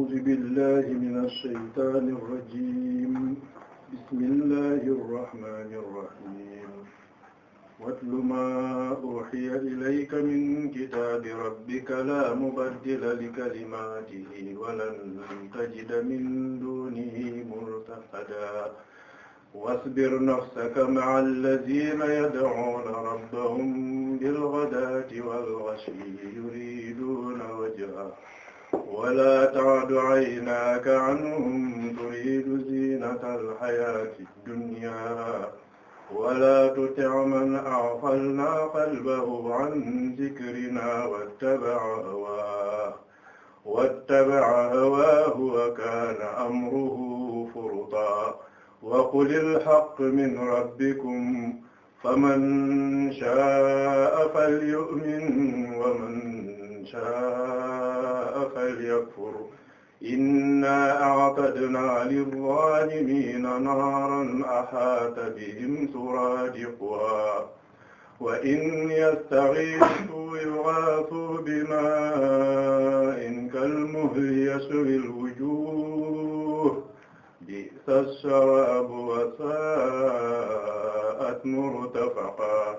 أعوذ بالله من الشيطان الرجيم بسم الله الرحمن الرحيم واتل ما أوحي إليك من كتاب ربك لا مبدل لكلماته ولن تجد من دونه ملتحدا واصبر نفسك مع الذين يدعون ربهم بالغداة والعشي يريدون وجهه ولا تعد عيناك عنهم تريد زينة الحياة الدنيا ولا تطع من أغفلنا قلبه عن ذكرنا واتبع هواه واتبع هواه وكان أمره فرطا وقل الحق من ربكم فمن شاء فليؤمن ومن شاء فليكفر إنا أعتدنا للظالمين نارا أحاط بهم سرادقها وإن يستغيثوا يغاثوا بماء كالمهل يشوي الوجوه بئس الشراب وساءت مرتفقا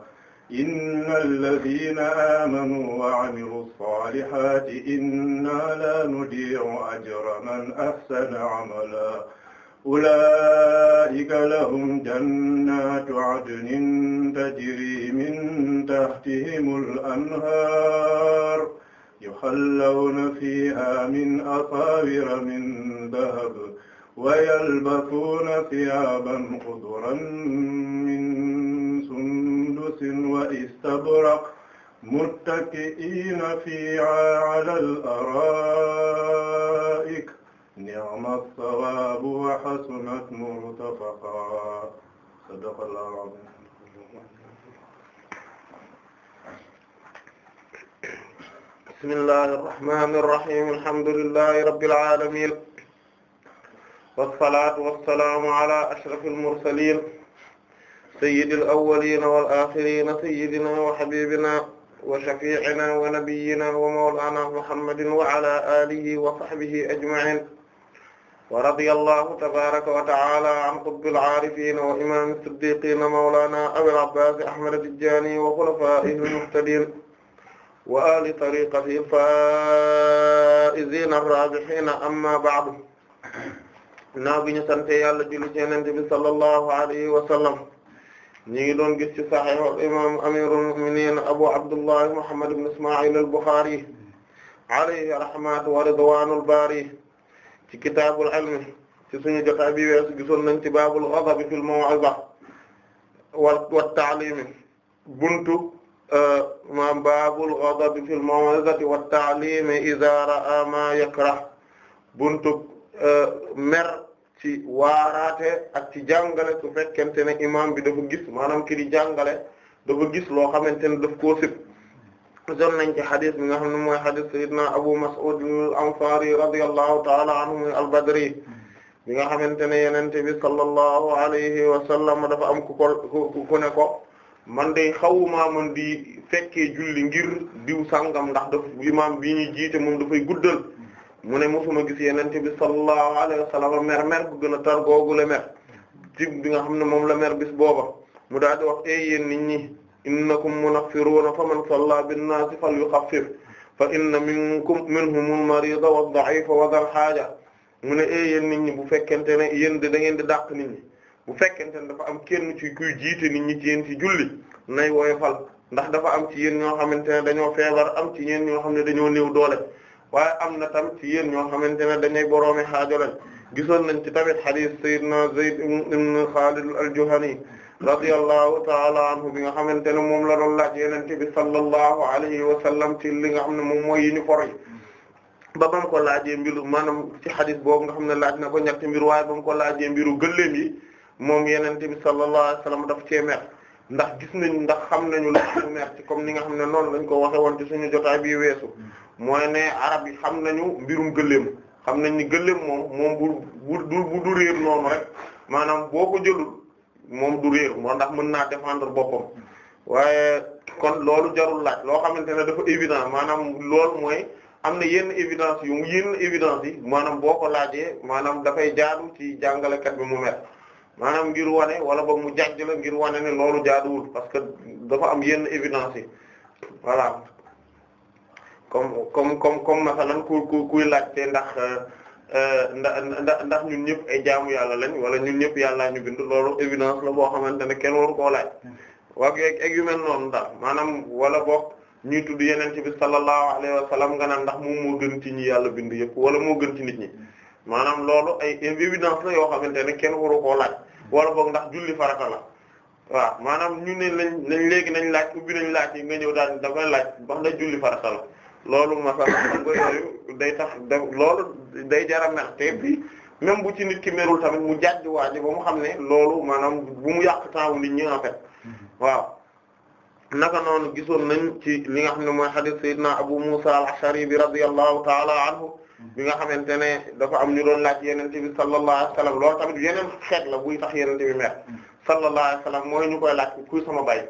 inna alladina amanu wa amilu salihati inna la nudii'u ajra man ahsana amala ulaika lahum jannatu adnin tajri min tahtihimul anhar yuhallawna fiha min asawira min dahab wa yalbasuuna thiyaaban xuduran min سندس واستبرق متكئين فيها على الأرائك نعم الثواب وحسنت مرتفقا صدق الله العظيم بسم الله الرحمن الرحيم الحمد لله رب العالمين والصلاة والسلام على أشرف المرسلين sayyidil awwaliina wal aaxiriina sayyidinaa wa habiibinaa wa shafii'inaa wa nabiyyinaa wa mawlaanaa muhammadin wa alaa aalihi wa sahbihi ajma'iin wa radiyallahu tabaaraka wa ta'aalaa an qutbil aarifiina wa imaami siddiqiina mawlaanaa abil abbaasi ahmad tijaani wa xulafaa'ihil muhtadiin wa aali tariiqatihil faa'iziina raabihiina ammaa ba'du. Ginnaaw bi ñu sant Yàlla, julli ci Yonent bi sallallahu alayhi wa sallam. ñi ngi doon gis ci sahih imam amirul mu'minin abu abdullah muhammad ibn isma'il al-bukhari alayhi rahmatu wa ridwanul bari ci kitabul ilm ci suñu jotaay bi weesu gisoon nañ ci babul ghadab fil maw'iza wa wa ta'lim buntu uh, ma babul ghadab fil maw'izati wa ta'lim idha ra'a ma yakrah buntu uh, mer ci waaraate ak ci jàngale su fekkente ne imam bi dafa gis maanaam ki di jàngale dafa gis loo xamante ne daf koo sib zon nañ ci xadis bi nga xam ne mooy xadis sayyidina Abu Mas'ud al-Ansari radiyallahu ta'ala anhu muy al-Badri bi nga xamante ne yenente bi sallallahu alayhi wa sallam dafa am ku ko ku ko man day xawuma man di fekkee julli ngir diw sàngam ndax dafa imam bi ñuy jiite moom dafay guddal mu ne mosuma gis yenente bi sallallahu alayhi wa sallam mer mer bu gën a tar googu la mer ci bi nga xam ne moom la mer bis booba mu daal di wax ay yéen nit ñi innakum munaffiruuna fa man salla binnaasi fal yuxaffif fa inna minkum minhumul mariida wad-da'iifa wa dhal haaja mu ne ay yéen nit ñi bu fekkente ne yéen da ngeen di dàq nit bu fekkente ne dafa am kenn ci kuy jiite nit ñi ci yéen ci julli nay woyofal ndax dafa am ci yéen ñoo xamante ne dañoo feebar am ci yéen ñoo xam ne dañoo néew doole waaye am na tam ci yéen ñoo xamante ne dañuy boroomi xaajo lañ gisoon nañ ci tamit hadith sayyidina Zayd ibn Khalid al-Juhani radiyallahu ta'ala anhu bi nga xamante ne moom la doon laaj yonent bi sallallahu alayhi wa sallam ci li nga xam ne moom mooy uniforme yi ba bam ko laajee mbiru maanaam ci hadith boobu nga xam ne laaj na ko ñetti mbir waaye ba mu ko laajee mbiru gëléem moom yonent bi sallallahu alayhi wa sallam daf cee ndax gis nañu ndax xam nañu lu merci comme ni nga xam ne noonu lañ ko waxe woon ci suñu jotaay bii weesu mooy ne arab yi xam nañu mbirum gëléem xam nañ ni gëléem moom moom bu bu du réer noonu rek maanaam boo ko jëlul moom du réer moo ndax mën naa défendre boppam waaye kon loolu jarul laaj loo xamante ne dafa évident maanaam loolu mooy am na yenn évidence yu yenn évidence yi maanaam boo ko laajee maanaam dafay jaadu ci jàngalekat bi mu met maanaam ngir wane wala boog mu jàjj la ngir wane ne loolu jaaduwul parce que dafa am yenn évidence yi voilà kom kom comme comme masalan ku ku kuy laajte euh, ndax ndax ndax ñun ñëpp ay jaamu yàlla lañ wala ñun ñëpp yàllaa ñu bind loolu évidence la boo xamante ne kenn waru koo laaj waa ak yu mel noonu daal maanaam wala boog ñuy tudd yeneen ci bi sallallahu alayhi wa nga naan ndax mu moo gën ci ñi yàlla bind yëpp wala moo gën ci nit ñi maanaam loolu ay évidence la yoo xamante ne kenn waru koo wala boog ndax julli farata la waaw maanaam ñu ne lañ lañ léegi nañ laaj ubbi nañ laaj yi nga ñëw daal dama laaj ndax ndax julli farata loolu masala day tax da loolu day jara mex te bi même bu ci nit ki merul tamit mu jàjj waaji ba mu xam ne loolu maanaam bu mu yàq taawu nit ñi en fait mm-hmm. waaw naka noonu gisoon nañ ci li nga xam ne mooy hadith sayyidina Abu Musa al-Ash'ari bi radiyallahu ta'ala anhu bi nga xamante ne dafa am ñu doon laaj yenente bi sallallahu alayhi wasallam loolu tamit yeneen xeet la buy tax yenente bi mer sallallahu alayhi wasallam mooy ñu koy laaj kuy sama baay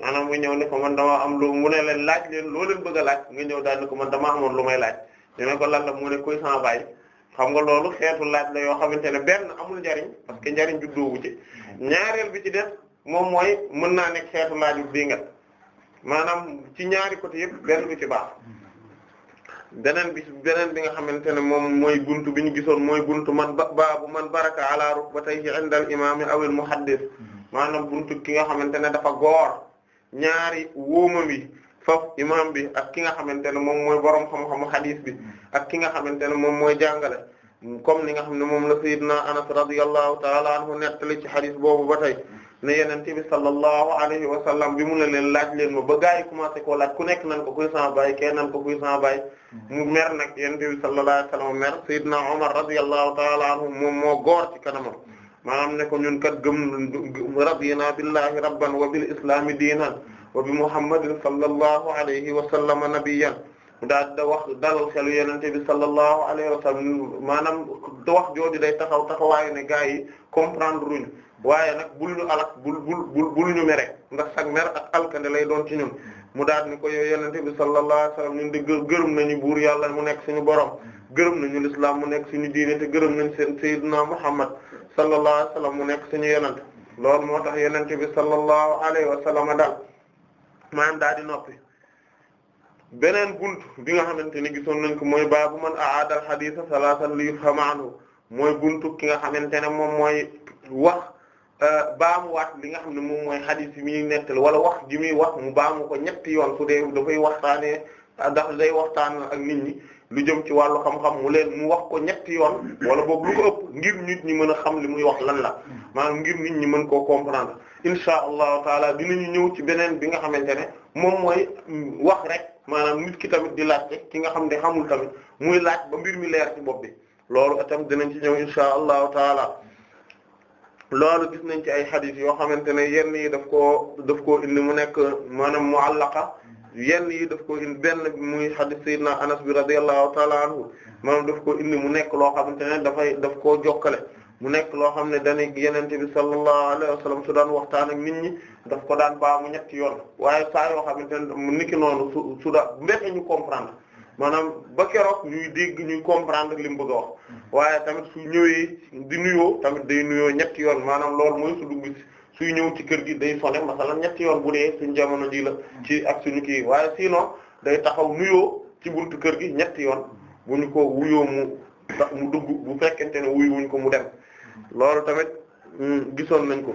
maanaam mu ñëw ne ko man dama am lu mu ne leen laaj leen loo leen bëgg laaj nga ñëw daal ne ko man dama amoon lu may laaj dinañ ko lan la mu ne kuy sama xam nga loolu xeetu laaj la yoo xamante ne benn amul njariñ parce que njariñ juddoowu ci ñaareel bi ci def moom mooy mën naa nekk xeetu laaju bi nga maanaam ci ñaari côté yëpp benn bi ci baax beneen bi beneen bi nga xamante ne moom mooy buntu bi ñu gisoon mooy buntu man ba baabu man baraka ala rukbatayhi inda al imaam awil muhaddis mm-hmm. maanaam buntu ki nga xamante ne dafa goor ñaari wóomam yi foofu imaam bi ak ki nga xamante ne moom mooy borom xam-xamu hadis bi mm-hmm. ak ki nga xamante ne moom mooy jàngale comme ni nga xam ne moom la sayyidina Anas radiyallahu ta'ala anhu nettali ci hadis boobu ba tey. ne yonent bi sallallahu alayhi wa sallam bi mu leen laaj leen ma ba gaa yi commencé koo laaj ku nekk nan ko kuy sama baay kenn nan ko kuy sama baay mu mer nag yonent bi sallallahu alayhi wa sallam mer Seydina Omar radiyallahu ta'ala anhu moom moo góor ci kanamam maanaam ne ko ñun kat gëm radina billahi rabban wa bil islami diinan wa bi muhammadin sallallahu alayhi wa sallam nabiyyan daal da wax dalal xelu yenente bi sallallahu alayhi wa sallam maanaam wax jooju day taxaw taxawaayu ne gaa yi comprendre ruñu waaye nag bul ñu alak bul bul bul ñu mere ndax sag mer ak alkande lay doon ci ñun mu daal ni ko yow yenente bi sallallahu alayhi wasallam ñun di gërëm nañu buur yàlla mu nekk suñu borom gërëm nañu l'islam mu nekk suñu diine te gërëm nañ seen sayyidina muhammad sallallahu alayhi wasallam mu nekk suñu yenente loolu moo tax yenente bi sallallahu alayhi wasallam daal maanaam daal di noppi beneen bunt bi nga xamante ni gisoon nañ ko mooy baabu man aadal hadisa salaatan li yufhama anhu mooy buntu ki nga xamante ne moom mooy wax Euh, baamuwaat li nga xam ne moom mooy xadis bi muy nettal wala wax gi muy wax mu baamu ko ñetti yoon su dee dafay waxtaanee ndax day waxtaan ak nit ñi lu jëm ci wàllu xam-xam mu leen mu wax ko ñetti yoon wala boobu lu ëpp ngir nit ñi mën a xam li muy wax lan la maa ngir nit ñi mën koo comprendre insha allahu taala dinañu ñëw ci beneen bi nga xamante ne moom mooy wax rek maanaam nit ki tamit di laajte ki nga xam ne xamul tamit muy laaj ba mbir mi leer ci bopp bi loolu itam dinañ ci ñëw insha allahu taala loolu gis nañ ci ay xadis yoo xamante ne yenn yi daf koo daf koo indi mu nekk maanaam mu'allaqa yenn yi daf ko indi benn muy xadis sayyidina anas bi radiyallahu ta'ala anhu maanaam daf ko indi mu nekk loo xamante ne dafay daf koo jokkale mu nekk loo xam ne dana yenente bi sallallahu alayhi wa sallam su daan waxtaan ak nit ñi daf ko daan baa mu ñetti yoon waaye saa yoo xamante ne mu niki noonu su su da mbéxe ñu comprendre maanaam ba keroog ñuy dégg ñuy comprendre lim mu bëgg a wax waaye tamit su ñëwee di nuyoo tamit day nuyoo ñetti yoon maanaam loolu mooy su dugg suy ñëw ci kër gi day sone masalan ñetti yoon bu dee suñ jamono ji la ci ak suñu kii waaye sinon day taxaw nuyoo ci buntu kër gi ñetti yoon bu ñu ko wuyoo mu mu dugg bu fekkente ne wuy wuñ ko mu dem loolu tamit mm, gisoon nañ ko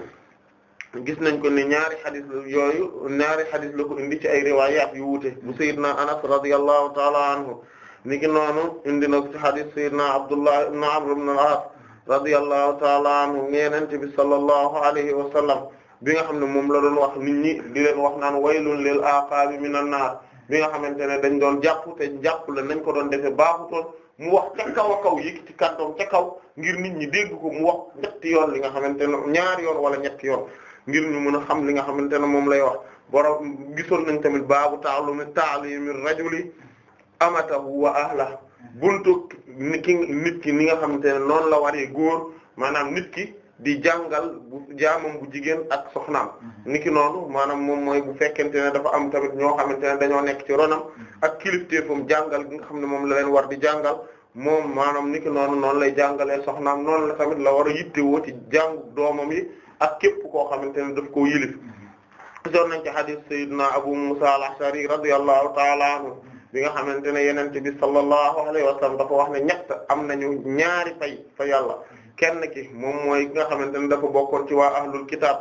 gis nañ ko ne ñaari xadis yooyu ñaari xadis la ko indi ci ay riwaayaat yu wuute bu sayyidina anas radiyallahu ta'ala anhu ni ki noonu indi na ko ci xadis sayyidina abdullah ibn amr ibn al-as radiyallahu ta'ala anhu ñeenante bi sallallahu alayhi wa sallam bi nga xam ne moom la doon wax nit ñi di leen wax naan waylun lil aqaabi minan naar bi nga xamante ne dañ doon jàpp te jàpp la nañ ko doon defe baaxutoon mu wax ca kaw a kaw yëg ci kàddoom ca kaw ngir nit ñi dégg ko mu wax ñetti yoon li nga xamante ne ñaari yoon wala ñetti yoon ngir ñu mën a xam li nga xamante ne moom lay wax borom gisoon nañ tamit baabu taalumi taalimi rajuli amatahu wa ahla buntu ni ki nit ki ni nga xamante ne noonu la waree góor maanaam nit ki di jàngal bu jaamam bu jigéen ak soxnaam mhm. ni ki noonu maanaam moom mooy fekkente ne dafa am tamit ñoo xamante ne dañoo nekk ci ronam mhm. ak kilifteefam jàngal bi nga xam ne moom la leen war di jàngal moom maanaam ni noonu noonu lay jàngalee soxnaam noonu la tamit la war a yittewoo ci jàngu doomam yi ak képp koo xamante ne daf ko yilif gisoon nañ ci hadith sayyidina Abu Musa al-Ash'ari radiyallahu ta'ala anhu bi nga xamante ne yenente bi sallallahu alayhi wa sallam dafa wax na ñett am na ñu ñaari fay fa yàlla kenn ki moom mooy nga xamante ne dafa bokkoon ci waa ahlul kitab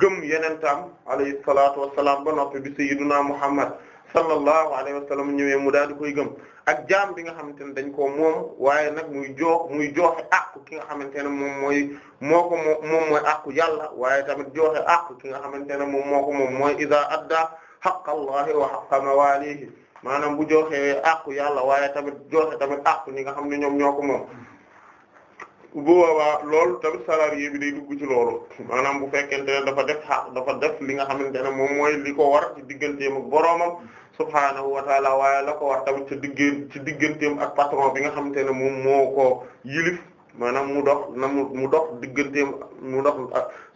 gëm yenentaam alayhi salatu wassalam ba no noppi bi sayyidina Muhammad sallallahu alayhi wa sallam ñëwee mu daal di koy gëm ak jaam bi nga xamante ne dañ koo moom waaye nag muy joox muy jooxe àqu ki nga xamante ne moom mooy moo ko moom mooy àqu yàlla waaye tamit jooxe àqu ki nga xamante ne moom moo ko moom mooy iza adda haqqa allahi wa haqqa mawalihi maanaam bu jooxee àqu yàlla waaye tamit jooxe tamit àqu ñi nga xam ne ñoom ñoo ko moom bu boobaa loolu tamit salarié bi day dugg ci loolu maanaam bu fekkente ne dafa def xaq dafa def li nga xamante ne moom mooy li ko war ci digganteem ak boroomam subhaanahu wa taala waaye la ko war tamit ci diggéen ci digganteem ak patron bi nga xamante ne moom moo ko yilif maanaam mu dox na mu dox digganteem mu dox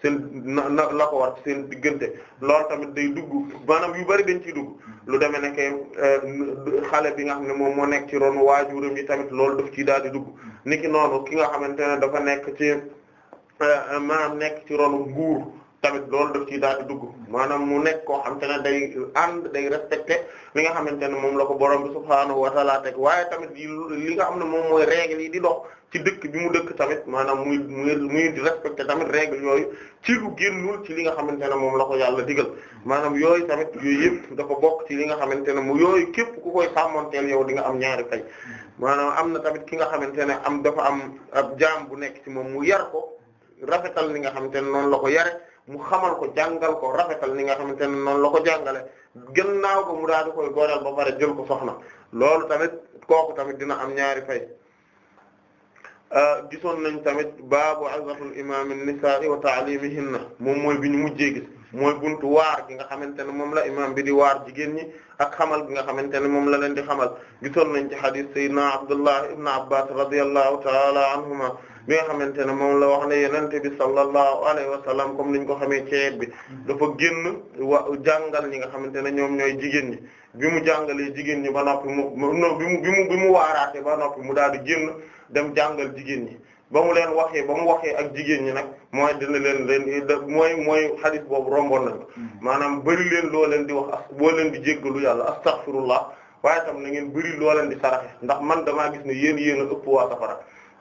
seen na na la ko war seen diggante loolu tamit day duggu maanaam yu bari dañ ciy dugg lu demee ne euh, xale bi nga xam ne moom moo nekk ci ronu waajuram yi tamit loolu daf ciy daal di dugg niki noonu ki nga xamante ne dafa nekk ci euh, maanaam nekk ci ronu nguur tamit loolu daf ciy daal di dugg maanaam mu nekk koo xamante ne day ànd day respecté mi nga xamante ne moom la ko borom bi subhaanahu wa ta'aala teg waaye tamit li nga xam ne moom mooy règle yi di dox ci dëkk bi mu dëkk tamit maanaam muy muy muy respecté tamit règle yooyu ci lu génnul ci li nga xamante ne moom la ko yàlla digal maanaam yooyu tamit yooyu yëpp dafa bokk ci li nga xamante ne mu yooyu képp ku koy sàmmoonteel yow di am ñaari fay maanaam am na tamit ki nga xamante ne am dafa am ab jaam bu nekk ci moom mu yar ko rafetal li nga xamante ne noonu la ko yare mu xamal ko jàngal ko rafetal li nga xamante ne noonu la ko jàngale gannaaw ko mu daal di koy goreel ba pare jël ko soxna loolu tamit kooku tamit dina am ñaari fay Ah, gisoon nañ tamit baabu azatul imam an-nisaa wa ta'limihinna moom mooy bi ñu mujjee gis mooy buntu waar gi nga xamante ne moom la imam bi di waar jigéen ñi ak xamal gi nga xamante ne moom la leen di xamal gisoon nañ ci hadith sayyidina Abdullah ibn Abbas radiyallahu ta'ala anhuma bi nga xamante ne moom la wax na ne yenente bi sallallahu alayhi wa sallam comme niñ ko xamee ceeb bi dafa génn wa jàngal ñi nga xamante ne ñoom ñooy jigéen ñi bi mu jàngalee jigéen ñi ba noppi mu non bi mu bi mu bi mu waaraate ba noppi mu daal di génn dem jàngal jigéen ñi ba mu leen waxee ba mu waxee ak jigéen ñi nag mooy dina leen leen mooy mooy xadis boobu romboon na mm-hmm. maanaam bëri leen loo leen di wax as boo leen di jéggalu yàlla astaghfirullah waaye tam na ngeen bëri loo leen di saraxe ndax man damaa gis ne yéen yéen a ëpp waa safara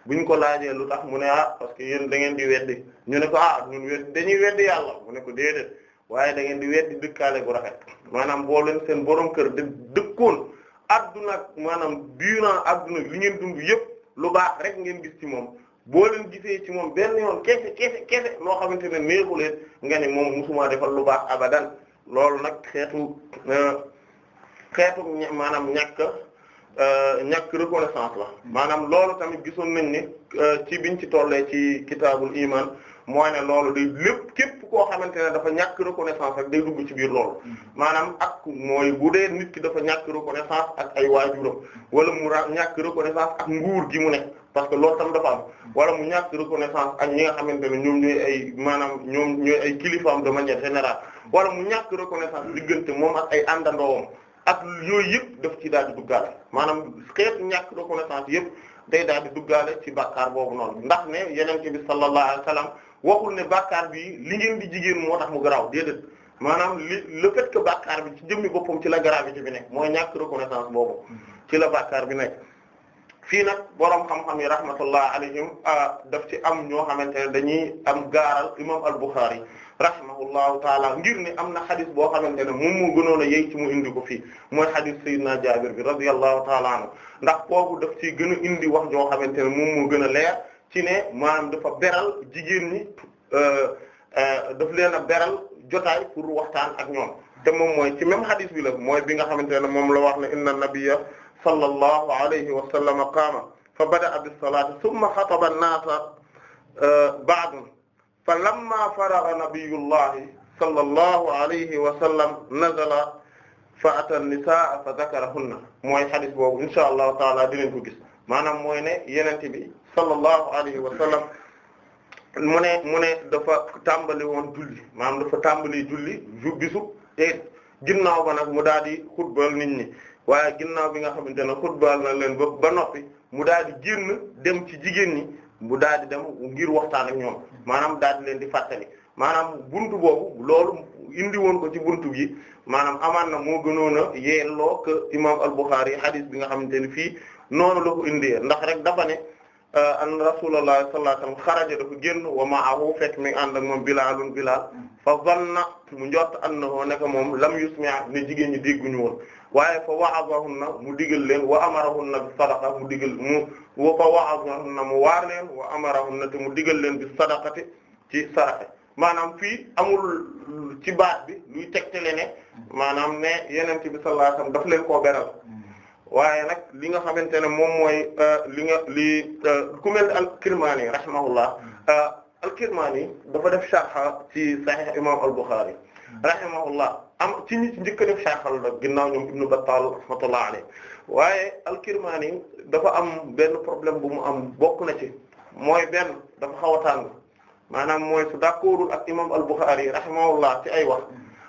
bu ñu ko laajee lu tax mu ne ah parce que yéen da ngeen di weddi ñu ne ko ah ñun weddi dañuy weddi yàlla mu ne ko déedéet waaye dangeen di weddi dëkkaale gu rafet maanaam boo leen seen borom kër de dëkkoon adduna maanaam durant adduna li ngeen dund yëpp lu baax rek ngeen gis ci moom boo leen gisee ci moom benn yoon kese kese kese loo xamante ne neexu leen nga ne moom musuma defal lu baax abadan loolu nag xeetu euh, xeetu maanaam ñàkk Euh, ñàkk reconnaissance la maanaam loolu tamit gisoon nañ ni euh, ci biñ ci tollee ci kitaabul iman mooy ne loolu day lépp képp koo xamante ne dafa ñàkk reconnaissance rek day dugg ci biir loolu mm-hmm. maanaam ak mooy bu dee nit ki dafa ñàkk reconnaissance ak ay waajuram wala mu ra ñàkk reconnaissance ak nguur gi mu nekk parce que loolu tam dafa am mm-hmm. wala mu ñàkk reconnaissance ak ñi nga xamante ne ñoom ñooy ay maanaam ñoom ñooy ay kilifaam de manière général wala mu ñàkk reconnaissance diggante moom ak ay àndandoowam ak yooyu yëpp def ci daal di duggaale maanaam xeetu ñàkk reconnaissance yëpp day daal di duggaale ci bàkkaar boobu noonu ndax ne yenente bi sallallahu alayhi wa sallam waxul ne bàkkaar bi li ngeen di jigéen moo tax mu garaaw déedéet maanaam li le fait que bàkkaar bi ci jëmmi boppam ci la gravité bi nekk mooy ñàkk reconnaissance boobu ci la bàkkaar bi nekk fii nag boroom xam-xam yi rahmatullah alayhim ah, def ci am ñoo xamante ne dañuy am gaaral imam al-Bukhari rahimahullahu taala ngir ne am na xadis boo xamante ne moom moo gënoon a yey ci mu indi ko fii mooy xadis Seydina Jaabir bi radiyallahu taala anhu ndax boobu daf ci gën a indi wax joo xamante ne moom moo gën a leer ci ne maanaam dafa beral jigéen ñi euh, euh, daf leen a beral jotaay pour waxtaan ak ñoom te moom mooy ci même xadis bi la mooy bi nga xamante ne moom la wax ne inna nabiyya sallallahu alayhi wa sallam qaama fa bada'a bis-salaati thumma xataba an-naasa euh, ba'dun fa lamma faraga nabiyullahi sallallahu alayhi wa sallam nazala fa ata nisaa fa zakarahunna mooy xadis boobu insha allahu taala dinañ ko gis maanaam mooy ne yenente bi sallallahu alayhi wa sallam mu ne mu ne dafa tàmbali woon julli maanaam dafa tàmbali julli ju bisu te ginnaaw ba nag mu daal di xutbal nit ñi waaye ginnaaw bi nga xamante ne xutbal na leen ba ba noppi mu daal di génn dem ci jigéen ñi mu daal di dem ngir waxtaan ak ñoom maanaam daal di leen di fàttali maanaam buntu boobu loolu indi woon ko ci bunt bi maanaam amaan na moo gënoon a yelloo que imaam al-Bukhari hadith bi nga xamante ne fii noonu la indi indee ndax rek dafa ne euh, an rasulullah sallallahu alayhi wasallam xaraja dafa génn wa ma'ahu fekk mi ngi ànd ak moom Bilaalun Bilaal fa zanna mu njort annahu nekk moom lam yusmi' ne jigéen ñi dégguñu woon waaye fa wa'azahunna mu digal leen wa amarahunna bi sadaqa mu digal mu wa fa wa'azahunna mu waar leen wa amarahunna te mu digal leen bi sadaqati ci saraxe maanaam fii amul ci baat bi luy tegtale ne maanaam ne yenente bi sallallahu alayhi wasallam daf leen koo beral waaye nag li nga xamante ne moom mooy euh, li nga li euh, ku mel ne al-Kirmani rahimahullah euh, al-Kirmani dafa def sharh ci sahih imam al-Bukhari rahimahullah am ci ñi ci njëkk a def ginnaaw ñoom Ibn Battal rahmatullah alayhi waaye al-Kirmani dafa am benn problème bu mu am bokk na ci mooy benn dafa xaw a tàng maanaam mooy su d'accordul ak imam al-Bukhari rahimahullah ci ay wax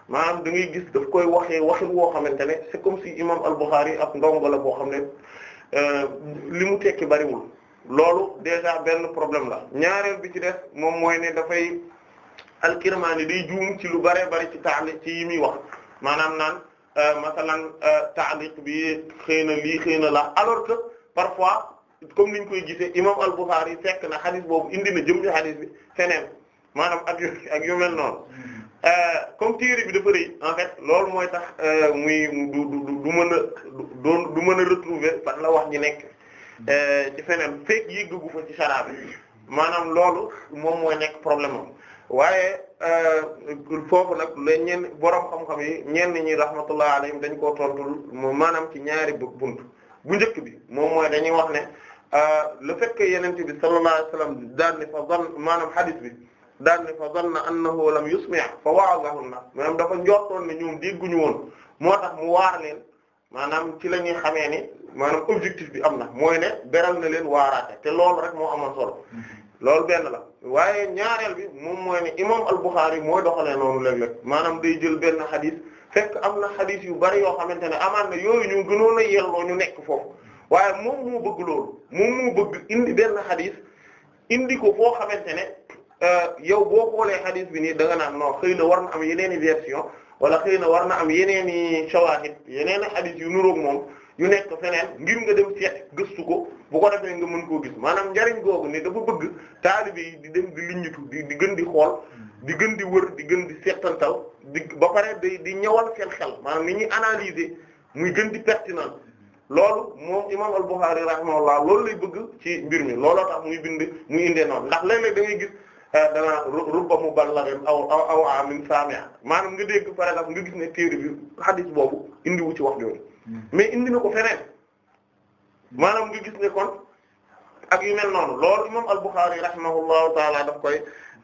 maanaam da ngay gis daf koy waxee waxin woo xamante ne c'est comme si imam al-Bukhari ak ndongo la boo xam ne euh, mu tekki bariwul loolu déjà benn problème la ñaareel bi ci def moom mooy ne dafay. al-Kirmaani day juum ci lu bare bari ci taaliq ci yi muy wax maanaam naan euh, masalan euh, taaliq bi xëy na lii xëy na la alors que parfois comme niñ koy gisee imam al-Bukhari fekk na xadis boobu indi na jëm ci xadis bi feneen maanaam ak yu ak yu mel noonu euh, comme téere bi dafa rëy en fait loolu mooy tax muy du du mën a doon du mën a retrouver par la wax ñi nekk ci feneen fekk yëggu fa ci sharab bi maanaam loolu moom mooy nekk problème am waaye euh, foofu nag la ñenn borom xam-xam yi ñenn ñi rahmatullah alayhim dañ koo tontul maanaam ci ñaari bunt bu njëkk bi moom mooy dañuy wax ne euh, le fait que yonent bi sallallahu alayhi wasallam daan ne fa zan maanaam hadith bi daan ne fa zanna annahu lam yusmi' fa wa'azahun na maanaam dafa njortoon ne gu ñu woon moo tax mu waar leen maanaam ci la ñuy xamee ni maanaam objectif bi am na mooy ne beral na leen waaraate te loolu rek moo amoon sol mm-hmm. loolu benn la. waaye ñaareel bi moom mooy ne imam al-Bukhari mooy doxalee noonu léeg-léeg maanaam day jël benn xadis fekk am na xadis yu bari yoo xamante ne amaan na yooyu ñu gënoon a yelloo ñu nekk foofu waaye moom moo bëgg loolu moom moo bëgg indi benn xadis indi ko foo xamante ne euh, yow boo xoolee xadis bi nii danga naan non xëy na war na am yeneen i version wala xëy na war na am yeneen i shawahid yeneen i xadis yu moom yu nekk feneen ngir nga dem seet gëstu ko bu ko defee nga mën koo gis maanaam njariñ googu ne dafa bëgg taalibe yi di dem di liññitu di di gën di xool di gën di wër di gën di seetantal di ba pare di di ñëwal seen xel maanaam ni ñuy analyser muy gën di pertinent loolu moom imam al-Bukhari rahimahullah loolu lay bëgg ci mbir mi looloo tax muy bind muy indee noonu ndax léeg-léeg da ngay gis euh, dana rubba mu aw aw aw amin sami'a maanaam nga dégg par exemple nga gis ne téere bi hadith boobu indiwu ci wax jooju Mm. mais indi na ko feneen maanaam nga gis ne kon ak yu mel noonu loolu imam al-Bukhari rahimahullahu taala daf koy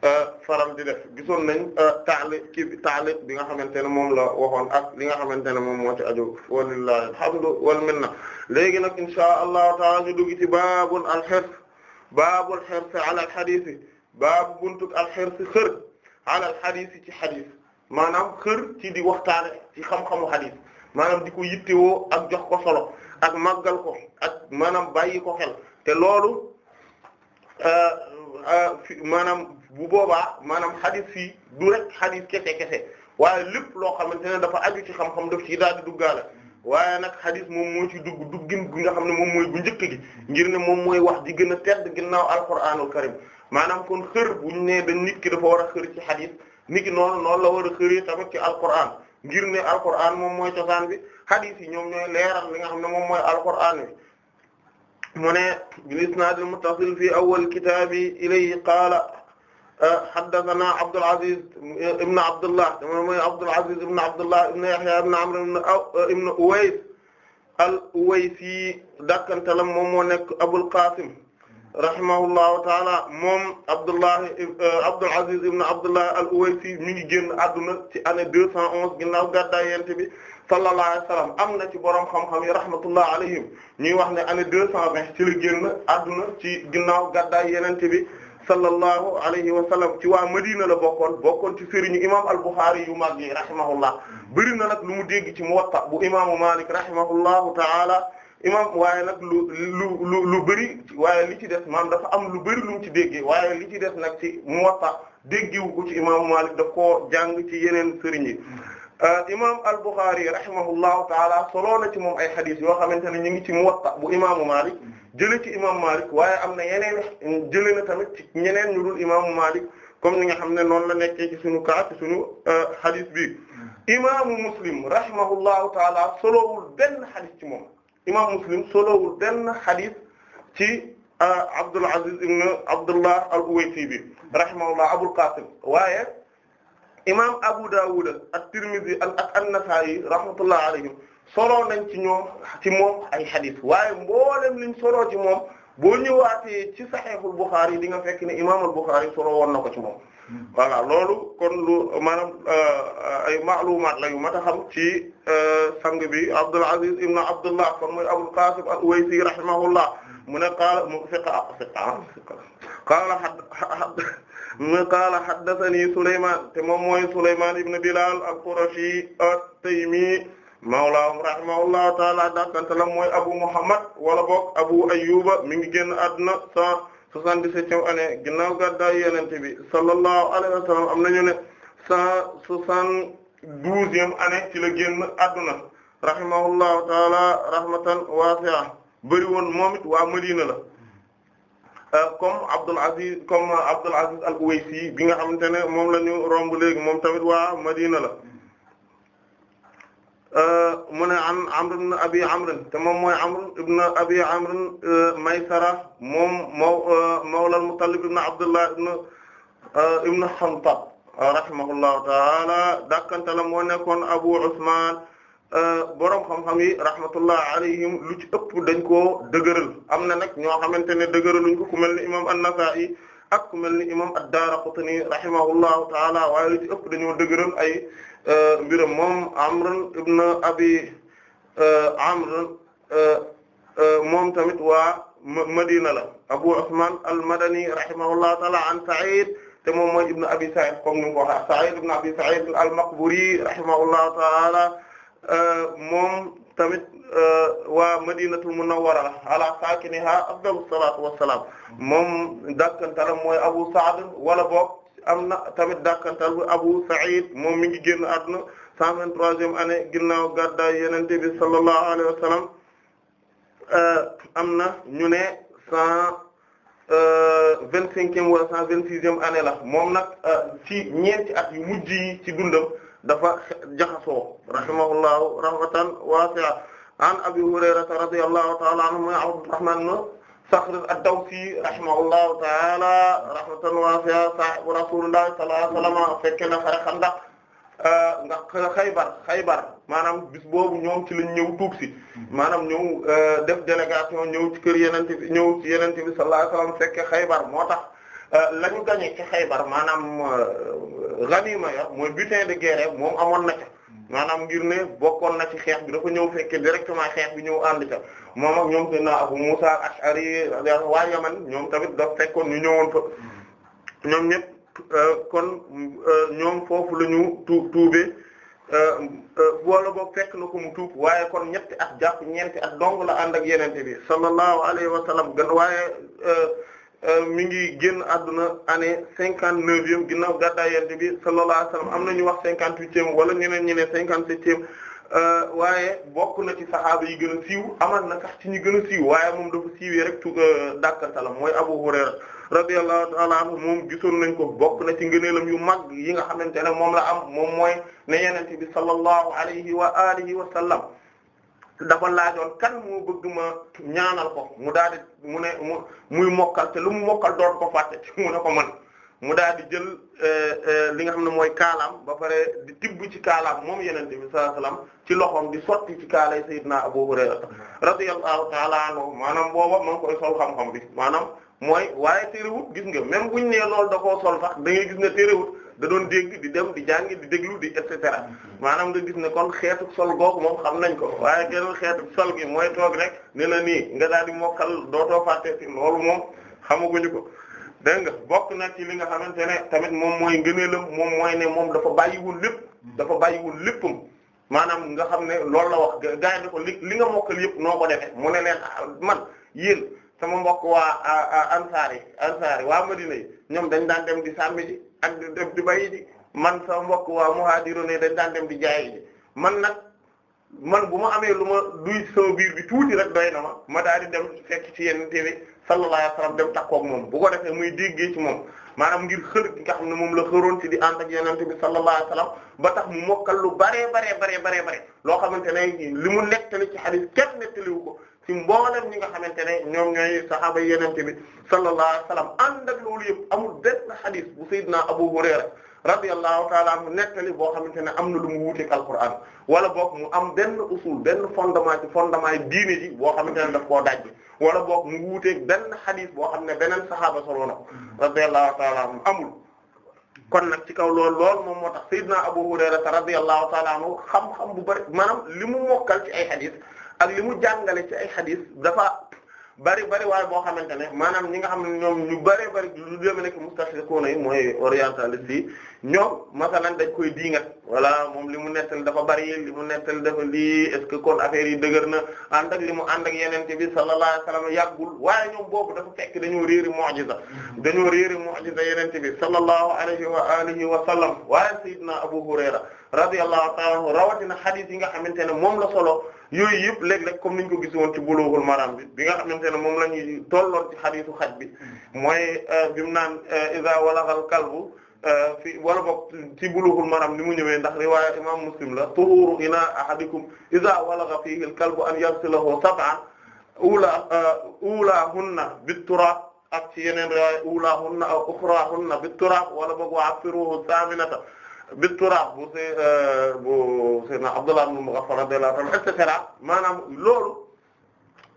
euh, faral di def gisoon nañ euh, taali kii bi taali bi nga xamante ne moom la waxoon ak li nga xamante ne moom moo ci aju walillahi alhamdu wal minna léegi nag inshaa allahu taala ñu dugg ci baabul al-hirs baabul hirs ala al-hadith baabu buntuk al-hirs xër ala al-hadith ci hadith maanaam xër ci di waxtaane ci xam-xamu hadith maanaam di ko yittewoo ak jox ko solo ak màggal ko ak maanaam bàyyi ko xel te loolu euh, euh, maanaam bu boobaa maanaam xadis fii du rek xadis kese kese waaye lépp loo xamante ne dafa aju ci xam-xam daf ci daal di duggaale waaye nag xadis moom moo ci dugg duggin gi nga xam ne moom mooy bu njëkk gi ngir ne moom mooy wax di gën a tedd ginnaaw alquranul karim maanaam kon xër bu nee da nit ki dafa war a xër ci xadis nit ki noonu noonu la war a xëree tamit ci alquran ngir ne alquran moom mooy cosaan bi hadith yi ñoom ñooy leeral li nga xam ne moom mooy alquran bi mu ne bil isnaad al muttasil fi awwal kitaabi ilayhi qaala haddathana Abdul Aziz ibn Abdullah dama mooy Abdul Aziz ibn Abdullah ibn Yahya ibn Amr ibn Uways al Uwaysi dakkantalam moom moo nekk Abul Qasim rahimahullahu taala moom Abdullahi euh, Abdul Aziz ibn Abdullah al-Uwaysi mi ngi génn àdduna ci année deux cent onze ginnaaw gàddaay yonent bi sallallahu alayhi wa sallam am na ci borom xam-xam yi rahmatullah alayhim ñuy wax ne année deux cent vingt ci la génn àdduna ci ginnaaw gàddaay yonent bi sallallahu alayhi wa sallam ci waa Madina la bokkoon bokkoon ci sëriñu imam al-Bukhari yu mag yi rahimahullah bëri na nag lu mu dégg ci Muwatta bu imaamu Malik rahimahullahu taala imam waaye nag lu lu lu lu bëri waaye li ci des maam dafa am lu bëri lu mu ci déggee waaye li ci des nag ci Muwatta déggiwu ko ci imam Malik daf koo jàng ci yeneen sëriñ yi euh, imam al-Bukhari rahimahullahu taala soloo na ci moom ay xadis yoo xamante ne ñu ngi ci Muwatta bu imaamu Malik jële ci imam Malik waaye am na yeneen jële na tamit ci ñeneen ñu dul imaamu Malik comme ni nga xam ne noonu la nekkee ci suñu kaa ci suñu euh, xadis bi imaamu Muslim rahimahullahu taala solowul benn xadis ci moom imam muslim solowul benn xadis ci euh, Abdul Aziz ibn Abdullah al-Uwaysi bi rahimahullah Abul Qasim waaye imam Abu Dawud at-Tirmidhi ak an-Nasa'i rahmatullah alayhim soloo nañ ci ñoom ci moom ay xadis waaye mboolem liñ soloo ci moom boo ñëwaatee ci Sahih al-Bukhari di nga fekk ne imam al-Bukhari soloo woon na ko ci moom voilà loolu kon lu maanaam euh, ay maalumaat la yu mat a xam ci euh, sang bi Abdul Aziz ibn Abdullah kon mooy Abul Qasim al-Uwaysi rahimahullah mu ne qaala mu fiqa ah, fiqa ah, ah. qaala mu qaala haddathani Sulaymaan te moom mooy Sulaymaan ibn Bilaal al-Qurashi at-Taymi mawlaahum rahimahullahu ta'ala dakkantalam mooy Abu Muhammad wala boog Abu Ayyuba mi ngi génn àdduna cent 77e année ginnaaw gàddaay Yonent bi sallallahu alayhi wa am nañu ne 172e année ci la génn adduna rahimahullahu taala rahmatan wasi'a bëri woon waa Madina la euh, comme Abdul Aziz comme Abdul Aziz al-Uwaysi bi nga xamante ne moom la romb léegi moom tamit waa Madina la Euh, mu ne an Amr ibn Abi Amr te moom mooy Amr ibn Abi Amr euh, Maysara moom maw euh, mawla al-Muttalib ibn Abdullah ibn ibn Hantab rahimahullahu ta'ala dàkkantala moo nekkoon Abu Usman borom xam-xam yi rahmatullah alayhim lu ci ëpp dañ koo dëgëral am na nag ñoo xamante ne dëgëraluñ ko ku mel ni imam an-Nasa'i ak ku mel ni imam ad-Daraqutni rahimahullahu ta'ala waaye lu ci ëpp dañoo dëgëral ay Euh, mbiram moom Amr ibn Abi euh, Amr euh, moom tamit waa Madina la Abu Usman al-Madani rahimahullahu ta'ala an Sa'id te moom mooy ibn Abi Sa'id comme ni ko waxee Sa'id ibn Abi Sa'id al-Maqburi rahimahullahu ta'ala moom tamit waa Madinatul Munawwara ala sakiniha afdalus salatu wassalam moom dàkkantalam mooy Abu Sa'd wala bok am na tamit dàkkantal bu Abu Sa'id moom mi ngi génn àdduna cent vingt-troisième année ginnaaw gàddaay Yonent bi sallallahu alayhi wa euh, am na ñu ne cent euh, vingt-cinquième wala cent vingt-sixième année la moom nag euh, ci ñeenti at yu mujj ci dundam dafa jaxasoo rahimahullahu rahmatan wasi'a an Abi Hurayrata radiyallahu ta'ala anhu ma Abdurrahman sax Saxr ad-Dawsi rahimahullahu ta'ala rahmatan wasi'a sahibu Rasulillahi sallallahu alayhi wa sallam fekke na xare Xandaq euh, nga Xaybar Xaybar maanaam bis boobu ñoom ci lañ ñëw tuub si maanaam ñëw euh, def délégation ñëw ci kër Yonent bi ñëw ci Yonent bi sallallahu laa wa sallam fekke Xaybar moo tax euh, la ñu gagné ci Xaybar maanaam ganima ya mooy butin de guerre moom amoon na ca maanaam ngir ne bokkoon na ci xeex bi dafa ñëw fekke directement xeex bi ñëw ànd ca moom ak ñoom Seydina Abu Musa al-Ash'ari waa Yaman ñoom tamit daf fekkoon ñu ñëwoon fa ñoom ñëpp euh, kon euh, ñoom foofu la ñu tu tuubee euh, wala boo fekk na ko mu tuub waaye kon ñetti at jàpp ñeenti at dong la ànd ak yenente bi sallallahu alayhi wa sallam gan waaye mi ngi génn àdduna année cinquante neuvième ginnaaw gàddaay yenente bi sallallahu alayhi wa am na ñu wax cinquante huitième wala ñeneen ñi ne cinquante septième Euh, waaye bokk na ci saxaaba yi gën a siiw amal na sax ci ñu gën a siiw waaye moom dafa siiwee rek tu euh, dàkkantalam mooy Abu Hurayra radiyallahu ta'ala anhu moom gisoon nañ ko bokk na ci ngëneelam yu mag yi nga xamante ne moom la am moom mooy na yenente bi sallallahu alayhi wa alihi wa sallam dafa laajoon kan moo bëgg ma ñaanal ko mu daal di mu ne mu muy mokkal te lu mu mokkal door ko fàtte mu ne ko man mu daal di jël euh, euh, li nga xam ne mooy kaalaam ba pare di tibb ci kaalaam moom yeneen bi sallallahu alayhi ci loxoom di sotti ci kaalay Seydina naa Hurayra radiyallahu ta'ala anhu maanaam booba ma ngi koy sol xam-xam bi maanaam mooy waaye téerewut gis nga même buñ nee loolu da koo sol sax da gis ne téerewut da doon dégg di dem di jàngi di déglu di et cetera maanaam nga gis ne kon xeetu sol googu moom xam nañ ko waaye geneen xeetu sol gi mooy toog rek ne na nii nga daal mokkal dootoo fàtte ci moom xamaguñu ko dégg nga bokk na ci li nga xamante ne tamit moom mooy ngëneelam moom mooy ne moom dafa bàyyiwul lépp dafa bayiwul lépp maanaam nga xam ne loolu la wax gars ko li li nga mokkal yëpp noo ko defee mu ne leen ah, man yéen sama mbokk waa ansaar yi ansaar yi waa yi ñoom dañ daan dem di sàmmi ak di dem di bayi di man sama mbokk waa muhaajirun ne dañ daan dem di jaayi man nag man bu ma amee lu ma duy sama biir bi tuuti rek doy na ma ma daal di dem fekk ci yenn sallallahu alayhi wasallam dem takkoog moom bu ko defee muy déggee ci moom maanaam ngir kër gi nga xam ne moom la xëroon ci di ànd ak yonent bi sallallahu alayhi tax mu mokkal lu baree baree baree baree bare loo xamante ne li mu nettali ci hadith kenn nettaliwu ko ci mboolem ñi nga xamante ne ñoom ñooy sahaaba yonent bi sallallahu alayhi wasallam ànd ak loolu yëpp amul benn hadith bu sayyidina Abu Hurayra radiyallahu taala anhu nettali boo xamante ne am na lu mu wuuteeg alquran wala boog mu am benn usul benn fondement ci fondement yi diine ji boo xamante ne daf koo daj wala boog mu wuuteeg benn xadis boo xam ne beneen saxaaba solo na ko radiyallahu taala anhu amul. kon nag ci kaw lool lool moom moo tax Seydina Abu Hurayra radiyallahu taala anhu xam-xam bu bari maanaam li mu mokkal ci ay xadis ak li mu jàngale ci ay xadis dafa. bari bari waaye boo xamante ne maanaam ñi nga xam ne ñoom ñu bari bari lu demee nekk mustashrikuuna yi mooy orientaliste yi ñoom masalan dañ koy diingat voilà moom li mu nettal dafa bari li mu nettal dafa lii est kon affaire yi dëgër na ànd ak li mu ànd ak yenente bi sallallahu alayhi wasallam yàggul waaye ñoom boobu dafa fekk dañoo réeri mu'jiza dañoo réeri mu'jiza yenente bi sallallahu alayhi wa alihi wa sallam waaye sayyidina Abu Hurayra radiyallahu ta'ala rawatina hadith yi nga xamante ne moom la solo yooyu yëpp léeg-léeg comme niñ ko gis woon ci bulughul maram bi bi nga xamante ne moom la ñuy tolloon ci xadiisu xaj bi mooy euh, bi mu naan euh, iza walaghal kalbu euh, fi wala boog ci bulughul maram ni mu ñëwee ndax riwaaya imam muslim la tuhuru ina ahadikum iza walagha fihi al kalbu an yarsilahu sab'a ula ulahunna bit-turab ak ci yeneen riwaaya ulahunna aw ukhraahunna bit-turab wala boog wa afiruhu saminata bis turaab bu see euh, bu Seydina Abdullah ibn Mughaffal radiyallahu anhu et cetera maanaam loolu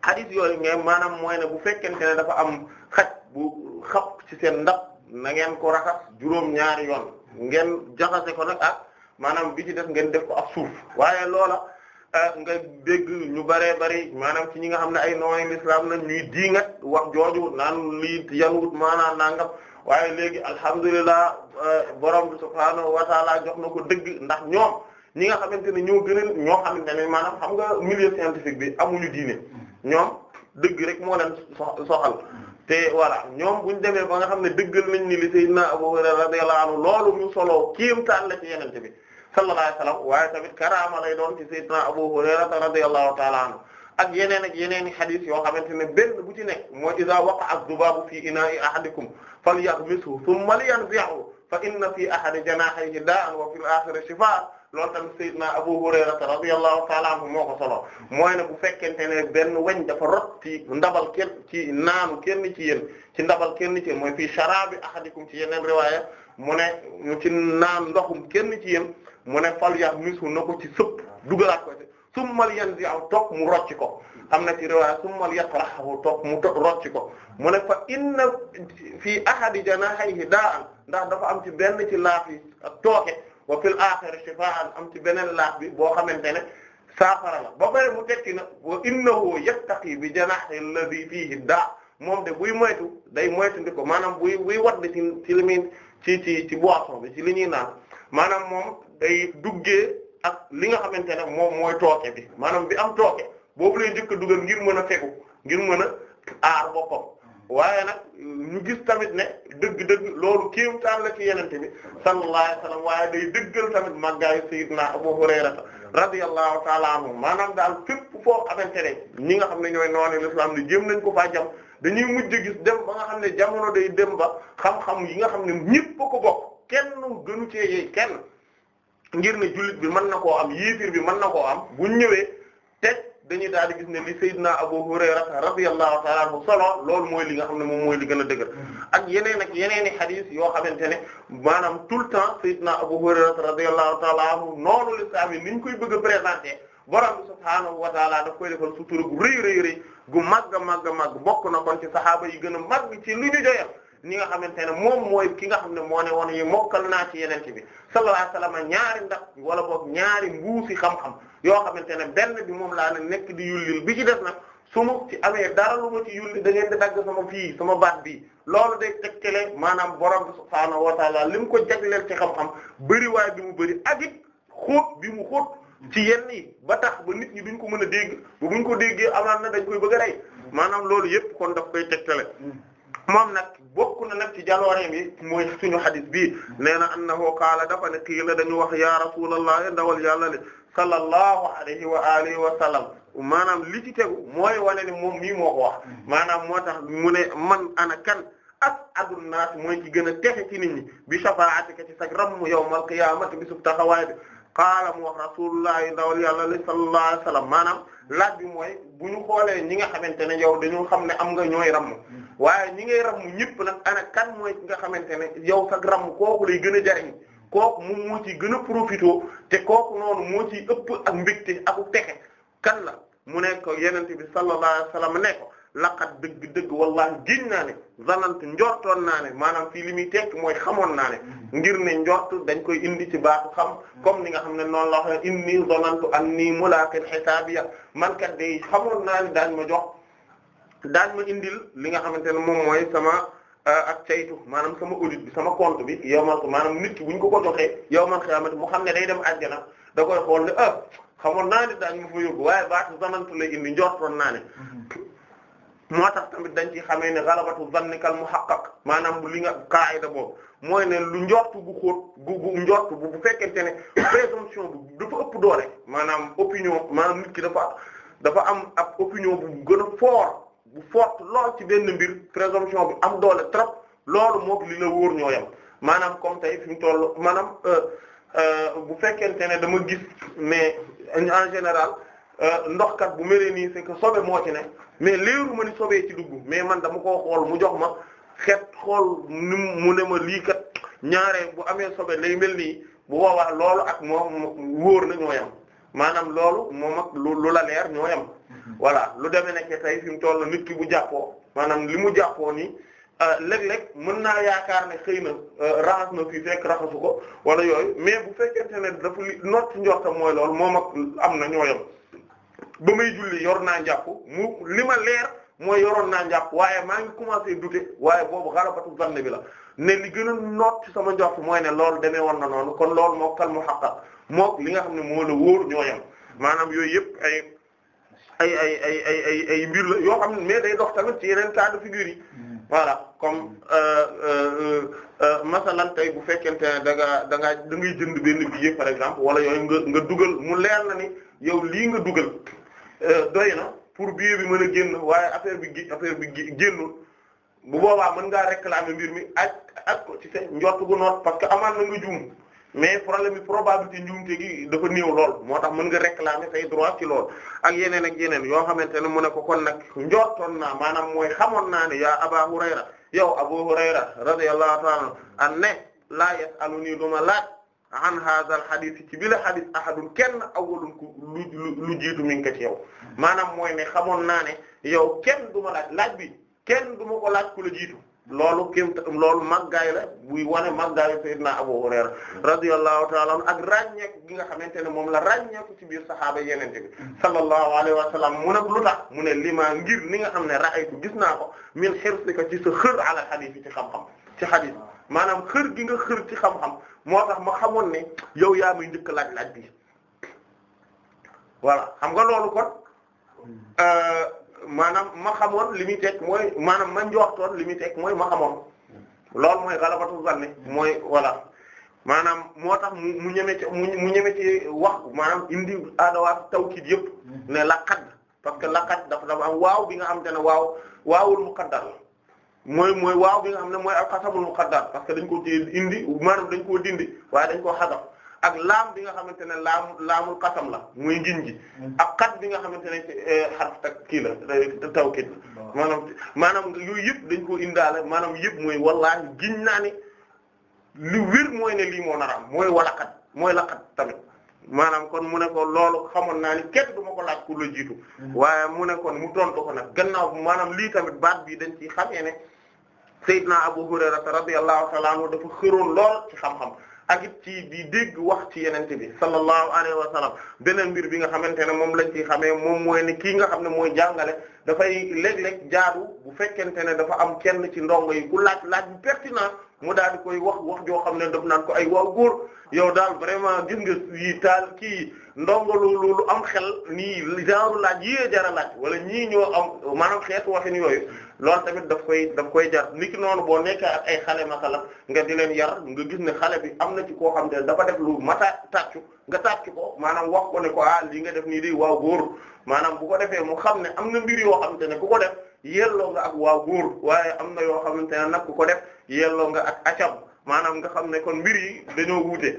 hadith yooyu ngeen maanaam mooy ne bu fekkente ne dafa am xaj bu xab ci seen ndab na ngeen ko raxas juróom-ñaari yoon ngeen jaxase ko nag ak maanaam bi ci def ngeen def ko ak suuf waaye loola euh, nga dégg ñu bëree bëri maanaam ci ñi nga xam ne ay nooy l'islam na ñuy ngat wax jooju naan lii yan wut maanaam nangam. waaye léegi alhamdulilah euh, borom bi subhaanahu wa taala jox na ko dëgg ndax ñoom ñi nga xamante ne ñoo gën a ñoo xamante ne maanaam xam nga milieu scientifique bi amuñu diine ñoom dëgg rek moo leen soxal te voilà ñoom bu ñu demee ba nga xam ne dëggal nañ ni li sayyidina Abu Hurayra radiyallahu anhu loolu ñu solo kéemtaan la ci yenente bi sallallahu alayhi wasallam waaye tamit karaama lay doon ci sayyidina Abu Hurayra radiyallahu ta'ala ak yeneen ak yeneen i xadis yoo xamante ne benn bu ci nekk mooy iza waqa'a dhubabu fi ina'i ahadikum falyaghmishu thumma liyanzi'hu fa inna fi ahadi janaahihi daa'an wa fil aakhirati shifaa loolu tamit Seydina Abu Hurayrata radiyallahu ta'ala anhu moo ko solo mooy ne bu fekkente ne benn weñ dafa rot ci ndabal kenn ci naanu kenn ci yéen ci ndabal kenn ci yéen mooy fii sharaabi ahadikum ci yeneen riwaaya mu ne mu ci naan ndoxum kenn ci yéen mu ne fal yaghmishu na ko ci sëpp dugalaat ko ci summal yanzi'u toog mu rocc ko am na ci riwaaya summal yaqrahu toog mu rocc ko mu ne fa inna fii ahadi janaahihi daa'an ndax dafa am ci benn ci laaf yi ak tooke wa fil aaxiri shifaa'an am ci beneen laaf bi boo xamante ne saafara la ba pare mu tekki na wa innahu yattaqi bi janaahi alladhi fiihi daa moom de buy moytu day moytu ndi ko maanaam buy buy wadd ci ci li muy ci ci ci boisson bi ci li ñuy naan maanaam moom day duggee. ak li nga xamante ne moom mooy tooke bi maanaam bi am tooke boobu lay njëkk a dugal ngir mën a fegu ngir mën a aar boppam waaye nag ñu gis tamit ne dëgg-dëgg loolu kéemtaan la ci yenente bi sallallahu alayhi wasallam waaye day dëggal tamit màggaayu sayyidina Abu Hurayra radiyallahu ta'ala anhu maanaam daal fépp foo xamante ne ñi nga xam ne ñooy noonu l'islam ni jéem nañ ko faa jam dañuy mujj gis dem ba nga xam ne jamono day dem ba xam-xam yi nga xam ne ñépp a ko bokk kenn gënu ngir ne jullit bi mën na koo am yiifir bi man na koo am bu ñëwee te dañuy daal di gis ne li Seydina Abu Hurayra radiyallahu ta'ala anhu solo loolu mooy li nga xam ne moom mooy li gën a dëgër ak yeneen ak yeneen i xadis yoo xamante ne maanaam tout le temps Seydina Abu Hurayra radiyallahu ta'ala anhu noonu l'islam yi ni ñu koy bëgg a présenter borom bi subhaanahu wa ta'ala daf koy defal sutura gu rëy rëy rëy gu màgg màgg màgg bokk na kon ci saxaaba yi gën a màgg ci lu ñu ni nga xamante ne moom mooy ki nga xam ne moo ne woon yi mokkal naa ci yeneen bi sallallahu alayhi wasallam ñaari ndax wala boog ñaari mbuusi xam-xam yoo xamante ne benn bi moom laa ne nekk di yullil bi ci def nag su ma ci amee dara lu ma ci da ngeen di dagg sama fii sama baat bi loolu day tegtale maanaam borom bi subhaanahu wa taala li mu ko jagleel ci xam-xam bëriwaay bi mu bëri ak it bi mu xóot ci yenn yi ba tax ba nit ñi duñ ko mën a dégg ba buñ ko déggee amaat na dañ koy bëgg a rey maanaam loolu yépp kon daf moom nag bokk na nag ci jalooreem yi mooy suñu hadith bi nee na annahu qaala dafa ne qiila dañu wax ya rasulullah ndawal yàlla ne sallallahu alayhi wa alihi wa sallam maanaam li ci tegu mooy wane ne moom mii moo ko wax maanaam moo tax mu ne man ana kan as'adun naat mooy ci gën a texe ci nit ñi bi shafa'atika ci sag ramm yawmal qiyaamati bi sub taxawaay bi qaala mu wax rasulullah ndawal yàlla li sallallahu alayhi wasallam maanaam laaj bi mooy bu ñu xoolee ñi nga xamante ne yow dañu xam ne am nga ñooy ramm waaye ñi ngay ramm ñëpp nag ana kan mooy ki nga xamante ne yow sax ramm kooku lay gën a jariñ kooku moom moo ciy gën a profité te kooku noonu moo ciy ëpp ak mbégte ak pexe kan la mu nekk yenente bi sallallahu alayhi wasallam ne ko laqad dëgg dëgg wallahi giñ naa ne zanant njortoon naa ne maanaam fii li muy tekk mooy xamoon naa ne mm. ngir ne njort dañ koy indi ci baatu xam mm. comme ni nga xam ne noonu la waxee inni zanantu anni mulaqin hisabiya man kat day xamoon naa ne daañ ma jox daañ ma indil li nga xamante ne moom mooy sama euh, ak caytu maanaam sama audit bi sama compte bi yow man maanaam nit ki buñ ko ko joxee yow man xiyamati mu xam ne day dem àjjana da koy xool ne ah xamoon naa ne daañ ma fa yóbbu waaye baatu zanantu lay indi njortoon naa ne mm-hmm. moo tax tamit dañ ci xamee ne galabatu zanni kal muhaqqaq maanaam li nga da boobu mooy ne lu njort bu xóot bu bu njort bu bu fekkente ne présomption bu dafa ëpp doole maanaam opinion maanaam nit ki dafa dafa am ab opinion bu gën a fort bu fort lool ci benn mbir présomption bi am doole trop loolu mook li la wóor ñoo maanaam comme tey fi mu toll maanaam euh, euh, bu fekkente ne dama gis mais en général euh, ndoxkat bu mel nii c'est que sobe moo ci ne mais léeru ma ni sobee ci dugg mais man dama koo xool mu jox ma xet xool ni mu ne ma lii kat ñaare bu amee sobe lay mel nii bu boobaa loolu ak moom wóor na ñoo yam maanaam loolu moom ak lu la leer ñoo yam mhm. voilà lu demee na tey fi mu toll nit ki bu jàppoo maanaam li mu jàppoo nii euh, léeg-léeg mën naa yaakaar ne xëy na euh, raxas na fii fekk raxasu ko wala yooyu mais bu fekkente ne dafa li noot ci mooy loolu moom ak am na ñoo ba may julli yor naa njàpp mu li ma leer mooy yoroon naa njàpp waaye maa ngi commencé douter waaye boobu xarabatu zann bi la ne li gën a noot ci sama njort mooy ne lool demee woon na noonu kon loolu moo kal mu xàqat mook li nga xam ne moo la wóor ñooyam maanaam yooyu yëpp ay ay ay ay ay ay mbir la yoo xam ne mais day dox tamit ci yeneen cas de figure yi voilà comme euh, euh, euh, masalan tey bu fekkente ne da nga da ngaa da ngay jënd benn billet par exemple wala yooyu nga nga dugal mu leer na ni yow lii nga dugal Euh, doy na pour billet bi mën a génn waaye affaire bi gi affaire bi génnul bu boobaa mën ngaa réclamer mbir mi ak ak ko ci sa njort gu noot parce que amaan na nga juum mais problème bi probabilité njuumte gi dafa néew lool moo tax mën nga réclamer tey droit ci lool ak yeneen ak yeneen yoo xamante ne mu ne ko kon nag njortoon naa maanaam mooy xamoon naa ni yaa Aba Hurayra yow Abu Hurayra radiyallahu ta'ala an ne laa yas'aluni duma laaj an hadha al hadith ci bi la hadith ahadun kenn awalun ku lu lu jiitu mi ngi ko ci yow maanaam mooy ne xamoon naa ne yow kenn du ma laaj laaj bi kenn du ma ko laaj ku la jiitu loolu kémt loolu màggaay la buy wane màggaayu sayyidina Abu Hurayra radiyallahu ta'ala anhu ak ràññeeku gi nga xamante ne moom la ràññeeku ci biir sahaaba yenente bi sallallahu alayhi wa sallam mu nag lu tax mu ne lima ngir ni nga xam ne ra'aytu gis naa ko min hirsika ci sa xër ala hadith ci xam-xam ci hadith maanaam xër gi nga xër ci xam-xam moo tax ma xamoon ne yow yaa muy njëkk laaj laaj bi voilà xam nga loolu kon euh, maanaam ma xamoon li muy teg mooy maanaam ma njortoon li muy teg mooy ma xamoon loolu mooy galabatu zanni mooy voilà maanaam moo tax mu mu ñeme ci mu ñeme ci wax maanaam indi taw tawkiid yëpp ne laqad parce que laqad dafa dafa am waaw bi nga am te ne waaw waawul muqaddar mooy mooy waaw bi nga xam ne mooy ak xasamul muqaddar parce que dañ ko indi maanaam dañ koo dindi waaye dañ koo xasaf ak laam bi nga xamante ne laam laamul xasam la muy ngiñ ji mm. ak xat bi nga xamante ne eh, xat tak kii la taw eh, tawkit la maanaam maanaam yooyu yëpp dañ koo indaale maanaam yëpp mooy wallaahi giñ naa ne li wér mooy ne lii moo naraam mooy walaxat mooy laxat tamit maanaam kon mu ne ko loolu xamoon naa ni kenn du ma ko laaj ku la jiitu mm. waaye mu ne mu tontu ko nag gannaaw maanaam lii tamit baat bii dañ ci xamee ne Seydina Abu Hurayrata radiyallahu ta'ala anhu dafa xëroon lool ci xam-xam ak ci di dégg wax ci yenente bi sallallahu alayhi wa sallam beneen mbir bi nga xamante ne moom lañ ci xamee moom mooy ne kii nga xam ne mooy jàngale dafay léeg-léeg jaadu bu fekkente ne dafa am kenn ci ndongo yi ku laaj laaj bu pertinent mu daal di koy wax wax joo xam ne daf naan ko ay waaw góor yow daal vraiment gis nga taal kii ndongo lu lu am xel nii genre laaj yii jara laaj wala ñii ñoo am maanaam xeetu waxin yooyu lool tamit daf koy daf koy jar niki noonu boo nekkee ay xale masala nga di leen yar nga gis ne xale bi am na ci koo xam ne dafa def lu mata tàccu nga tàccu ko maanaam wax ko ne ko ah li nga def nii di waaw góor maanaam bu ko defee moo xam ne am na mbir yoo xam te ne ku ko def yelloo nga ak waa góor waaye am na yoo xamante ne nag ku ko def yelloo nga ak acab maanaam nga xam ne kon mbir yi dañoo wuute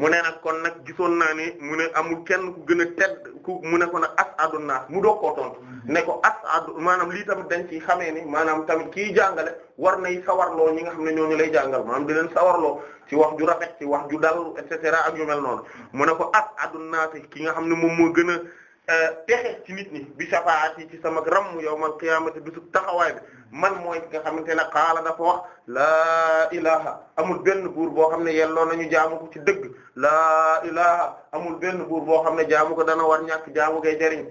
mu ne na kon nag gisoon naa ni mu ne amul kenn ku gën a tedd ku mu ne ko nag as adu naas mu doog koo tontu ne ko as adu maanaam lii tamit dañ ci xamee ni maanaam tamit kii jàngale war nay sawarloo ñi nga xam ne ñooñu lay jàngal maanaam di leen sawarloo ci wax ju rafet ci wax ju dal et cetera ak yu mel noonu mu ne ko as adu naas ki nga xam ne moom moo gën a texe euh, ci nit ñi bi shafaati ci sama ramm yawmal qiyaamati bisu taxawaay bi man mooy nga xamante ne xaala dafa wax laa ilaha amul benn buur boo xam ne yelloo nañu jaamu ko ci dëgg laa ilaha amul benn buur boo xam ne jaamu ko dana war ñàkk jaamu ngay jariñ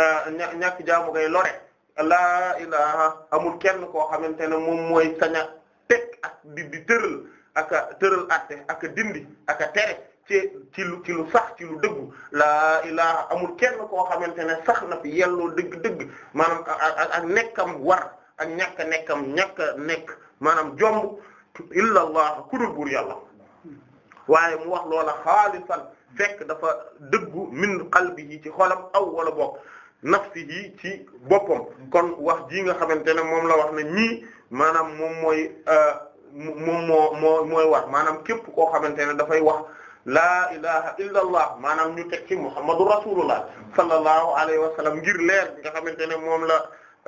euh, ñàkk jaamu ngay lore laa ilaha amul kenn koo xamante ne moom mooy saña teg ak di di tëral aka tëral atte aka dindi aka tere ci ci lu sax ci lu dëggu laa amul kenn koo xamante ne sax na fi yelloo dëgg-dëgg maanaam ak ak nekkam war ak ñàkk nekkam ñàkk nekk maanaam jomb illa allah ku dul buur yàlla waaye mu wax loola xaalisan fekk dafa dëggu min qalbihi ci xolam aw wala bokk nafsihi ci boppam kon wax jii nga xamante ne moom la wax na ñii maanaam moom mooy euh, moom moo moo mooy wax maanaam képp koo xamante ne dafay wax laa ilaha illa allah maanaam ñu teg ci muhammadu rasulullah sallallahu alayhi wa sallam ngir leer bi nga xamante ne moom la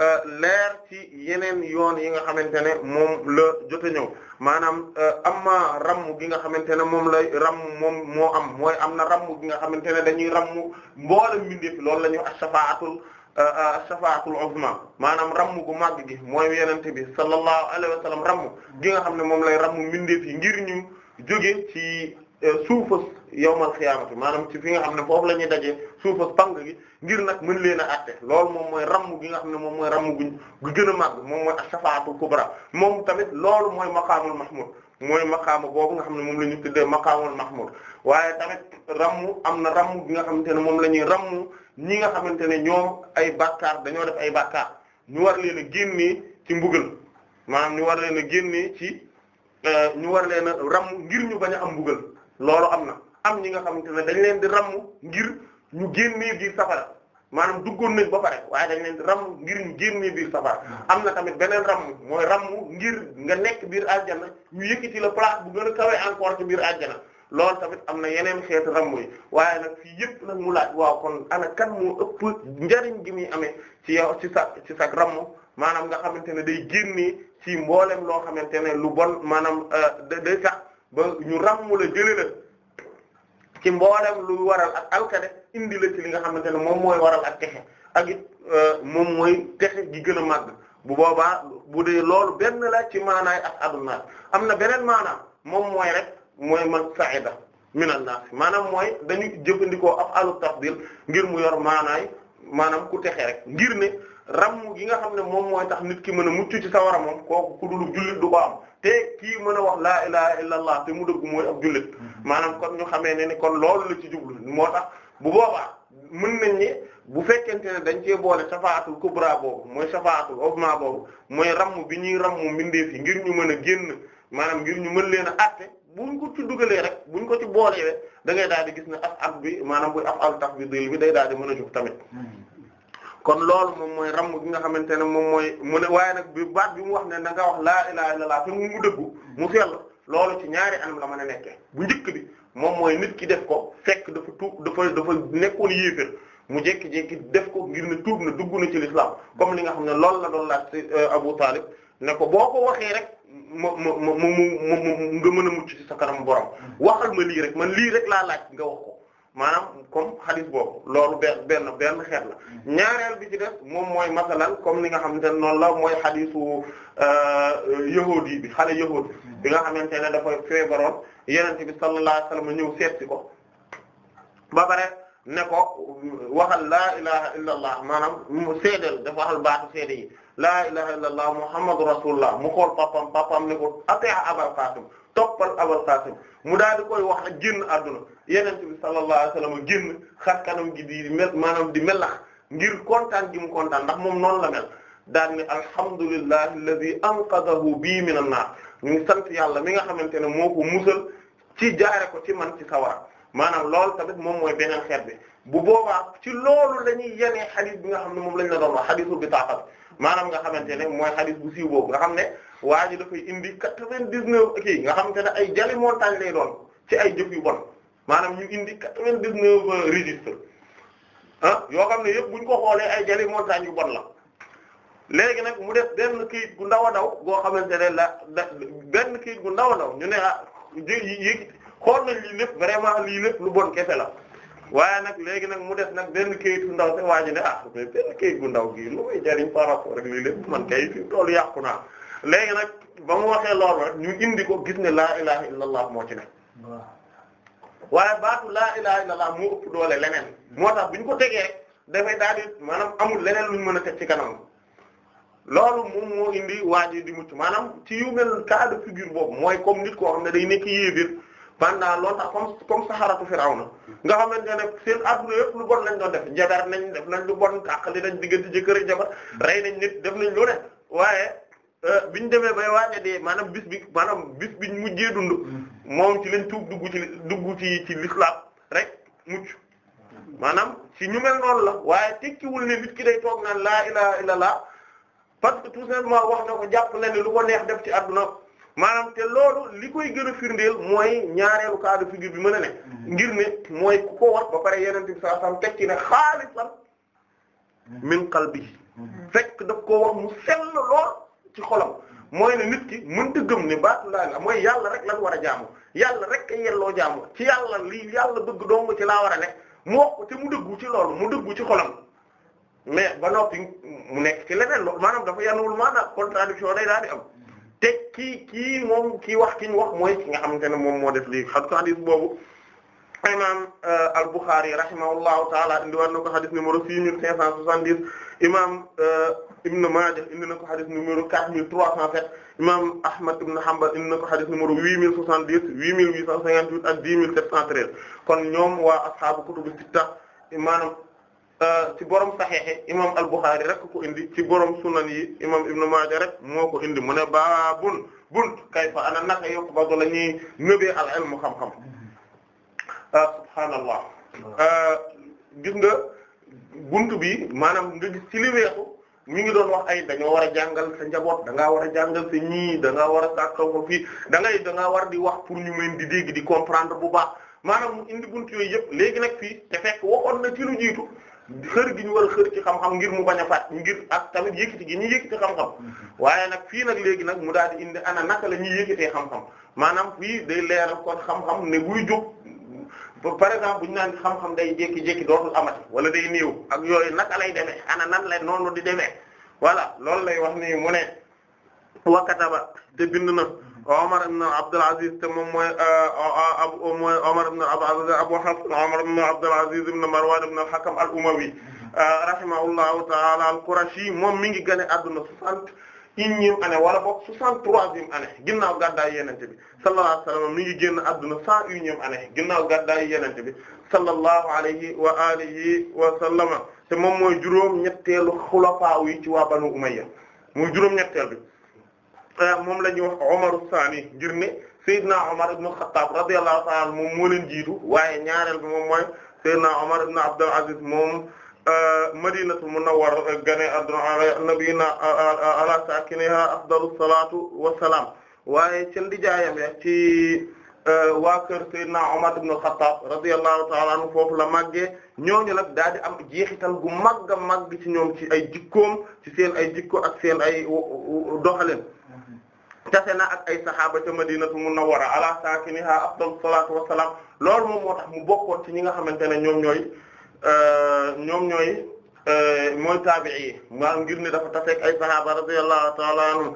euh, leer ci yeneen yoon yi nga xamante ne moom la jot ñëw maanaam euh, amma ramm gi nga xamante ne moom lay ramm moom moo am am na ramm gi nga xamante ne dañuy ramm mboolem mbindeef loolu la ñuy wax as-shafaatul euh, as-shafaatul uzma maanaam ramm gu màgg gi mooy yenente bi sallallahu alayhi wa sallam ramm gi nga xam ne moom lay ramm mbindeef yi ngir ñu jóge ci suufas yawmal xiyaamati maanaam ci fi nga xam ne foofu la ñuy dajee suufas pang gi ngir nag mën leen a àtte lool moom mooy ramm gi nga xam ne moom mooy ramm gën a moom mooy as moom tamit loolu mooy maqaamul mahmud mooy maqaama boobu nga xam ne moom la ñu tuddee maqaamul mahmud waaye tamit am na ramm gi nga xamante ne moom la ñuy ramm ñi nga xamante ne ñoo ay bàkkaar dañoo def ay bàkkaar ñu war leen a génnee ci mbugal maanaam ñu war leen a génnee ci euh, ñu war leen a ramm ngir ñu bañ a am mbugal loolu am na am ñi nga xamante ne dañ leen di ramm ngir ñu génnee biir safara maanaam duggoon nañ ba pare waaye dañ leen di ramm ngir ñu génnee biir safara hmm. am na tamit beneen ramm mooy ramm ngir nga nekk biir àjjana ñu yëkkati la place bu gën a kawe encore ci biir àjjana loolu tamit am na yeneen xeetu ramm yi waaye nag fii yëpp nag mu laaj waaw kon ana kan moo ëpp njariñ gi muy amee ci yow ci sa ci sa ramm maanaam nga xamante ne day génnee ci mboolem loo xamante ne lu bon maanaam euh, day ba ñu ràmm la jëlee la ci lu waral ak alkade indi la ci li nga xamante ne moom mooy waral ak texe ak it euh, moom mooy texe gi gën a màgg bu boobaa bu dee loolu benn la ci maanaay ak aduna am na beneen maanaam moom mooy rek mooy man saida minan nas maanaam mooy dañu jëfandikoo af alu tafdil ngir mu yor maanaay maanaam ku texe rek ngir ne ramm gi nga xam ne moom mooy tax nit ki mën a mucc ci sawara moom kooku ku dul jullit du ko am te kii mën a wax laa ilaha illa allah te mu dëgg mooy ab jullit mm-hmm. maanam kon ñu xamee ne ni kon loolu la ci jublu moo tax bu boobaa mën nañ ne bu fekkente ne dañ cee boole safaatul kubra boobu mooy safaatul uzma boobu mooy ramu bi ñuy ramm mbindeef yi ngir ñu mën a génn maanaam ngir ñu mën leen a bu buñ ko ci dugalee rek buñ ko ci boolee da ngay daal di gis na af at bi maanaam buy af al tax bi dil bi day daal di mën a jóg tamit mm-hmm. kon loolu moom mooy ramm gi nga xamante ne moom mooy mu ne waaye nag bi baat bi mu wax ne na nga wax laa ilaha illallah te mu dëggu mu sell loolu ci ñaari anam la man a nekke bu njëkk bi moom mooy nit ki def ko fekk dafa tuub dafa dafa nekkoon yéefér mu jékki-jékki def ko ngir ne tuub na dugg na ci l'islam comme li nga xam ne loolu la doon laaj ci euh, Abu Talib ne ko boo ko waxee rek ma ma ma ma nga mën a mucc ci sa kanam borom hmm. waxal ma lii rek man lii rek laa laaj nga wax ko maanaam comme xadis boobu loolu benn benn xeet la mm-hmm. ñaareel bi moom mooy masalan comme ni nga xam ne noonu la mooy xadisu euh, yahuudi bi xale yahuudi mm-hmm. bi nga xamante ne dafa feebaroon yenente bi sallallahu alayhi wasallam ñëw seet si ko ba ne ko waxal laa ilaha illa allah maanaam mu seedeel dafa waxal baatu seede yi laa ilaha illa allah rasulullah mu xool papam papam ne ko ate abal qasim toppal Abul Qaasim mu daal di koy wax ak génn àdduna Yonent bi sallallahu alayhi wa sallam génn xar kanam gi di mel maanam di melax ngir kontaan gi mu kontaan ndax moom noonu la mel daal ni alhamdulillahi alladhi anqadhahu bii minan naar ñu ngi sant yàlla mi nga xamante ne moo ko musal ci jaare ko ci man ci sawar maanaam loolu tamit moom mooy beneen xeet bi bu boobaa ci loolu la ñuy yenee xadis bi nga xam ne moom lañ la doon wax xadisul bitaaqa bi maanaam nga xamante ne mooy xadis bu siiw boobu nga xam ne waa ji dafay indi quatre-vingt-dix-neuf kii nga xamante ne ay jali montagne lay doon ci ay jëf yu bon maanaam ñu indi quatre-vingt-dix-neuf euh, registre ah yoo xam ne yëpp bu ñu ko xoolee ay jali montagne yu bon la léegi nag mu def benn kayit gu ndaw a ndaw goo xamante ne la benn kayit gu ndaw a ñu ne ah ji xool nañ lii lépp vraiment lii lépp lu bon kese la waaye nag léegi nag mu des nag benn kayitu ndaw te waa ji ne ah mais gu ndaw gii lu muy jariñ par rapport ak man kay fi toolu yàqu naa léegi nag ba mu waxee loolu rek ñu indi ko gis ne laa ilaha illallah moo ci ne waaye baatu laa ilaha illallah moo doole leneen moo tax bu ko tegee rek dafay daal di maanaam amul leneen luñ mën a teg ci kanam loolu moom moo indi waa ji di mucc maanaam ci yu mel cas de figure boobu mooy comme nit ko xam ne day nekk pendant longtemps comme comme saxaratu Firawna nga xamante ne seen adduna yëpp lu bon lañ doon def jabar nañ def nañ lu bon li nañ diggante jëkkër ak jabar rey nañ nit def nañ lu ne waaye euh, biñ demee bay waaja dee maanaam bis bi maanaam bis biñ mujjee dund moom ci lañ tuub dugg ci dugg ci ci l'islam rek mucc maanaam ci ñu mel noonu la waaye tekkiwul ne nit ki day toog naan laa ilaha laa parce que tout simplement wax na ko jàpp na ne lu ko neex def ci adduna maanaam te loolu li koy gën a firndeel mooy ñaareelu cas de figure bi mën a ne mm-hmm. ngir ne mooy ku ko wax ba pare yeneen bi saa sam teg ci ne xaalisan mm-hmm. min qalbi mm-hmm. fekk daf ko wax mu sell lool ci xolam mooy ne nit ki mënta gëm ne baatu laa la mooy yàlla rek lan war a jaamu yàlla rek yelloo jaamu ci yàlla lii yàlla bëgg dong ci laa war a nekk mu te mu dëggu ci loolu mu dëggu ci xolam mais ba noppi mu nekk ci leneen loolu maanaam dafa yanuwul maanaam contradiction day daal di am te kii kii moom kii wax ki ñu wax mooy ki nga xamante ne moom moo def lii xam ko hadith boobu imam euh, al-Bukhari rahimahullahu taala indi war na ko hadith numéro six mille cinq cent soixante-dix imam euh, Ibn Majah indi na ko hadith numéro quatre mille trois cent sept imam Ahmad ibn Hanbal indi na ko hadith numéro huit mille soixante-dix huit mil huit cent cinquante-huit ak dix mille sept cent treize kon ñoom waa ashaabu kutubu sitta maanaam Euh, ci borom saxeexe imam al-Bukhari rek ko indi ci borom sunan yi imam Ibn Maaja rek moo ko indi mu ne baabun bunt kayfa ana naka yuqbadu a ñuy nëbee al ilmu xam-xam euh, subhaanallah euh, gis nga bunt bi maanaam nga gis ci li weexu mi ngi doon wax ay dañoo war a jàngal sa njaboot da ngaa war a jàngal sa ñii da war a sàkkaw ko fii da ngay da ngaa war di wax pour ñu mën di dégg di comprendre bu baax maanaam mu indi bunt yooyu yëpp léegi nag fii te fekk waxoon na ci lu xër gi ñu war a xër ci xam-xam ngir mu bañ a faat ngir ak tamit yëkkati gi ñu yëkkati xam-xam waaye nag fii nag léegi nag mu daal di indi ana naka la ñuy yëkkatee xam-xam maanaam fii day leeral kon xam-xam ne buy jóg par exemple bu ñu naan xam day jékki-jékki dootul wala day néew ak yooyu naka lay demee ana nan lay noonu di demee voilà loolu lay wax ni mu ne wa kataba te bind na. Omar ibn Abdul Aziz te moom mooy euh, euh, euh, mooy Omar ibn Abu Hafs Omar ibn Abdul Aziz ibn Marwan ibn al-Hakam al-Umawi rahimahullahu ta'ala al-Qurashi moom mi ngi gane adduna soixante unième année wala boog soixante troisième année ginnaaw gàddaay Yonent bi sallallahu alayhi wa sallam mi ngi génn adduna cent unième année ginnaaw gàddaay Yonent bi sallallahu alayhi wa alihi wa sallama te moom mooy juróom ñetteelu xulafaa yi ci waa Banu Umayya mooy juróom ñetteel bi moom la ñuy wax Umar as-Sani ngir ne Seydina Umar ibn Khattab radiyallahu ta'ala anhu moom moo leen jiitu waaye ñaareel bi moom mooy Seydina Umar ibn Abdul Aziz moom euh, Madinatu Munawwara euh, gane adduna ala nabiyina ala sakiniha afdalu salatu wa salaam waaye ci ndijaayam ci euh, waa kër Seydina Umar ibn Khattab radiyallahu ta'ala anhu foofu la màggee ñooñu nag daal di am jeexital gu màgg a màgg ci ñoom ci ay jikkoom ci seen ay jikko ak seen ay doxalin. tase na ak ay saxaaba ca madinatu munawwara ala saakiniha afdalu salaatu wassalaam loolu moom moo tax mu bokkoon ci ñi nga xamante ne ñoom ñooy euh, ñoom ñooy euh, mooy taabi'i yi maa ngir ni dafa tase ay saxaaba radiyallahu ta'ala anhum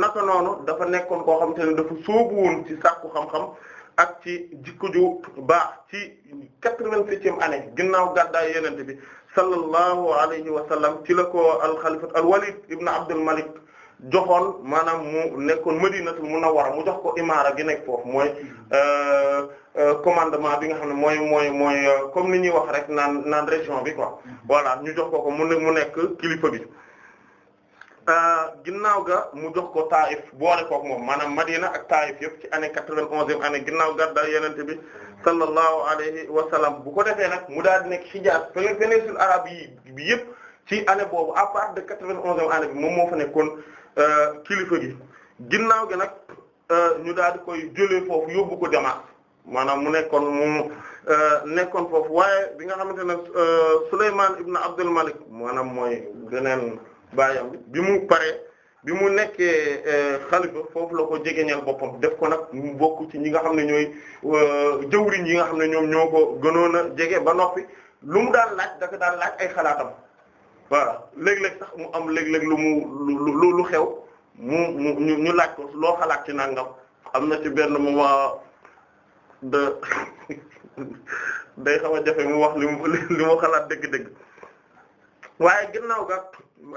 naka noonu dafa nekkoon koo xamante ne dafa sóobu ci sàkku xam-xam ak ci jikko ju baax ci quatre-vingt-septième ane ginnaaw gàddaay yenente bi sallallahu alayhi wa sallam ci la ko al-Khalifa al-Walid ibn Abdul Malik joxoon maanaam mu nekkoon Madinatul Munawwara mu jox ko imaara gi nekk foofu mooy mm-hmm. euh, euh, commandement bi nga xam ne mooy mooy mooy euh, comme ni ñuy wax rek naan naan région bi quoi mm-hmm. voilà ñu jox ko ko mu ne mu nekk kilifa bi ginnaaw ga mu jox ko Taif boole kook moom maanaam Madina ak Taif yëpp ci ane quatre-vingt-onzième année ginnaaw daal Yonent bi sallallahu alayhi wa bu ko defee nag mu daal di nekk Hijaz péninsule arabe yi bi yëpp ci année boobu à partir de quatre bi moom moo fa nekkoon Euh, kilifa gi ginnaaw gi nag euh, ñu daal di koy jëlee foofu yóbbu ko Damas maanaam mu nekkoon mu euh, nekkoon foofu waaye bi nga xamante ne Souleymane Ibn Abdul Malik maanaam mooy beneen baayam bi mu paree bi mu nekkee xalifa foofu la ko ñal boppam def ko nag mu bokk ci ñi nga xam ne ñooy jëwriñ yi nga xam ne ñoom ñoo ko gënoon jege ba noppi lu mu daal laaj daka daal laaj ay xalaatam waa léeg-léeg sax mu am léeg-léeg lu mu lu lu xew mu mu ñu laaj ko loo xalaat ci nangam am na ci benn moment de day xaw a jafe mu wax li mu li mu xalaat dëgg-dëgg waaye ginnaaw ga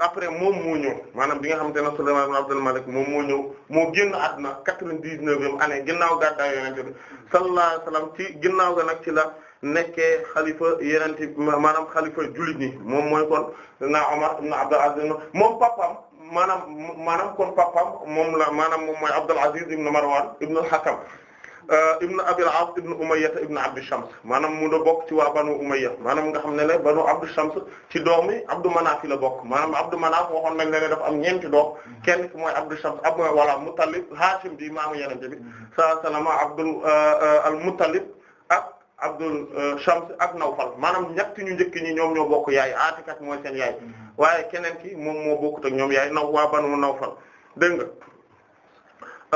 après moom moo ñëw maanaam bi nga xamante ne Sulaymaan ibn Abdul Malik moom moo ñëw moo génn àdduna na vingt dix neuvième année ginnaaw gàddaay Yonent bi sallallahu alayhi ci ginnaaw ga nag ci la. nekkee xalifa yeneen ti maanaam xalifa jullit ñi moom mooy kon na Umar ibn Abdul Aziz moom papam maanaam maanaam kon papam moom la maanaam moom mooy Abdul Aziz ibn Marwan ibn al-Hakam euh, ibn Abil As ibn Umayya ibn Abd Shams maanaam mu da bokk ci waa Banu Umayya maanaam nga xam ne ne Banu Abd Shams ci doomi Abdu Manaf yi la bokk maanaam Abdu Manaf waxoon nañ ne dafa am ñeenti doom kenn ki mooy Abd Shams ab wala Muttalib Hashim di maamu Yonent bi mm-hmm. sallallahu alayhi wa sallam Abdul euh, euh, al-Muttalib ak Abdul euh, Shams ak Nawfal maanaam ñett ñu njëkk ñi ñoom ñoo bokk yaay Atikat mooy seen yaay mm-hmm. waaye keneen ki moom moo bokkut ak ñoom yaay naw waa Banu Nawfal dégg nga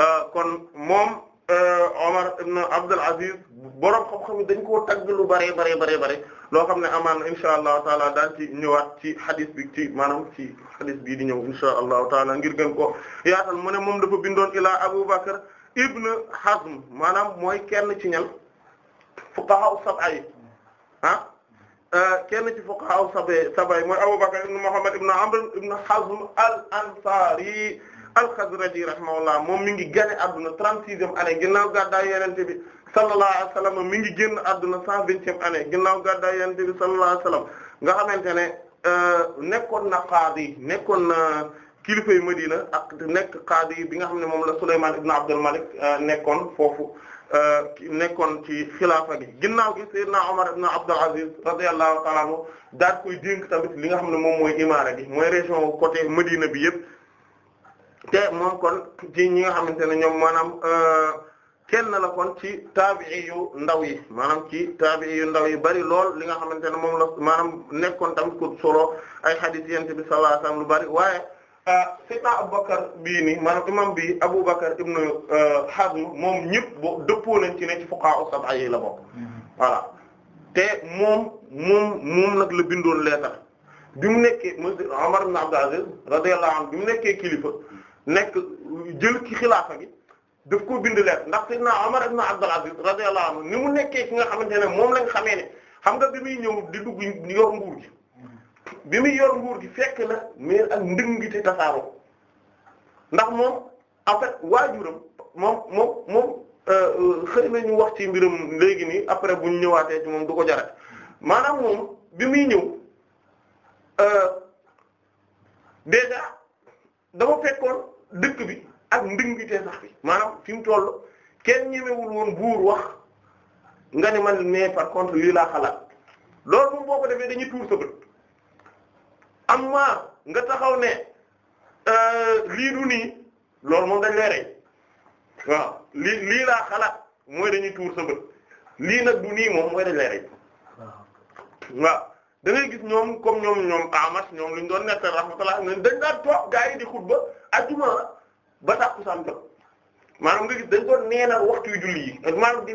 euh, kon moom euh, Omar ibn Abdul Aziz borom xam-xam dañ ko tagg lu bare bare bare bare loo xam ne amaan insha allahu taala daan ci ñëwaat ci hadith bi ci maanaam ci hadith bii di ñëw insha allahu taala ngir gën ko yaatal mu ne moom dafa bindoon ilaa Abu Bakr ibn Hazm maanaam mooy kenn ci ñan. fuqaha as-sab'a eh, kenn ci fuqaha as-sab'a yi mooy Abu Bakr ibn Muhammad ibn Amr ibn Hazm al-Ansari al-Khazraji rahimahullah moom mi ngi génn àdduna trente-sixième année ginnaaw gàddaay Yonent bi sallallahu alayhi wa sallam mi ngi génn àdduna cent vingtième année ginnaaw gàddaay Yonent bi sallallahu alayhi nga xamante ne eh, nekkoon na qaadi nekkoon na kilifa yu Madina ak nekk qaadi bi nga xam ne moom la Sulaymaan ibn Abdul Malik eh, nekkoon foofu Euh, nekkoon ci xilaafa gi ginnaaw gi Seydina Omar na Abdul Aziz radiyallahu ta'ala anhu daal koy dénk tamit li nga xam ne moom mooy imaara gi mooy région côté Medina bi yëpp te moom kon ci ñi nga xamante ne ñoom maanaam euh, kenn la kon ci taabii yu ndaw yi maanaam ci taabii yu ndaw yi bari lool li nga xamante ne moom la maanaam nekkoon tamit ku solo ay hadith yent bi sallallahu lu bari waaye Euh, Seydina Aboubacar bii nii maanaam imam bi Aboubacar ibn euh, Hazm moom ñëpp boo dëppoo nañ ci ne ci fuqaha sab'a yi la bokk. voilà te moom moom nag la bindoon leetar bi mu nekkee monsieur Omar ibn Abdul Aziz radiyallahu anhu bi nekkee kilifa nekk jël ci xilaafa gi daf ko bind leetar ndax Seydina Omar ibn Abdul Aziz radiyallahu anhu ni mu nekkee ki nga xamante ne moom lañ xamee ne xam nga bi muy ñëw di dugg yor nguur gi. bi muy yor nguur gi fekk na mais ak ndëngite tasaaroo ndax moom en fait waajuram moom moom moom euh, xër na ñu wax ci mbiram léegi nii après bu ñu ñëwaatee ci moom du ko jarat maanaam moom bi muy ñëw euh, déjà dama fekkoon dëkk bi ak ndëngite sax bi maanaam fi mu toll kenn ñemewul woon buur wax nga ne man ne par contre lii laa xalaat loolu moom boo ko demee dañuy tuur sa bët amma nga taxaw ne euh, lii du nii loolu moom dañ lay rey waaw lii laa xalaat mooy dañuy tuur sa lii nag du nii moom mooy dañ lay rey waaw da gis ñoom comme ñoom ñoom amas ñoom luñ doon nekk rahmatullah ne dañ daan toog gaa yi di xutba ba tàkkusaan jot maanaam nga gis dañ doon neenal waxtu yu julli yi maanaam di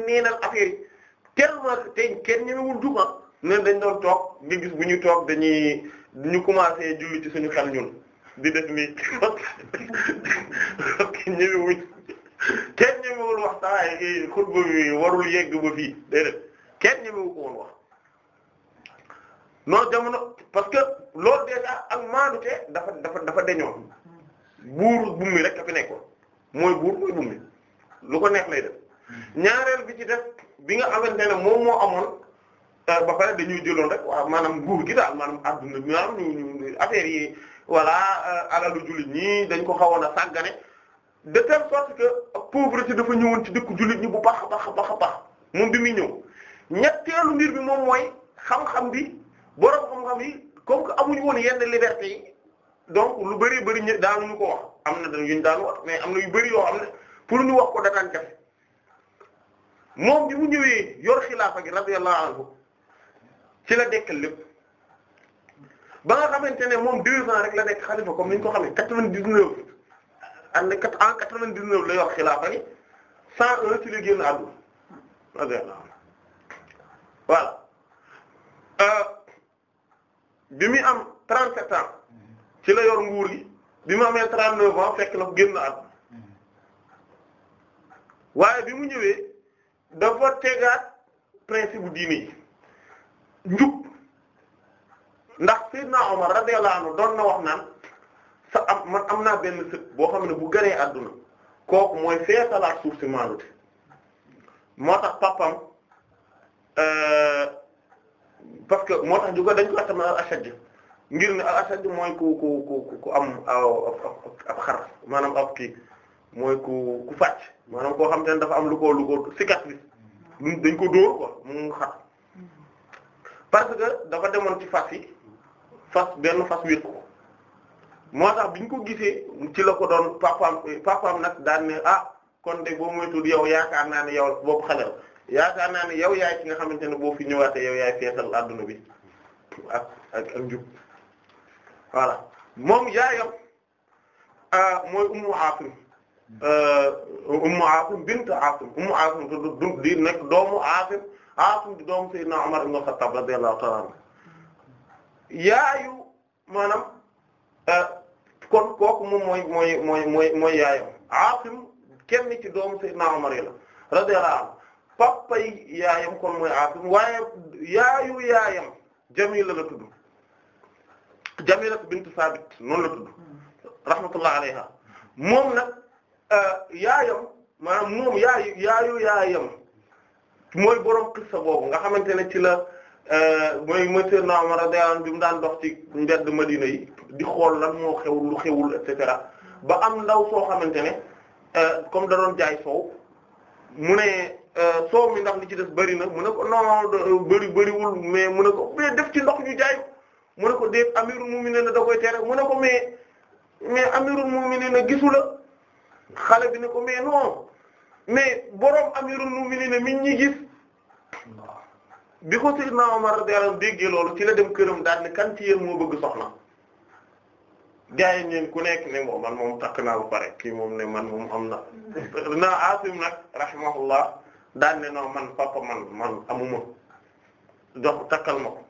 dañ doon toog nga gis bu ñuy toog dañuy ñu commencé julli ci suñu xel ñun di def nii ñëwewuñ kenn ñëwewul wax saa yi xutba bi warul yegg ba fii déedéet kenn ñëwewu ko woon wax non jamono parce que loolu déjà ak maanute dafa dafa dafa deñoon buur bummi rek a fi nekkoon mooy buur mooy bummi lu ko neex lay def ñaareel bi ci def bi nga xamante ne moom moo amoon ba pare da dañuy jëloon rek waaw maanaam nguur gi daal maanaam adduna maanaam ñu affaire yi voilà euh, alal jullit ñi dañ ko xawoon a sàggane de telle sorte que pauvreté dafa ñëwoon ci dëkku jullit ñi bu baax a baax a baax a baax moom bi muy ñëw ñetteelu mbir bi moom mooy xam-xam bi borom xam-xam yi comme que amuñu woon yenn liberté yi donc lu bëri bëri ñu daanuñu ko wax am na dañu daan wax mais am na yu bëri yoo xam ne pour ñu wax ko dataan jafe moom bi mu ñëwee yor xilaafa gi ci la dekk lépp ba nga xamante ne moom deux ans rek la nekk xalifa comme ni ñu ko xamee quatre-vingt-dix-neuf en quatre vingt dix la wax xilaafa gi cent un ci la génn àdduna radiyallahu euh, bi muy am trente-sept ans ci la yor nguur gi bi mu amee trente-neuf ans fekk na ko génn àdduna waaye bi mu ñëwee dafa tegaat principe bu diine yi njub ndax Seydina Omar radiyallahu anhu doon na wax naan sa am man am naa benn sët boo xam ne bu gënee àdduna kooku mooy feesalaat suuf si maanute moo tax papam euh, parce que moo tax ñu dañ ko atama al ashaj ngir ne al ashaj mooy ku ku ku am ab xar maanaam ab kii mooy ku ku fàcc maanaam koo xam te ne dafa am lu ko lu ko dañ ko dóor quoi mu xar parce que dafa demoon ci fas yi fas benn fas wér ko moo tax bi ñu ko gisee ci la ko doon papaam papaam nag daan ne ah kon de boo moytuwul yow yaakaar naa ne yow yaakaar naa ne yow yaay ki nga xamante ne boo fi ñëwaatee yow yaay feesal adduna bi ak njub voilà moom yaayam ah, mooy ummu Aasim ah, ummu Aasim bint Aasim ummu Aasim di nekk doomu Aasim Aasim di doomu Seydina Umar ibn Xattaab radiyallahu ta'ala anhu yaayu maanaam euh, kon kooku moom mooy mooy mooy mooy mooy yaayam Aasim kenn ci doomu Seydina Umar yi la radiyallahu anhu papay yaayam kon mooy Aasim waaye yaayu yaayam Jamila la tudd Jamila bint Saabit noonu la tudd rahmatullahi alayha moom nag euh, yaayam maanaam moom yaayu yaayu yaayam. mooy borom qissa boobu nga xamante ne ci la euh, mooy monsieur Naama radiyallahu anhu bi mu daan dox ci mbedd Madina yi di xool lan moo xew lu xewul et cetera ba am ndaw soo xamante ne euh, comme da doon jaay soow mu ne euh, soow mi ndax li ci des bëri na mu ne ko non bëri mais mu ne ko mais def ci ndox ñu jaay mu ne ko déet amirul mu'minin da koy tere mu ne ko mais mais amirul mu'minin na la xale bi ne ko mais non mais borom amirul mu'minin mi ñi gis. bi ko Seydina Omar radiyallahu anhu ci la dem këram daal ne kan ci moo bëgg soxna gaa ñeen ku nekk ne moom man moom takk naa ba pare kii moom ne man moom am na na Asim nag rahimahullah daal ne non man papa man amuma jox takkal ma ko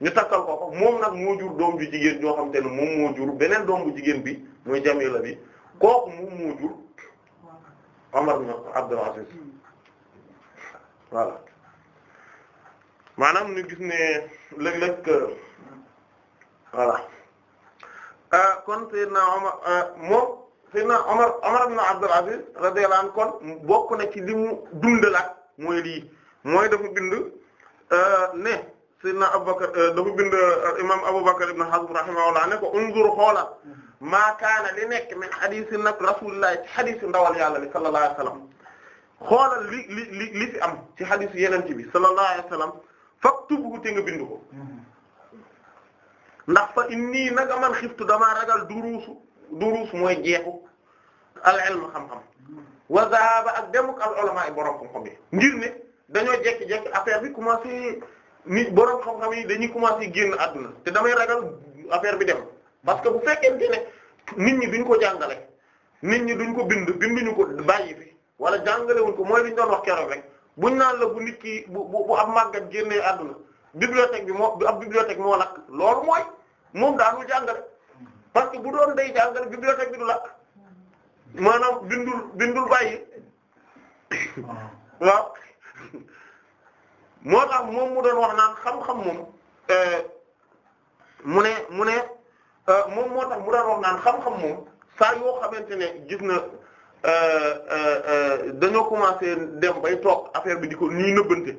ñu takkal ko ko moom nag moo jur doom ju jigéen joo xam te ne moom moo jur beneen doom bu jigéen bi muy Jamila bi kooku moom moo jur Omar ibn Abdul Aziz voilà maanaam ñu gis ne léeg-léeg euh, kon Seydina Omar euh, moom Seydina Omar Omar ibn Abdul Aziz radiyallahu kon bokk na ci li mu la mooy lii mooy dafa bind euh, ne Seydina Abubakar dafa bind imam Abubakar ibn Hazm rahimahullah ne ko unzur xoola maa kaana li nekk min hadith nag rasulullah ci hadith ndawal yàlla li sallallahu alayhi wasallam xoolal li li li li fi am ci hadith yeneen bi sallallahu alayhi wasallam faktubuhu te nga bind ko ndax fa inni nag man xiftu damaa ragal duruusu duruus mooy jeexu al ilm xam-xam wa zahaba ak demuk al ulama ay borom xam-xam yi ngir ne dañoo jekki-jekki affaire bi commencé nit borom xam-xam yi dañuy commencé génn àdduna te damay ragal affaire bi dem parce que bu fekkente ne nit ñi duñ ko jàngale nit ñi duñ ko bind binduñu ko bàyyi fi wala jàngalewuñ ko mooy li ñu doon wax rek. buñ naan la bu nit ki bu bu ab màggat génnee àdduna bibliothèque bi moo ab bibliothèque moo lakk loolu mooy moom daanul jàngale parce que bu doon day jàngar bibliothèque bi du lakk maanaam bindul bindul bàyyi moo tax moom mu doon wax naan xam-xam moom eh, mu ne mu ne eh, moom moo tax mu doon wax naan xam-xam moom saa yoo xamante ne gis na Euh, euh, euh, dañoo commencé dem bay toog affaire bi di ko ñuy nëbbante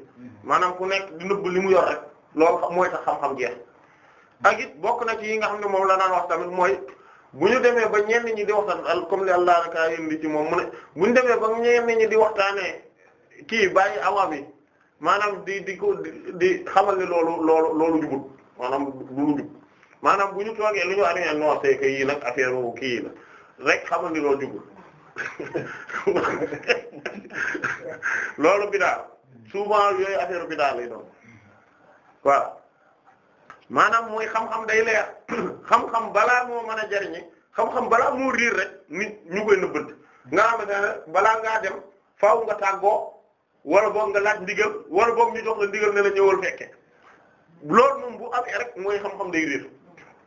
maanaam ku nekk di nëbb li mu yor rek mooy tax xam-xam jeex ak it bokk na ci yi nga xam ne moom la naan wax tamit mooy bu ñu demee ba ñenn ñi di waxtaan comme li Allah raka yéndi moom bu ñu demee ba ñenn ñi di waxtaanee kii bàyyi awaam yi maanaam di di ko di xamal ne loolu loolu loolu jubul maanaam du lu jub maanaam bu ñu toogee lu ñu arrêté non c'est que yii nag affaire kii la rek xamal ne loolu jubul loolu bidaa souvent yooyu affaire bidaa lay doon waaw maanaam mooy xam-xam day leer xam-xam balaa moo mën a jariñe xam-xam balaa moo riir rek nit ñu koy nëbbant nga xam ne balaa ngaa dem faw nga tàggoo wala boog nga laaj ndigal wala boog ñu jox la ndigal ne la ñëwal fekke loolu moom bu amee rek mooy xam-xam day riir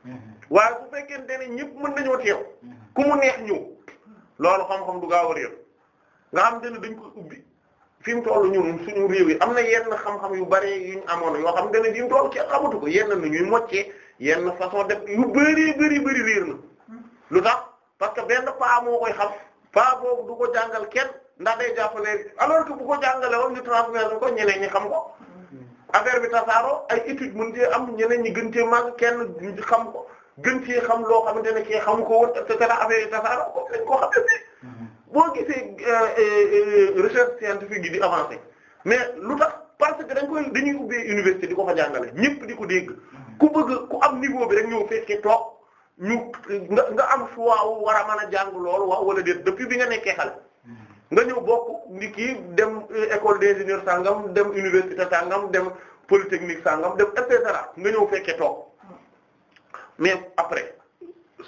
mm-hmm. waaye bu fekkente ne ñëpp mën nañoo teew ku mu neex ñëw loolu xam-xam du gaaw a réer nga xam te ne dañ ko ubbi fi mu toll ñun suñu réew yi am na yenn xam-xam yu bari yu ñu amoon yoo xam te ne fi mu toll ci xamatu ko yenn nu ñuy moccee yenn façon def yu bëri bari bari réer na lu tax parce que benn paa moo koy xam paa boobu du ko jàngal kenn ndax day jàppale alors que bu ko jàngale woon ñu transmettre ko ñeneen ñi xam ko mm. affaire bi tasaaroo ay études mën cee am ñeneen ñi gën cee màgg kenn ñu xam ko gën cee xam loo xamante ne kii xamu ko woon te dara affaire yi tasaara ko lañ ko xam ne boo gisee euh, euh, euh, recherche scientifique yi di avancer mais lu tax parce que dañ koy dañuy ubbee université di ko fa jàngale ñëpp di ko dégg ku bëgg ku am niveau bi rek ñëw fekkee toog ñu nga nga am choix wu war a mën a jàng lool wa wala déet depuis bi nga nekkee xale nga ñëw bokk ni kii dem école d'ingénieur sangam dem université sangam dem polytechnique sangam dem et cetera nga ñëw fekkee toog mais après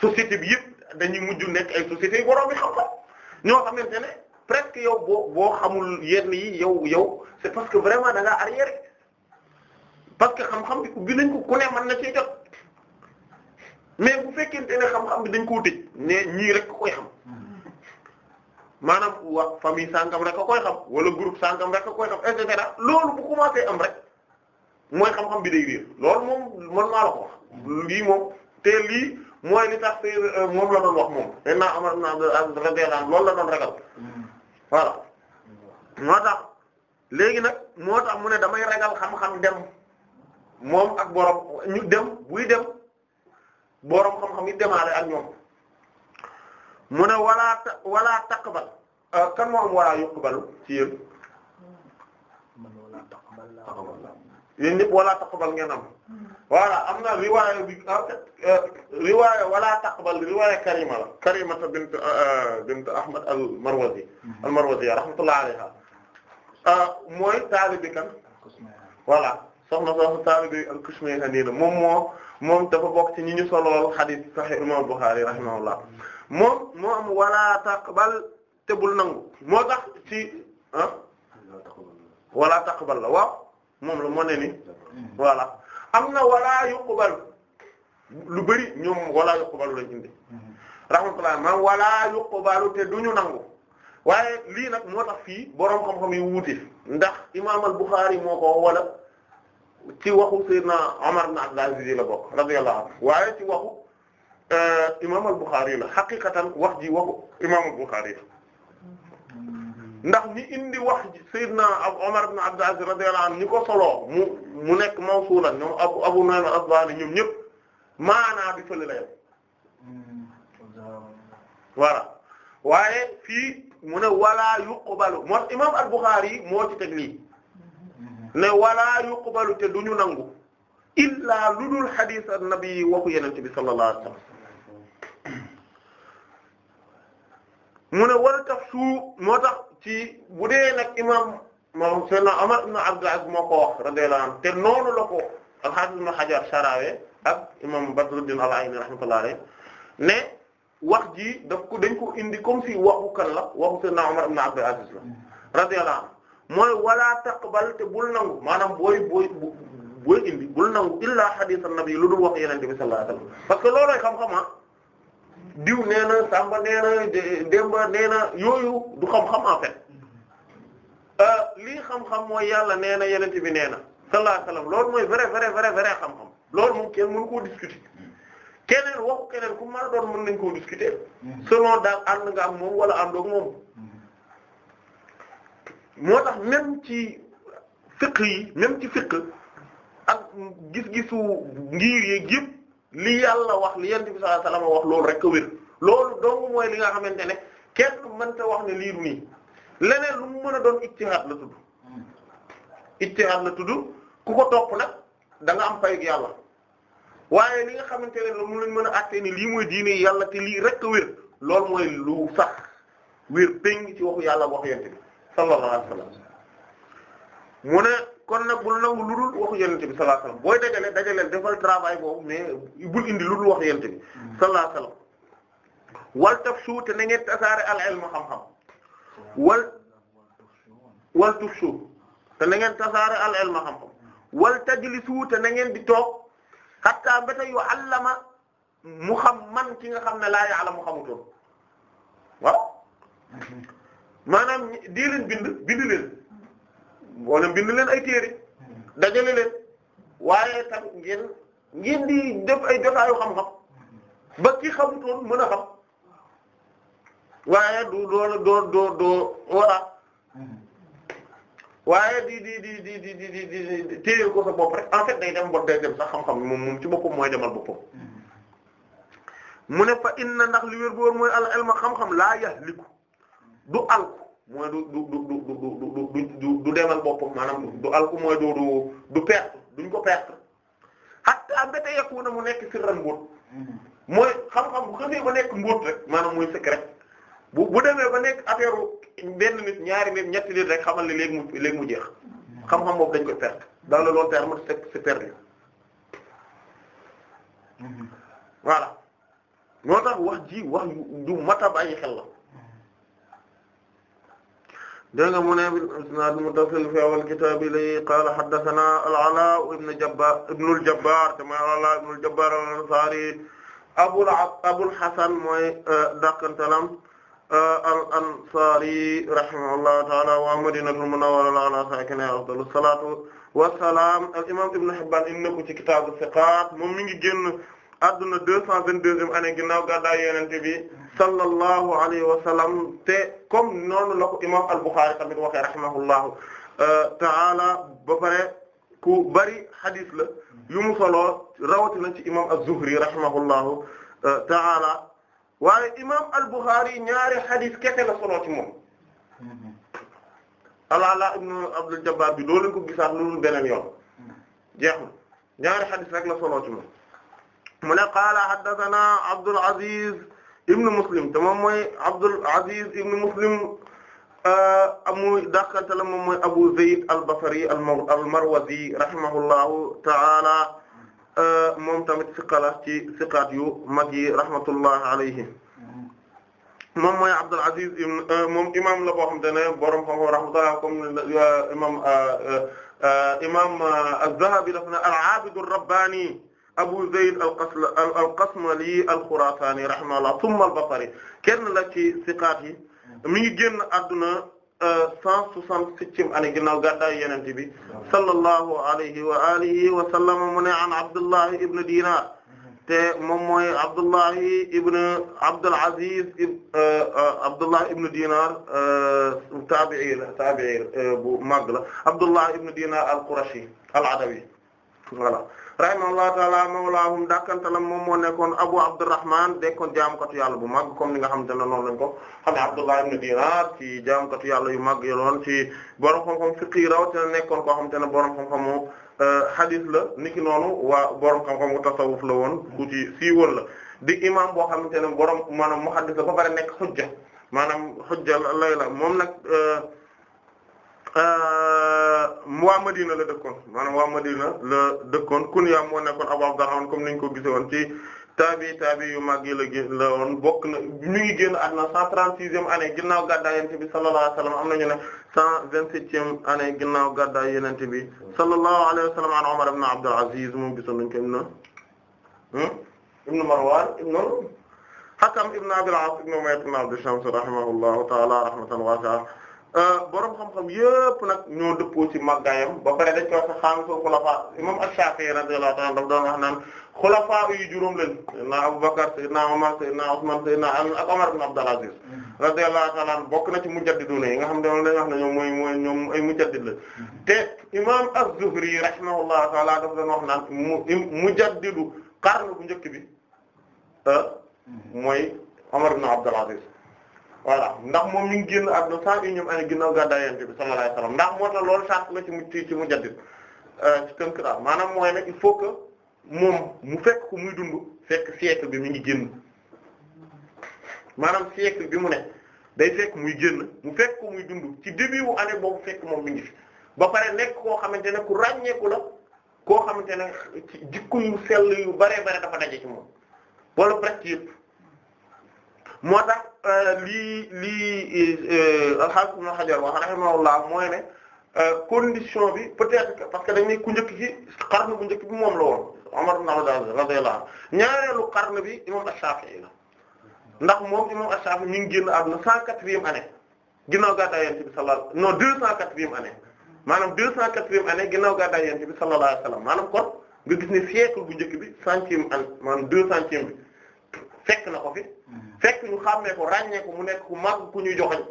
société bi yëpp dañuy mujj nekk ay sociétés yu borom bi xam-xam ñoo xamante ne presque yow boo boo xamul yenn yi yow yow c'est parce que vraiment da ngaa arrière parce que xam-xam bi ubbi nañ ko ku ne na ci jot mais bu fekkente ne xam-xam dañ koo tëj ne ñii rek koy xam maanaam wa famille sangam rek a koy xam wala groupe sangam rek a koy xam et cetera loolu bu commencé am rek mooy xam-xam bi day réer loolu moom man maa la ko lii moom te lii mooy li euh, moom la doon wax moom te naa Umar ibn Abdul Aziz la doon ragal nag moo tax mu ne damay ragal xam-xam moom ak borom dem buy dem borom xam-xam yi demaale ak ñoom mu ne wala ta wala taqbal euh, kan moo am wala yuqbalu ci yéen. man wala taqbal ngeen am. voilà am na riwaaya bi en ah, fait riwaaya wala taqbal riwaaya Karima la Karimata bint ah, bint al-Marwazi mhm. al-Marwazi rahmatullah alayha ah, mooy taalibi kan voilà soxna soxna taalibi al-Kushmayhani la moom moom dafa bokk ci ñi ñu solool hadith sahih imam Bukhari rahimahullah moom moom wala taqbal te nangu moo tax ci wala taqbal la waaw moom la moo ne ni mhm. am na wala yuqbalu lu bëri ñoom wala yuqbalu lañ indi rahmatullah maam wala yuqbalu te duñu nangu waaye lii nag moo tax fii boroom xam-xam yi wuute ndax imaam al-Bukhari moo ko wala ci waxu Seydina Omar ibn Abdul Aziz la bokk radiyallahu anhu waaye ci waxu euh, imaam al la xaqiqatan wax ji waxu imaam al la ndax ñi indi wax Seydina Omar ibn Abdul Aziz radiyallahu anhu ñi ko soloo mu mu nekk mawsulan ñoom Abu Abu Nu'aym al-Asbahani ñoom ñëpp maanaa bi fële la voilà waaye fii mu ne wala yuqbalu moo imam al-Bukhari moo ci teg lii ne wala yuqbalu te duñu nangu illaa ludul hadith an-nabi waxu yenente bi sallallahu alayhi wasallam mu ne wala taf suu moo tax ci bu dee nag imam moom Seydina Umar ibn Abdul Aziz moo ko wax radiyallahu anhu te noonu la ko al-Hafiz ibn Hajar Sharawi ak imam Badruddin al-Ayni rahmatullahi alayhi ne wax ji daf ko dañ ko indi comme si waxu kan la waxu Seydina Umar a Abdul Aziz a radiyallahu anhu mooy wala taqbal te bul nangu maanaam booy booy booy indi bul nangu illa hadith an-nabi lu dul wax yenente bi sallallahu alayhi wasallam parce que diw nee na sàmba nee na na yooyu du xam-xam en fait euh, xam-xam mooy yàlla nee na yenente bi nee na sallallahu alayhi wasallam loolu mooy vrai vrai vrai vrai xam-xam loolu moom kenn mënu koo discuter keneen waxu keneen ku mën a doon mën nañ koo discuter mm-hmm. selon daal ànd nga am moom wala àndoog moom mm-hmm. moo tax même ci fiqh yi même ci fiqh ak gis-gisu ngir yeeg yëpp li yàlla wax li yent bi sallallahu la wasallam wax loolu rek a wér loolu dong mooy li nga xamante ne kenn mënta wax ne lii ru nii leneen lu mu mën a doon ijtihaad la tudd ijtihaad la tudd ku ko topp nag danga nga am fayug yàlla waaye li nga xamante ne lu mu leen mën a àttee ni lii mooy diine yàlla te lii rek a wér loolu mooy lu sax wér péng ci waxu yàlla wax yent bi sallallahu alayhi wasallam mu ne kon nag bul nangu lu dul waxu yonent bi sallallahu alayhi wasallam booy dajale dajale defal travail boobu mais bul indi lu dul waxu yonent bi hmm. sallallahu alayhi wasallam wal tafshu te na ngeen tasaare al ilmu xam-xam wal wal tafshu te na ngeen tasaare al ilmu xam-xam wal tajlisu te na ngeen di toog hatta mbéta yu allama mu xam man ki nga xam ne laa ya'lamu xamutoon waaw hmm. maanaam di leen bind bind wala bind leen ay téere dajale leen waaye tam ngeen ngeen di def ay jotaayu xam-xam ba ki xamutoon mën a xam waaye du doo doo doo doo wara waaye di di di di di di di di téye ko sa bopp rek en fait day dem bot day dem sax xam-xam moom moom ci boppam mooy demal boppam mu ne fa inna ndax li wér bu wér mooy al ilma xam-xam laa yahliku du alku mooy du du du du demal boppam maanaam du alku mooy du du du perte duñ ko perte hatta mbéte yekku na mu nekk sirran mbóot mooy xam-xam bu xëfee ba nekk mbóot rek maanaam muy secret bu bu demee ba nekk affaire benn nit ñaari nit ñetti nit rek xamal ne léegi mu léegi mu jeex xam-xam moom dañ koy perte dans le long terme c'est c'est perdu mhm. voilà moo tax wax ji wax du mat a bàyyi xel la dégg nga mu ne bil isnaad muttasil fi awwal kitaab li qaala haddathanaa al-Alaa ibn Jabbaar ibn al-Jabbaar tama al-Alaa ibn al-Jabbaar al-Ansaari Abul Abul Hasan mooy euh, dàqantalam euh, al-Ansaari rahimahullahu ta'aala wa Madiinatul Munawwara ala saakinihaa afdalu salaatu wa salaam al-imaam Ibn Hibbaan indi na ko ci kitaabu siqaat moom mi ngi génn. adduna deux cent vingt-deuxième année ginnaaw gàddaay yonent bi sallallahu alayhi wa sallam te comme noonu la ko imam al-Bukhari tamit euh, ta'ala ba ku bari hadith la yu mu solo rawatina ci imam az-Zuhri rahimahullahu euh, ta'ala waaye imam al ñaari hadith kese la solo mm-hmm. alaala ibnu Abdul bi doo leen ko gisaat loolu beneen yoon mm-hmm. ñaari hadith rek la solo mu ne qaala haddathana Abdul Aziz ibn Muslim te moom mooy Abdul Aziz ibn Muslim euh, amuy dàqante la moom mooy Abu Zayd al-Basri al-Marwazi rahimahullahu ta'ala euh, moom tamit siqala ci siqaat yu mag yi rahmatullahi alayhi moom mooy Abdul Aziz euh, moom imaam la boo xamante ne borom xam-xam rahmatullah comme imaam imaam az-Zahabi daf na al-Abid ar-Rabbani Abu Zayd al-Qasla al-Qasmali al-Khurasani rahimahullah thumma al-Basri kenn la ci siqaat yi mi ngi génn àdduna euh, cent soixante-septième année ginnaaw gàddaay Yonent bi sallallahu alayhi wa alihi wa sallam mu ne an Abdullah ibn Dinar te moom mooy Abdullah ibn Abdul Aziz euh, euh, Abdullah ibn Dinar tabi'i la tabi'i bu mag la Abdullah ibn Dinar al-Qurashi al-Adawi voilà rahimahullahu taala mawlaahum dakkantalam moom moo nekkoon Abu Abdurrahman dekkoon jaamkatu yàlla bu mag comme ni nga xamante ne noonu lañ ko xam ne Abdullah ibn Dinar ci jaamkatu yàlla yu mag yoloon ci borom xam-xam fiqi rawatina nekkoon koo xamante ne borom xam-xamu euh, hadith la niki noonu waa borom xam-xamu tasawuf la woon ku ci siiwal la di imam boo xamante ne borom maanaam muhaddis la ba pare nekk xujja maanaam xujja lay la moom nag. Euh, Euh, waa Madina la dëkkoon maanaam waa Madina la dëkkoon kunyaam moo nekkoon Abu Abdurrahman comme niñ ko gisee woon ci taabi taabi yu mag yi la gén la woon bokk na mi ngi génn àdduna cent trente-sixième année ginnaaw gàddaay yonent bi sallallahu alayhi wa sallam am nañu ne cent vingt-septième année ginnaaw gàddaay yonent bi sallallahu alayhi wa sallam an Umar ibn Abdul Aziz moom gisoon nañu ko im hmm? na ibn Marwan ibn Hakam ibn Abdul As ibn Umayya ibn Abd Shams rahimahullahu ta'ala rahmatan wasi'a Euh, borom xam-xam yëpp nag ñoo dëppoo ci màggaayam ba pare dañ koy wax xaamisul xulafaa imam Ash-Shafi'i radiyallahu ta'ala daf doon wax naan xulafaa yu juróom lañ sayyidina Abu Bakr sayyidina Umar sayyidina Usman sayyidina Ali ak Omar ibn Abdul Aziz radiyallahu ta'ala bokk na ci mujaddiduuna yi nga xam ne moom lañ wax ne ñoom mooy mooy ñoom ay mujaddid la te imam Az-Zuhri rahimahullahu ta'ala daf doon wax naan mu mujaddidu qarn bu njëkk bi euh, mooy Omar ibn Abdul Aziz voilà ndax moom mi ngi génn àdduna cent unième année ginnaaw gàddaay Yonent bi sallallahu alayhi wasallam ndax moo tax loolu sàrt la ci mu ci euh, ci mu jaddid ci tënkra maanaam mooy ne il faut que moom mu fekk ku muy dund fekk siècle bi mi ngi génn maanaam siècle bi mu ne day fekk muy génn mu fekk muy dund ci début wu année boobu fekk moom mi ngi fi ba pare nekk koo xamante ne ku ràññeeku la koo xamante ne ci jikko yu sell yu bare bare dafa daje ci moom wala presque yëpp moo tax Euh, lii lii euh, al-Hafiz Ibn Hajar wa rahimahullah mooy ne euh, condition bi peut-être parce que dañ ne ku njëkk ci xarnu bu njëkk bi moom la woon Umar ibn ñaareelu xarnu bi imam Ash-Shafi'i la ndax moom imam Ash-Shafi'i ngi génn àdduna cent quatrième année ginnaaw gàddaay Yonent bi sallallahu non deux maanaam deux cent quatrième année ginnaaw gàddaay bi sallallahu maanaam kon nga gis ne siècle bu njëkk bi centième année maanaam deux bi fekk na ko fi fekk ñu xàmmee ko ràññeeku mu nekk ku mag ku ñuy joxoñ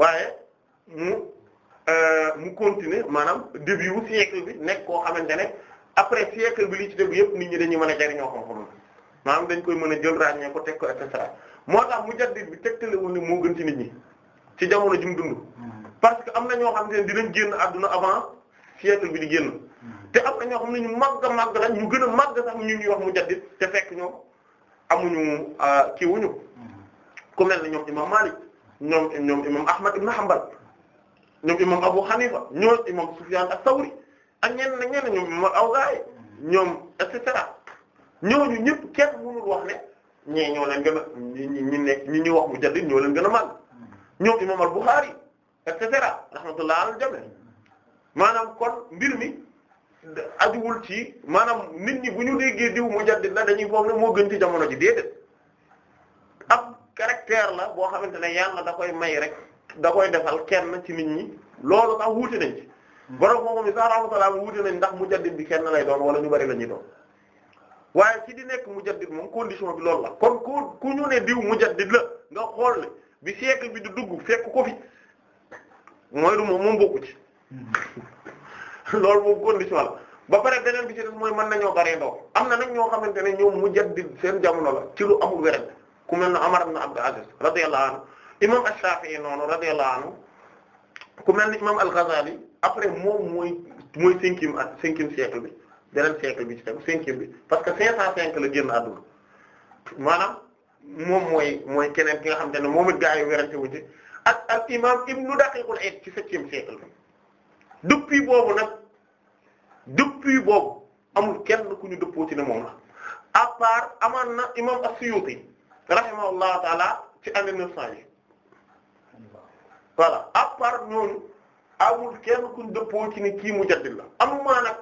waaye mu euh, mu continuer maanaam début wu siècle bi nekk koo xamante ne après siècle bi li ci dégg yëpp nit ñi dañuy mën a jariñoo xam-xamam maanaam koy mën a jël ràññee ko teg ko et cetera moo tax mujaddid bi tegtalewul ni moo gën ci nit ñi ci jamono ji mu dund parce que am na ñoo xam ne di dinañ génn àdduna avant siècle bi di génn te am na ñoo xam ne ñu màgg màgg lañ ñu gën a màgg sax ñu ñuy wax mu mujaddid te fekk ñoom amuñu ah, kii wuñu ku mel ne ñoom imam Malik ñoom ñoom imam Ahmad ibn Hanbal ñoom imam Abu Hanifa ñoom imam Sufyan as-Sawri ak ñenn ñoom imam Awzaa'i ñoom et cetera ñooñu ñëpp kenn mënul wax ne ñee ñoo leen gën ñi ñi ñuy wax mu jaddi ñoo leen gën a màgg ñoom imam al-Bukhari et cetera rahmatullah al jami maanaam kon mbir mi ajuwul ci maanaam nit ñi bu ñu déggee diw mujaddid la dañuy foog na moo gën ci jamono ci ji déedéet ab caractère la boo xamante ne yàlla da koy may rek da koy defal kenn ci nit ñi loolu sax wuute nañ ci borom moom mi sax rahmatullah wuute nañ ndax mujaddid bi kenn lay doon wala ñu bari la ñuy doon waaye ci di nekk mujaddid moom condition bi lool la kon ku ku ñu ne diw mujaddid la nga xool ne bi siècle bi du dugg fekk ko fi mooy lu moom moom bokku ci hmm. loolu moom condition la ba pare beneen bi ci des mooy mën nañoo gareendoo am na nag ñoo xamante ne ñoom mujaddid seen jamono la ci lu amul wérén ku mel ne Umar ibn Abd Aziz radiyallahu anhu imam Ash-Shafi'i noonu radiyallahu anhu ku mel ne imam Al-Ghazali après moom mooy mooy cinquième at cinquième siècle bi beneen siècle bi ci tam cinquième bi parce que cinq cent cinq la génn àdduna maanaam moom mooy mooy keneen ki nga xamante ne moom it gaa yi wu ci ak ak imam Ibn Daqiq al-Eid ci septième siècle bi depuis boobu nag depuis boobu amul kenn ku ñu dëppoo ci ne moom la à amaan na imam as-Suyuti rahimahullahu taala ci année neuf cent yi a à part ñooñu amul kenn ku ñu dëppoo ci ne kii mujaddid la amumaa nag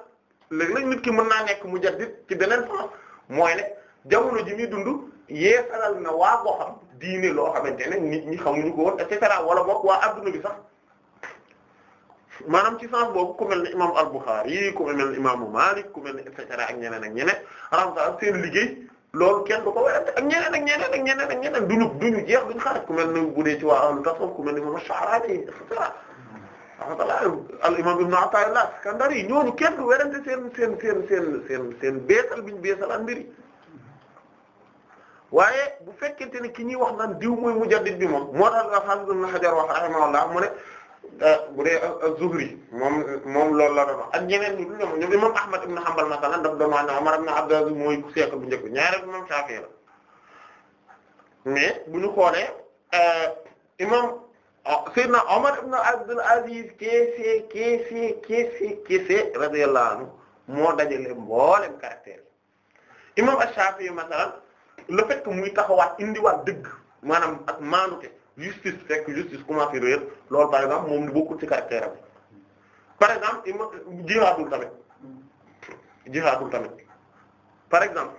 léeg-léeg nit ki mën naa nekk mujaddid ci beneen sens mooy ne jamono ji muy dund yeesalal na waa xam diine loo xamante ne nit ñi xamuñu ko woon et wala boog waa adduna bi sax maanaam ci sens boobu ku mel ne imam al-Bukhari yi ku mel ne imaamu Malik ku mel ne et cetera ak ñeneen ak ñeneen alhamdulilah seen liggéey loolu kenn du ko wérante ak ñeneen ak ñeneen ak ñeneen ak ñeneen duñu duñu jeex duñu xaar ku mel ne bu dee ci waa ahlu tasawuf ku mel ne imam Sha'rani et cetera alhamdulilah al imam Ibn Ata'illah Iskandari ñooñu kenn du wérante seen seen seen seen seen seen beesal bi ñu beesal ak mbir yi waaye bu fekkente ne ki ñuy wax naan diw mooy mujaddid bi moom moo tax alhamdulillah Hajar wax rahimahullah mu ne. Euh, bu dee az-Zuhri euh, euh, moom moom loolu la doon ak ñeneen ñu ñoom ñoom imam Ahmad ibn Hanbal masalan daf doon wax ne Umar ibn Abdul Aziz mooy ku seq bu njëkk ñaareel imam Shafi'i mais bu ñu xoolee imam ah, Sayyidina Umar ibn Abdul Aziz keese keese keese keese radiyallahu anhu moo dajale mboolem caractère imam Shafi'i masalan le fait que muy taxawaat indiwaat dëgg maanaam ak justice fekk justice commencé réer loolu par exemple moom ni bokkul ci caractère am par exemple ima jihaadul tamit jihaadul tamit par exemple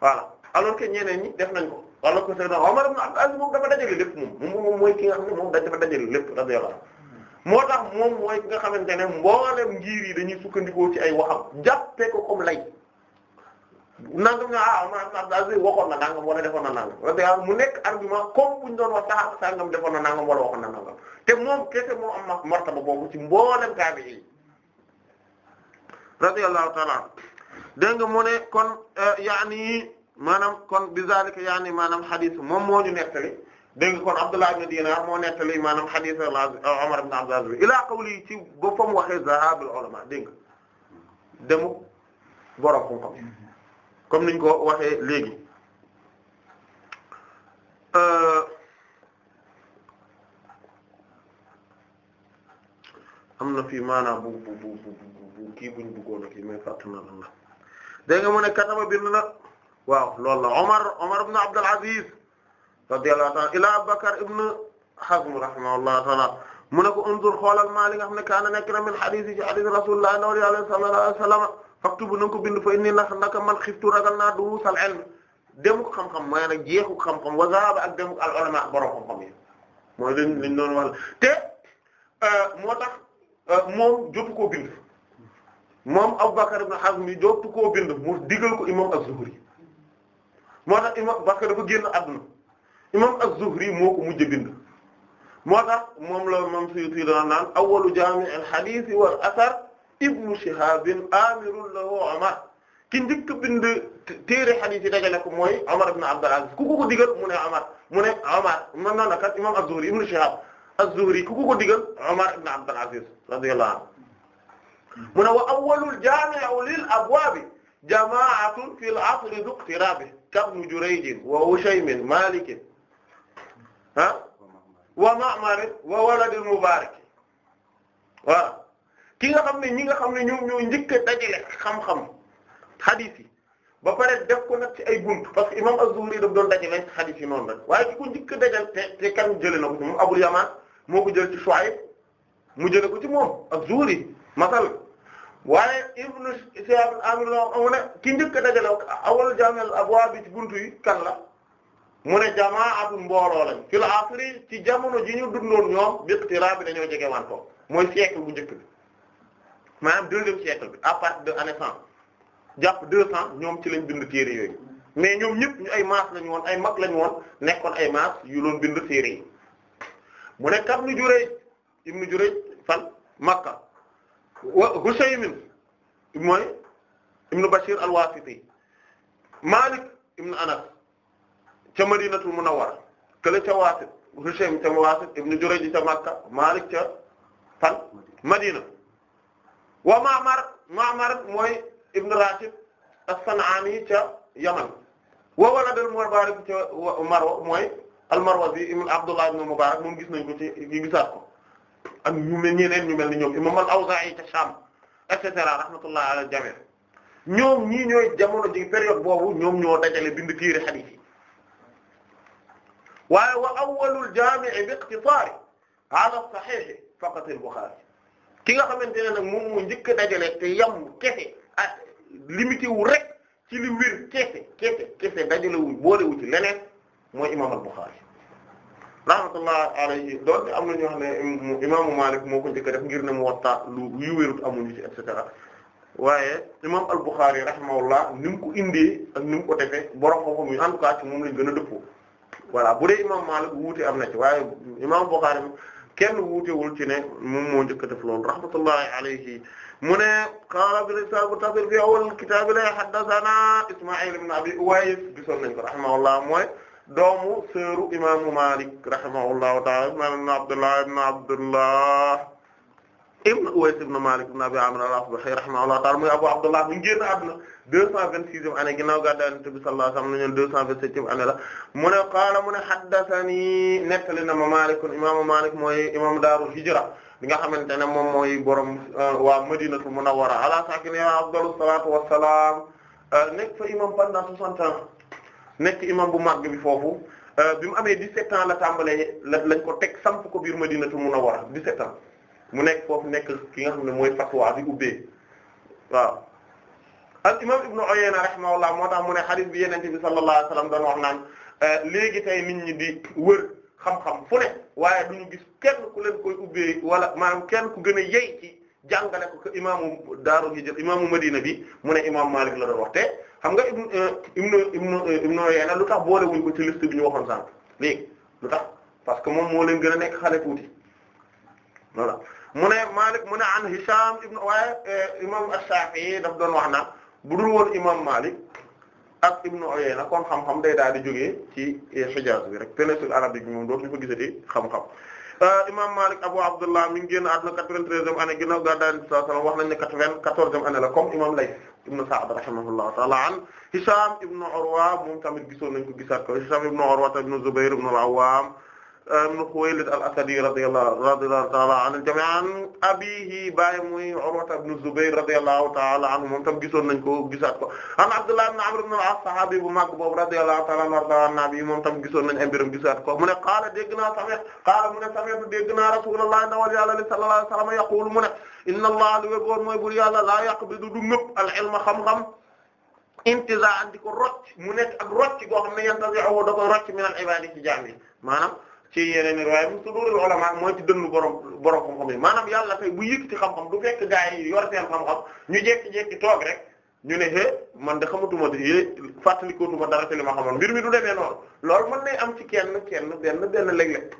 voilà alors que ñeneen ñi def nañ ko alors que Seydina Omar ibn Abdul Aziz moom dafa dajale lépp moom moom moom mooy ki nga xam ne moom dafa dajale lépp radiyallahu moo tax moom mooy ki nga xamante ne mboolem ngir yi dañuy sukkandikoo ci ay wax jàppee ko comme lay nangam ne ah maanaam daal waxoon na nangam wala defoon na nangam radiyallahu mu nekk argument comme bu ñu doon wax sax sangam defoon na nangam wala waxoon na nangam te moom kese moo am martaba boobu ci mboolem taabi yi radiyallahu ta'ala dégg nga mu ne kon euh, yaani maanaam kon bi zalika yaani maanaam hadith moom moo ñu nettali dégg nga kon Abdullah ibn Dinar moo nettali maanaam hadith euh, Umar ibn Abdul Aziz ila qawli ci ba fa mu waxee zahabul ulama dégg nga demu borom xam-xam comme niñ ko waxee léegi am na fii maanaam bu bu bu bu kii buñ bëggoon ak yi may fàtt na lan la dégg nga mu ne kataba bind na waaw loolu la Omar Omar ibn Abdul Aziz radiyallahu ta'ala ila Bakar ibn Hazm rahimahullahu ta'ala mu ne ko unzur xoolal maa li nga xam ne kaana nekk na min hadith yi ci hadith Rasulullah sallallahu alayhi wa sallam faktubu na nga ko bind fa inni ndax naka man xiftu ragal naa du sal ilm demuk xam-xam mooy nag jeexu xam-xam wa zaaba ak demuk al ulama borom xam-xam yi mooy dañ dañ doon wax te euh, moo tax euh, moom jotu koo bind moom Abubakar ibn Hazm yi jotu koo bind mu digal ko imam az-Zuhri moo tax imam Bakar dafa génn àdduna imam az-Zuhri moo ko mujj bind moo tax moom la moom Suyuti daan naan awwalu jaami' al-hadith wal athar ibnu Shihab amirun lahu Umar ki njëkk bind téere hadith yi dajale ko mooy Umar ibn Abd al-Aziz ku ko ko digal mu ne Umar mu ne Umar man noonu kat imam az-Zuhri ibnu Shihab az-Zuhri ku ko ko digal Umar ibn Abd al-Aziz radiyallahu anhu mu ne wa awwalul jaami'u lil abwaabi jamaa'atun fil 'asri dhuqtirabi kabnu Jurayj wa Hushaym Malik ha wa Ma'mar wa waladul Mubarak wa ki nga xam ne ñi nga xam ne ñoom ñoo njëkk a dajale xam-xam xadiis yi ba pare def ko nag ci ay bunt parce que imam Az-Zuhri daf doon dajale ci xadiis yi noonu rek waaye ki ko njëkk a dajal te te kan jëlee na ko ci moom Abul Yamaan moo ko jël ci Shuayb mu jëlee ko ci moom Az-Zuhri masal waaye Ibn Shihab amilon mu ne ki njëkk a dajale awal jaamel abwaab bi ci bunt yi kan la mu ne jamaatu mbooloo lañ fil aaxiri ci jamono ji ñu dundoon ñoom bi iqtiraab bi jege jegewaan ko mooy siècle bu njëkk bi maanaam deuxième siècle bi à partir de année cent jàpp deux cent ñoom ci lañ bind téere yooyu mais ñoom ñëpp ay maas lañu woon ay mag lañu woon nekkoon ay maas yu loon bind téere yi mu nekk Ibnu Jurayj Ibnu Jurayj fan Makka wa Husaym mooy Ibnu Bashir al-Wasiti Malik Ibnu Anas ca Madinatul Munawwara kële ca Wasit Husaym ca Wasit Ibnu Jurayj ca Makka Malik ca fan Madina wa Ma'mar Ma'mar mooy Ibn Rashid as-San'ani ca Yaman wa walad al-Mubarak ca Marwa mooy al-Marwazi ibn Abdullah ibn Mubarak moom gis nañ ko ci ñu gisaat ko ak ñu mel ñeneen ñu mel ni ñoom imam al-Awza'i ca Sham et cetera rahmatullah ala al-jami' ñoom ñii ñooy jamono ji période boobu ñoom ñoo dajale bind tiiri hadith yi waaye wa awwalul jaami' bi iqtisaar ala as-sahih faqat al-Bukhari ki nga xamante ne nag moom moo njëkk a dajale te yam kese ah limité wu rek ci li wér kese kese kese dajale wu boole wu ci leneen mooy imaam al-Bukhari rahmatullah alayhi doon am na ñu xam ne imaamu Maalik moo ko njëkk a def ngir ne mu waxtaan lu yu wérut amuñu ci et cetera waaye imaam al-Bukhari rahimahullah ni mu ko indee ak ni mu ko defee borom ko muy en tout cas ci moom lañ gën a dëppoo voilà bu dee imaam Maalik wuute am na ci waaye imaam Bukhari. kenn wuutewul ci ne moom moo njëkk a def loolu rahmatullahi alayhi mu ne qaala bi risal bu tafsir fi awal kitaab la haddathana Isma'il ibn Abi Uways gisoon nañ ko rahimahullah mooy doomu seeru imaamu Malik rahimahullahu ta'ala Isma'il ibn Abdullah ibn Abdullah ibn Uways ibn Malik ibn Abi Amr al-Asbahi rahimahullahu ta'ala muy Abu Abdullah mu génn àdduna deux cent vingt-sixième année ginnaaw gàddaay Yonent bi sallallahu alayhi wa sallam nañu deux cent vingt-septième année la mu ne qaala mu ne haddathani nettali na ma Malik imaamu Malik mooy imam daaru hijra bi nga xamante ne moom mooy borom euh, waa Madinatul Munawwara ala sakinihaa afdalu salaatu wassalaam euh, nekk imam nekk imam bu mag bi foofu euh, bi mu amee dix-sept ans la tàmbalee lañ ko teg samp ko biir Madinatul Munawwara dix-sept ans mu nekk foofu nekk ki nga xam ne mooy fatwa bi ubbee waaw al imam ibnu Uyayna rahimahullah moo tax mu ne hadith bi yenente bi sallallahu alayhi wasallam wax naan eh, léegi tey nit ñi di wër xam-xam fu ne waaye duñu gis kenn ku leen koy ubbee wala maanaam kenn ku gën a yey ci jàngale ko que imaamu daarul hijra imaamu madina bi mu ne imaam Maalik la doon te xam nga ibnu eh, ibnu ibnu eh, ibnu Uyayna lu tax boole wuñ ko ci bi lu tax parce que moom moo leen gën a nekk xale tuuti mu ne Malik mu ne an Hisham ibn waaye eh, imam Ash-Shafi'i daf doon wax naan bu dul woon imam Malik ak Ibn Uyayna kon xam-xam day daal di jógee ci eh, Hijaz bi rek péninsule arabique bi moom dootuñu fa xam-xam eh, imam Malik Abu Abdullah mi ngi génn àdduna 93e année ginnaaw wax na ne 94e année la comme imam Layth ibn Sa'd rahimahullahu ta'ala an Hisham ibn Urwa moom tamit gisoon nañ ko gisaat ko Hisham ibn Urwa ibn Zubayr ibn al ibn Khuwaylid al-Asadi radiyallahu radiyallahu ta'ala anhu jami'an abiihi baay muy Urwata ibn Zubayr radiyallahu ta'ala anhu moom tam gisoon nañ ko gisaat ko an Abdullah ibn Amr ibn al-As sahabi bu mag boobu radiyallahu ta'ala anhu nabi moom tam gisoon nañ ay mbiram gisaat ko mu ne qaala dégg naa sami'a qaala mu ne sami'tu dégg naa Rasulullah ndawal Yàlla sallallahu alayhi wa sallam yaqulu mu ne inna Allaha li wégoon mooy bur Yàlla la yaqbidu du nëpp al-ilma xam-xam intiza'an di ko rocc mu nekk ak rocc goo xam ne yantazi'uhu da koy rocc min al-ibadi ci jaam yi maanaam ci yeneen i waaye su dul ulama mooy ci dënnu borom borom xam-xam yi maanaam yàlla tey bu ci xam-xam du fekk gaa yi yor seen xam-xam ñu jékki-jékki toog rek ñu ne he man de xamatuma di he fàttalikootuma dara ci li ma xamoon mbir mi du demee noonu loolu mën nay am ci kenn kenn benn benn léeg-léeg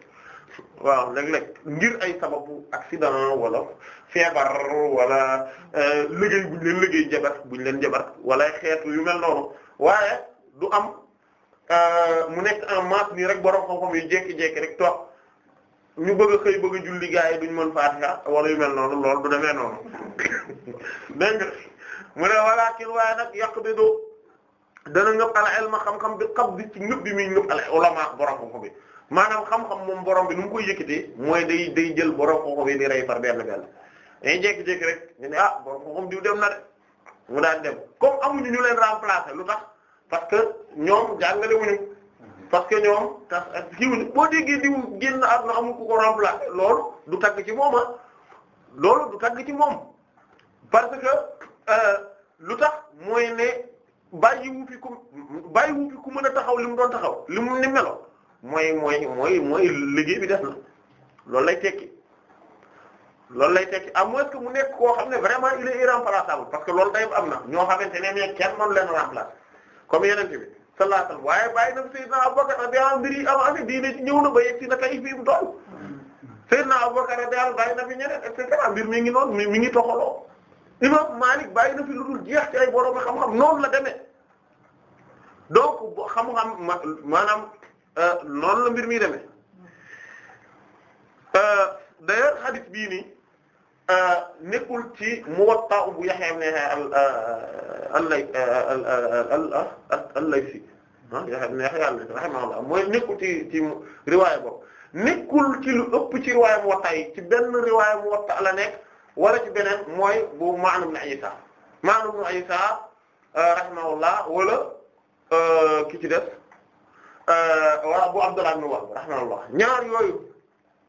waaw léeg-léeg ngir ay sababu accident wala feebar wala euh, liggéey buñ leen liggéey jabar buñ leen jabar wala xeetu yu mel noonu waaye du am. Euh, mu nekk en masse nii rek borom xam-xam yu jékki-jékki rek toog ñu bëgg a xëy bëgg a julli gaa yi duñ mën faatiha wala yu mel noonu lool du demee noonu dégg mu ne walaakin waaye nag yaqbidu dana ngëp al ilma xam-xam bi qabdi ci ngëp bi muy ngëp al ulama borom xam-xam bi maanaam xam moom borom bi nu mu koy yëkkatee mooy day day jël borom xam-xam yi di rey par benn benn dañuy jékki-jékki rek ñu ne ah borom xam-xam diw dem na de mu daan dem comme amuñu ñu leen lu tax. parce que ñoom jàngale wuñu parce que ñoom tax ak kiiwuñu boo déggee diw génn àdduna amul ku ko remplacer loolu du tagg ci moom ah. loolu du tagg ci moom parce que euh, lu tax mooy ne bàyyiwu fi ku bàyyiwu fi ku mën a taxaw li mu doon taxaw li mu ni melo mooy mooy mooy mooy liggéey bi def na loolu lay tekki loolu lay tekki à moins que mu nekk koo xam ne vraiment il est irremplaçable parce que loolu day am na ñoo xamante ne mais kenn mënu leen remplacer comme yenente bi sallallahu alayhi wasallam waaye bàyyi na Seydina Abubakar radiyallahu anhu mbir yi avancé diine ci ñëw na ba yegg si na tey fii mu toll Seydina Abubakar radiyallahu anhu bàyyi na fi ñeneen et mbir mi ngi noonu mi ngi toxaloo imam Malik bàyyi na fi lu dul jeex ci ay borom xam-xam noonu la demee donc xam-xam maanaam euh, noonu la mbir mi demee euh, d'ailleurs hadith bii nii Euh, nekkul ci Muwatta bu Yahya ibn Yahya al-Laythi Yahya ibn Yahya al-Laythi rahimahullah mooy nekkul ci ci riwaaya boobu nekkul ci lu ëpp ci riwaaya Muwatta yi ci benn riwaaya Muwatta la nekk wala ci beneen mooy bu Ma'n ibn Isa Ma'n ibn Isa euh, rahimahullah wala euh, ki ci def wala bu Abdullah ibn Wahb rahimahullah ñaar yooyu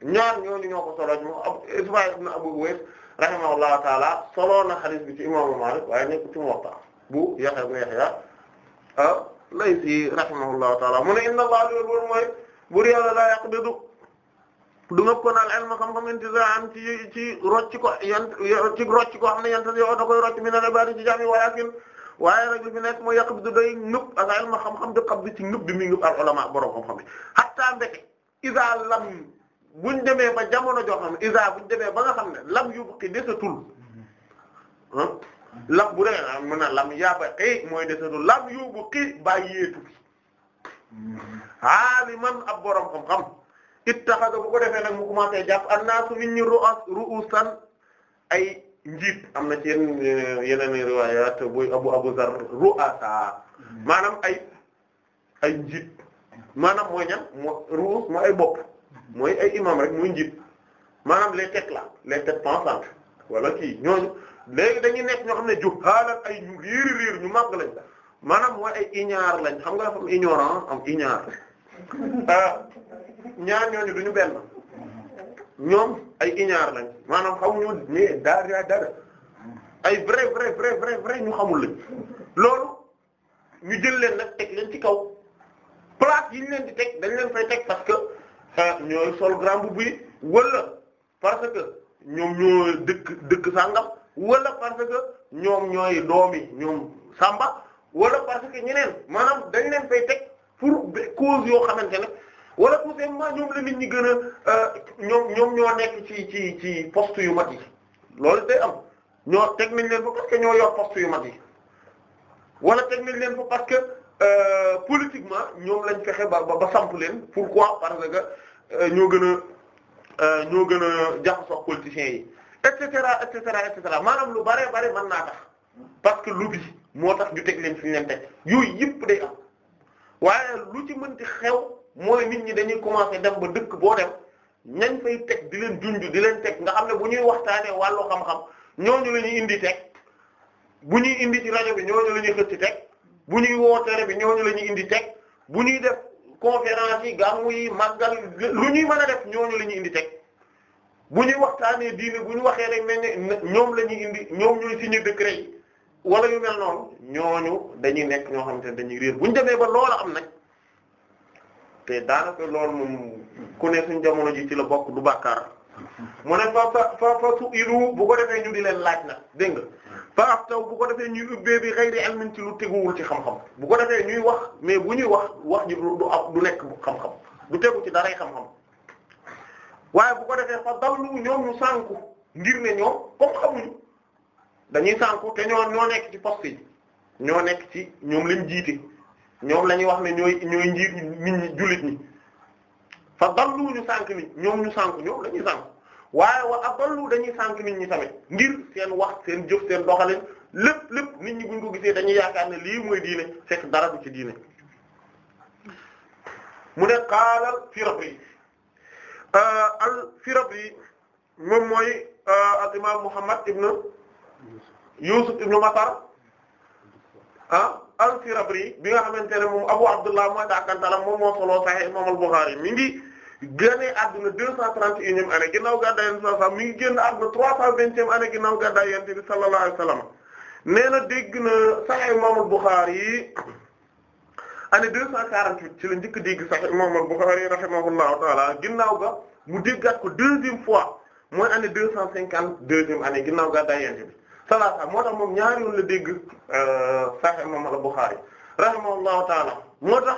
ñaar ñooñu ñoo ko solo moom ab Ismaïl ibn Abu Uways rahimahullahu taala solo na hadith bi ci imaamu Maalik waaye nekk ci Muwatta bu Yahya ibn Yahya al-Laythi ah, rahimahullahu taala mu ne inna Allaha li wër mooy bur yàlla laa yaqbidu du nga ko naal ilma xam-xam intizaan ci ci rocc ko yan ci rocc ko xam ne yan yoo da koy rocc min al-ibaad ci jaam yi walaakin waaye nag li fi nekk mooy yaqbidu day nëb ak ilma xam-xam di xab bi ci nëb bi muy nëb al-ulama borom xam-xam bi hatta mbek iza lam buñ demee ba jamono joo xam isa buñ demee ba nga xam ne lam yubqi desatul lam bu dee mën na lam yabqi mooy desatul lam yubqi bàyyeetu aaliman ab borom xam-xam ittaxada bu ko defee nag mu commencé jàpp iñ nit ñi ru'as ru'usan ay njiit am na ci yenn yeneen riwaayaat buy abu abu zar ru'asa maanaam ay ay njiit maanaam mooy ñam moo ru'us moo ay bopp mooy ay imam rek mooy njiit maanaam les têtes là les têtes pensantes wala kii ñooñu léegi dañuy nekk ñoo xam ne juhaalan ay ñu riir riir ñu màgg lañ maanaam wa ay ignaar lañ xam nga dafa am ignorant am ignaar ah, ñaar ñooñu duñu benn ñoom ay ignaar lañ maanaam xamuñu ni dara ay vrai vrai vrai vrai vrai ñu xamul lañ loolu ñu jël leen nag teg leen ci kaw place yi ñu leen di teg dañ leen fay teg parce que Ah ñooy sol grand boubou yi wala parce que ñoom ñoo dëkk dëkk sàngam wala parce que ñoom ñooy doomi ñoom samba wala parce que ñeneen maanaam dañ leen fay teg pour cause yoo xamante ne wala tout simplement ñoom la nit ñi gën a euh, ñoom ñoom ñoo nekk ci ci ci poste yu mat yi loolu day am ñoo teg nañ leen fa parce que ñoo yor poste yu mat yi wala teg nañ leen fa parce que Euh, politiquement ñoom lañ fexe ba ba samp leen pourquoi parce que euh, ñoo gën a euh, ñoo gën a jaxasoo politiciens yi et cetera et cetera et cetera maanaam lu bare bare mën naa tax parce que lobby moo tax ñu teg leen fi ñu leen teg yooyu yëpp day am waaye lu ci mënti xew mooy nit ñi dañuy commencer def ba dëkk boo dem ñañ fay teg di leen junj di leen teg nga xam ne bu ñuy waxtaanee wàllu xam-xam ñooñu la indi teg bu ñuy indi ci rajo bi ñooñu la ñuy xëcc teg. bu ñuy woo tere bi ñooñu lañuy indi teg bu ñuy def conférence yi gàmmu yi màggal lu ñuy mën a def ñooñu la ñuy indi teg bu ñuy waxtaanee diine bu ñu waxee rek ne ñoom la ñuy indi ñoom ñooy ñu décret yi wala yu mel noonu ñooñu dañuy nekk ñoo xamante ne dañuy réer bu ñu demee ba loola xam nag te daanaka lool moom ku ne suñ jamono ji ci la bokk du bàkkaar mu ne fa fa fa su ilu bu ko defee ñu di leen laaj na dégg nga faaf taw bu ko defee ñu ubbee bi xayri ilmin ci lu teguwul ci xam-xam bu ko defee ñuy wax mais bu ñuy wax wax ji du ab du nekk xam-xam du tegu ci daray xam-xam waaye bu ko defee fa dallu ñoom ñu sànku ngir ne ñoom comme xamuñu dañuy sànku te ñoo ñoo nekk ci poste yi ñoo nekk ci ñoom lañ jiite ñoom lañuy wax ne ñooy ñooy njiit nit ñi jullit ñi fa dallu ñu sànk ni ñoom ñu sànku ñoom la ñuy waaye wa adallu dañuy sànk nit ñi tamit ngir seen wax seen jëf seen doxalin lépp lépp nit ñi buñ ko gisee dañuy yaakaar ne lii mooy diine fekk dara du ci diine mu ne qaala Firabri euh, al Firabri moom mooy euh, al imam Muhammad ibn Yusuf ibn Matar ah al Firabri bi nga xamante ne moom Abu Abdullah mooy daakantalam moom moo solo Sahih imam al Bukhari mi génnee àdduna deux cent trente et unième année ginnaaw gàddaay yonent bi sallallahu alayhi wasallam mi ngi cent na dégg na Sahih Imam al yi année deux cent quarante-huit ci la njëkk dégg Sahih Imam al-Bukhari rahimahullahu ga mu déggaat ko deuxième fois mooy année deux cent cinquante deuxième année ginnaaw gàddaay yonent bi sallallahu alayhi wasallam moo tax moom ñaari yoon la dégg euh, Sahih Imam al-Bukhari rahimahullahu moo tax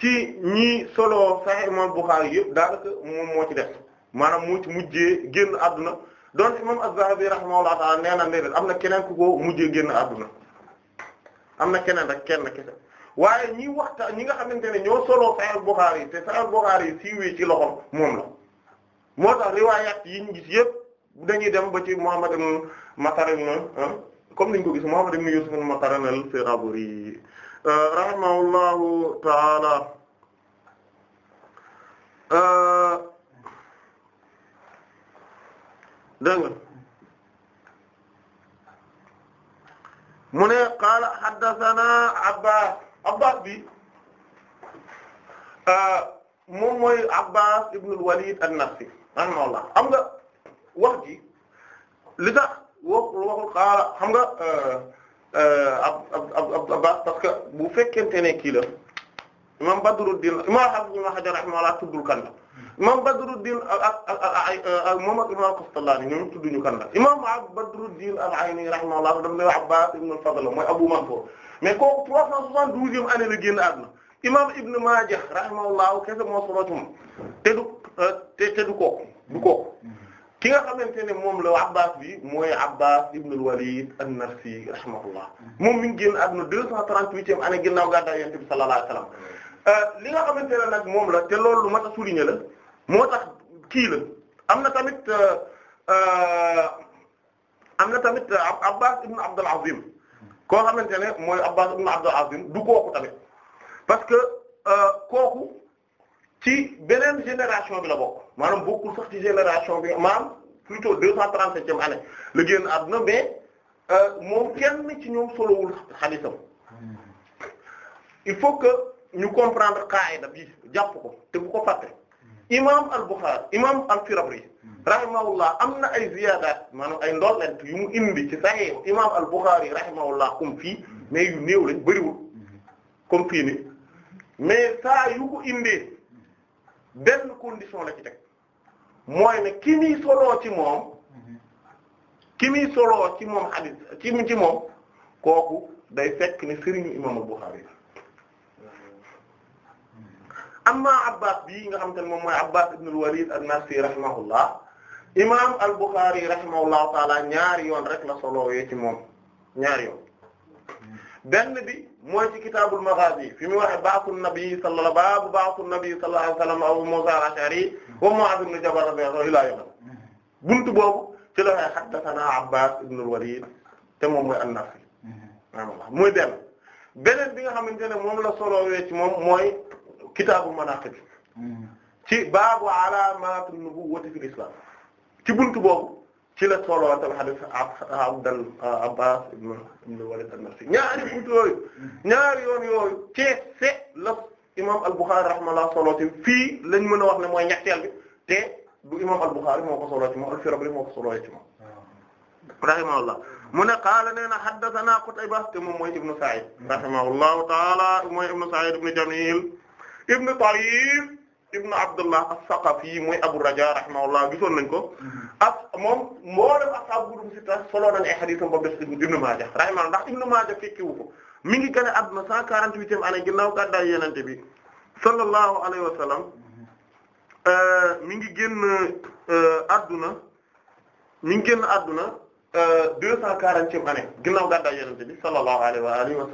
ci ñi solo Sahih imam Bukhari yëpp daanaka moom moo ci def maanaam mu ci mujjee génn adduna donc imam Az-Zahabi rahimahullahu ta'ala nee na am na keneen ku ko mujjee génn adduna am na keneen rek kenn kese waaye ñi waxta ñi nga xamante ne ñoo solo Sahih Bukhari te Sahih Bukhari siiwee ci loxo moom la moo tax riwaayaat yi ñu gis yëpp dañuy dem ba ci Muhammad ibn Matar comme niñ ko gis Muhammad ibn Yusuf ibn Matar al-Firabri rahimahullahu taala dégg nga mu ne qaala haddathana Abbas Abbas bi moom mooy Abbas ibn al-Walid an-Nafsi rahimahullah xam nga wax ji li tax wax waxul qaala xam nga Euh, ab ab ab baax parce que bu fekkente ne kii la imam Badruddin imam Hafiz Ibn Hajar rahimahullah tuddul kan la imam Badruddin ak ak ak moom ak imam Qastallani ñoom tudduñu kan imam Badruddin al-Ayni rahimahullah daf lay wax Abbas ibn al-Fadl mooy Abu imam Ibn Majah rahimahullah kese moo solo te du euh, ki nga xamante ne moom la Abbas bi mooy Abbas ibn al-Walid an-Narsi rahimahullah moom mi ngi génn àdduna deux cent trente-huitième année ginnaaw gàddaay Yonent bi sallallahu alayhi wasallam euh, li nga xam ne nag moom la te lu ma a souligner la moo tax kii la am na tamit euh, euh, am na tamit Abbas ibn Abd al-Azim koo xamante ne mooy Abbas ibn Abd al-Azim du kooku tamit parce que kooku ci beneen génération bi la bokk maanaam bokkul sax ci génération bi maanaam plutôt deux cent trente-septième année la génn àdduna mais euh, moom kenn ci ñoom solowul xadiisam il faut que ñu comprendre qaida bi jàpp ko te bu ko fàtte imam al-Bukhari imam al-Firabri rahimahullah am na ay ziyaadaat maanaam ay ndollent yu mu indi ci Sahih imam al-Bukhari rahimahullah comme fii mais yu néew lañ bëriwul comme fii ni mais saa yu ko indee benn condition la ci teg mooy ne ki muy soloo ci moom ki muy soloo ci moom hadith ci ci moom kooku day fekk ne sëriñu imaamul Buxaari amma Abbas bii nga xam te ne moom mooy Abbas ibn al-Walid an-Nafsi rahimahullah imaam al-Bukhari rahimahullahu taala ñaari yoon rek la yee ci moom ñaari yoon benn bi mooy ci kitaabul maghaazi fi mu waxe ba'su nabi sallallahu baabu ba'su nabi sallallahu alayhi wa sallam Abu Muusaa al-Ash'ari wa Mu'aaz ibn Jabal radiyallahu ilaa yoma buntu boobu ci la waxee haddathanaa Abbaas ibn al-Waliid te moom mooy an-Nafi aamalla muy benn beneen bi nga xamante ne moom la solowee ci moom mooy kitaabu manaaqib hmm. ci baabu alaamaatu nubuwwati fil islaam ci buntu boobu ci la solootal hadith Abdul euh, Abbas ibn Walid an-Nafsi ñaari buntu yooyu ñaari yoon yooyu ceeb se la imam al-Bukhari rahimahullah soloote fii lañ mën a wax ne mooy ñetteel bi te du imam al-Bukhari moo ko soloo ci moom al-Firabri moo ko soloo ci moom rahimahullah mu ne qaala nee na haddathana Qutayba te moom mooy ibnu Sa'id rahimahullahu ta'ala mooy ibnu Sa'id ibnu Jamil ibnu Tayyib ibnu abdullah as-Saqafi mooy Abu Raja rahimahullah gisoon nañ ko mm-hmm. ak moom moo def sitta solo nañ ay hadiisam ba des ibnu Maaja rahimahullah ndax ibnu Maaja fekkiwu ko mi ngi gën a adduna cent quarante-huitième année ginnaaw gàddaay yenente bi sallallahu alayhi wa sallam mm-hmm. euh, mi ngi génn adduna euh, mi ngi génn adduna euh, deux cent quarantième année ginnaaw gàddaay yenente bi sallallahu alayhi wa alihi wa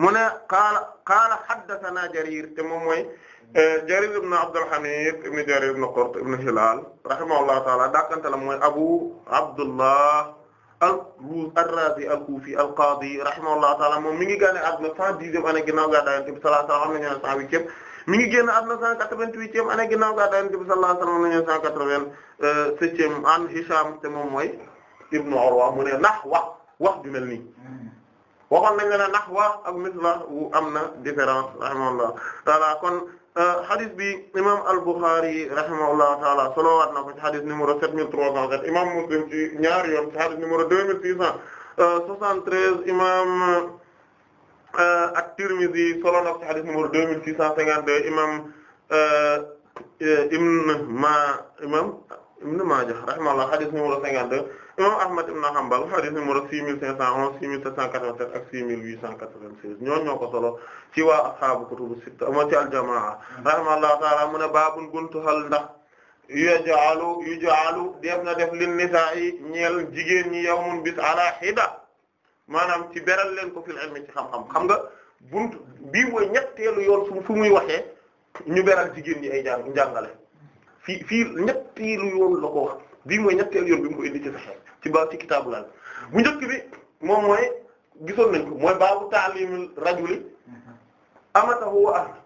mu ne qaala qaala haddathana jarir te moom mooy eh, jarir ibn Abdul Hamid ibn jarir ibn Qurt ibn Hilal rahimahullahu ta'ala dakkanta la mooy abu abdullah al-Ruz ar-Razi al-Kufi al-Qadi rahimahullahu ta'ala moom mi ngi génn àdduna 110e année ginnaaw gàddaay Yonent bi sallallahu alayhi wa sallam am na ñu ne 108e mi ngi génn àdduna 188e année ginnaaw gàddaay Yonent bi sallallahu alayhi wa sallam am na ñu ne 187e an Hisham te moom mooy ibn Urwa mu ne ndax wax wax ju mel nii waxoon a ne nahwa ak misla wu am na différence rahimahullah taala kon euh, hadith bi imam al-Bukhari rahimahullah taala solowaat na ko ci hadith numéro 7307 imam Muslim ci ñaari yoon ci hadith numéro 2673 euh, imam euh, at-Tirmidhi solo na ko ci hadith numéro 2652 imam ibn ma imam ibn Majah rahimahullah hadith numéro 52 imam Ahmad ibn Hanbal hadith numéro 6511 6787 ak 6896 ñoo ñoo ko solo ci waa ashaabu kutubu sitta moo ci aljamaa rahimahullahu ta'ala mu a baabul guntu hal ndax yuj'alu yuj'alu def na def lin nisaa'i ñeel jigéen ñi yawmun bis ala hida maanaam ci beral leen ko fil ilmi ci xam-xam xam nga bunt bii ñetteelu yoon su fu muy waxee ñu beral jigéen ñi ay jàng njàngale fi ñetteelu yoon la bii mooy ñetteel yoon bi mu ko ci sax ci ba ci kitaabu laal bu njëkk bi moom mooy gisoon nañ ko mooy baabu taalimul rajuli amatahu wa ahli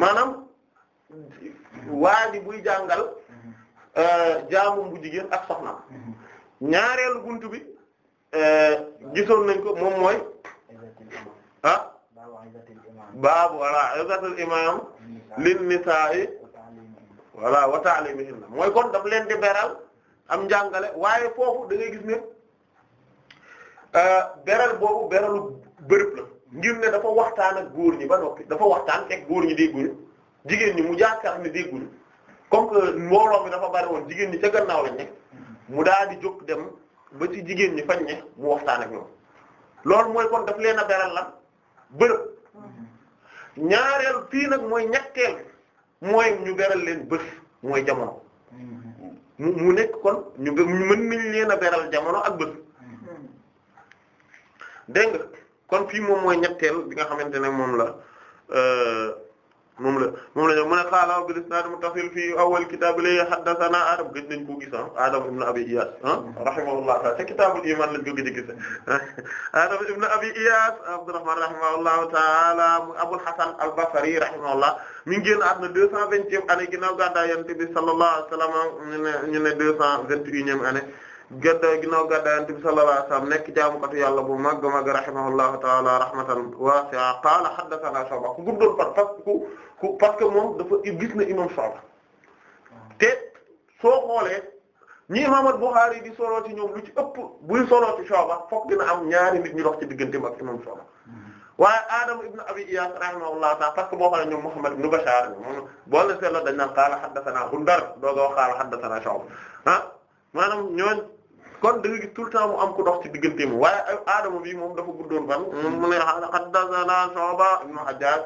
maanaam waa ji jàngal mm-hmm. euh, jaamum bu jigéen ak soxnaam mm-hmm. ñaareelu buntu bi euh, gisoon nañ ko moom mooy ah baabu wala izatul imam lin nisaa voilà wa ta'limihinna mooy kon daf leen di am njàngale waaye foofu dangay ngay gis ne euh, beral boobu beralu bërëb la ngir ne dafa waxtaan ak góor ñi ba noppi dafa waxtaan fekk góor ñi dégguñu jigéen ñi mu yaakaar ne dégguñu comme que mbooloo mi dafa bari woon jigéen ñi ca gannaaw lañ nekk mu daal di jóg dem ba ci jigéen ñi fañ ne mu waxtaan ak ñoom loolu mooy kon daf leen a beral la bërëb ñaareel fii nag mooy ñetteel mooy ñu beral leen bës mooy jamono. Mm-hmm. mu nekk kon ñu mën nañ leen a beral jamono ak bët mm-hmm. dégg nga kon fii moom mooy ñetteel bi nga xamante ne moom la euh, moom la moom la ñu mu ne qaala bil isnaad muttasil fii awwal kitaab li haddathana Adam gëj nañ ko gis ah Adam ibn Abi Iyas ah rahimahullah ta'ala ci kitaabul iman lañ ko gëj a gis ah, Adam ibn Abi Iyas Abdurrahman rahimahullahu ta'ala Abul Hasan al-Basri rahimahullah mi ngi génn àdduna deux cent vingtième année ginnaaw gàddaay Yonent bi sallallahu alayhi wa sallam ñu ne ñu ne deux cent vingt-et-unième année gàddaay ginnaaw gàddaay Yonent bi sallallahu alayhi wa sallam nekk jaamukatu yàlla bu màgg màgg rahimahullahu ta'ala rahmatan wasi'a qaala haddathana Shu'ba ku guddoon par parce que ku que moom dafa gis na imam Shu'ba ah. te soo xoolee ñi imam al-Bukhari di solo ci ñoom lu ci ëpp buy solo ci Shu'ba fokk dina am ñaari nit ñu dox ci digganteem ak imam Shu'ba hmm. waaye Adam ibn Abi Iyas rahimahullah ta'ala parce dañ naan qaala a wax qaala haddathana Shu'ba ah maanaam ñooñ kon mu am ko dox ci digganteem waaye Adama bi moom dafa guddoon ban moom mu ne haddathana Shu'ba ibn Hajjaj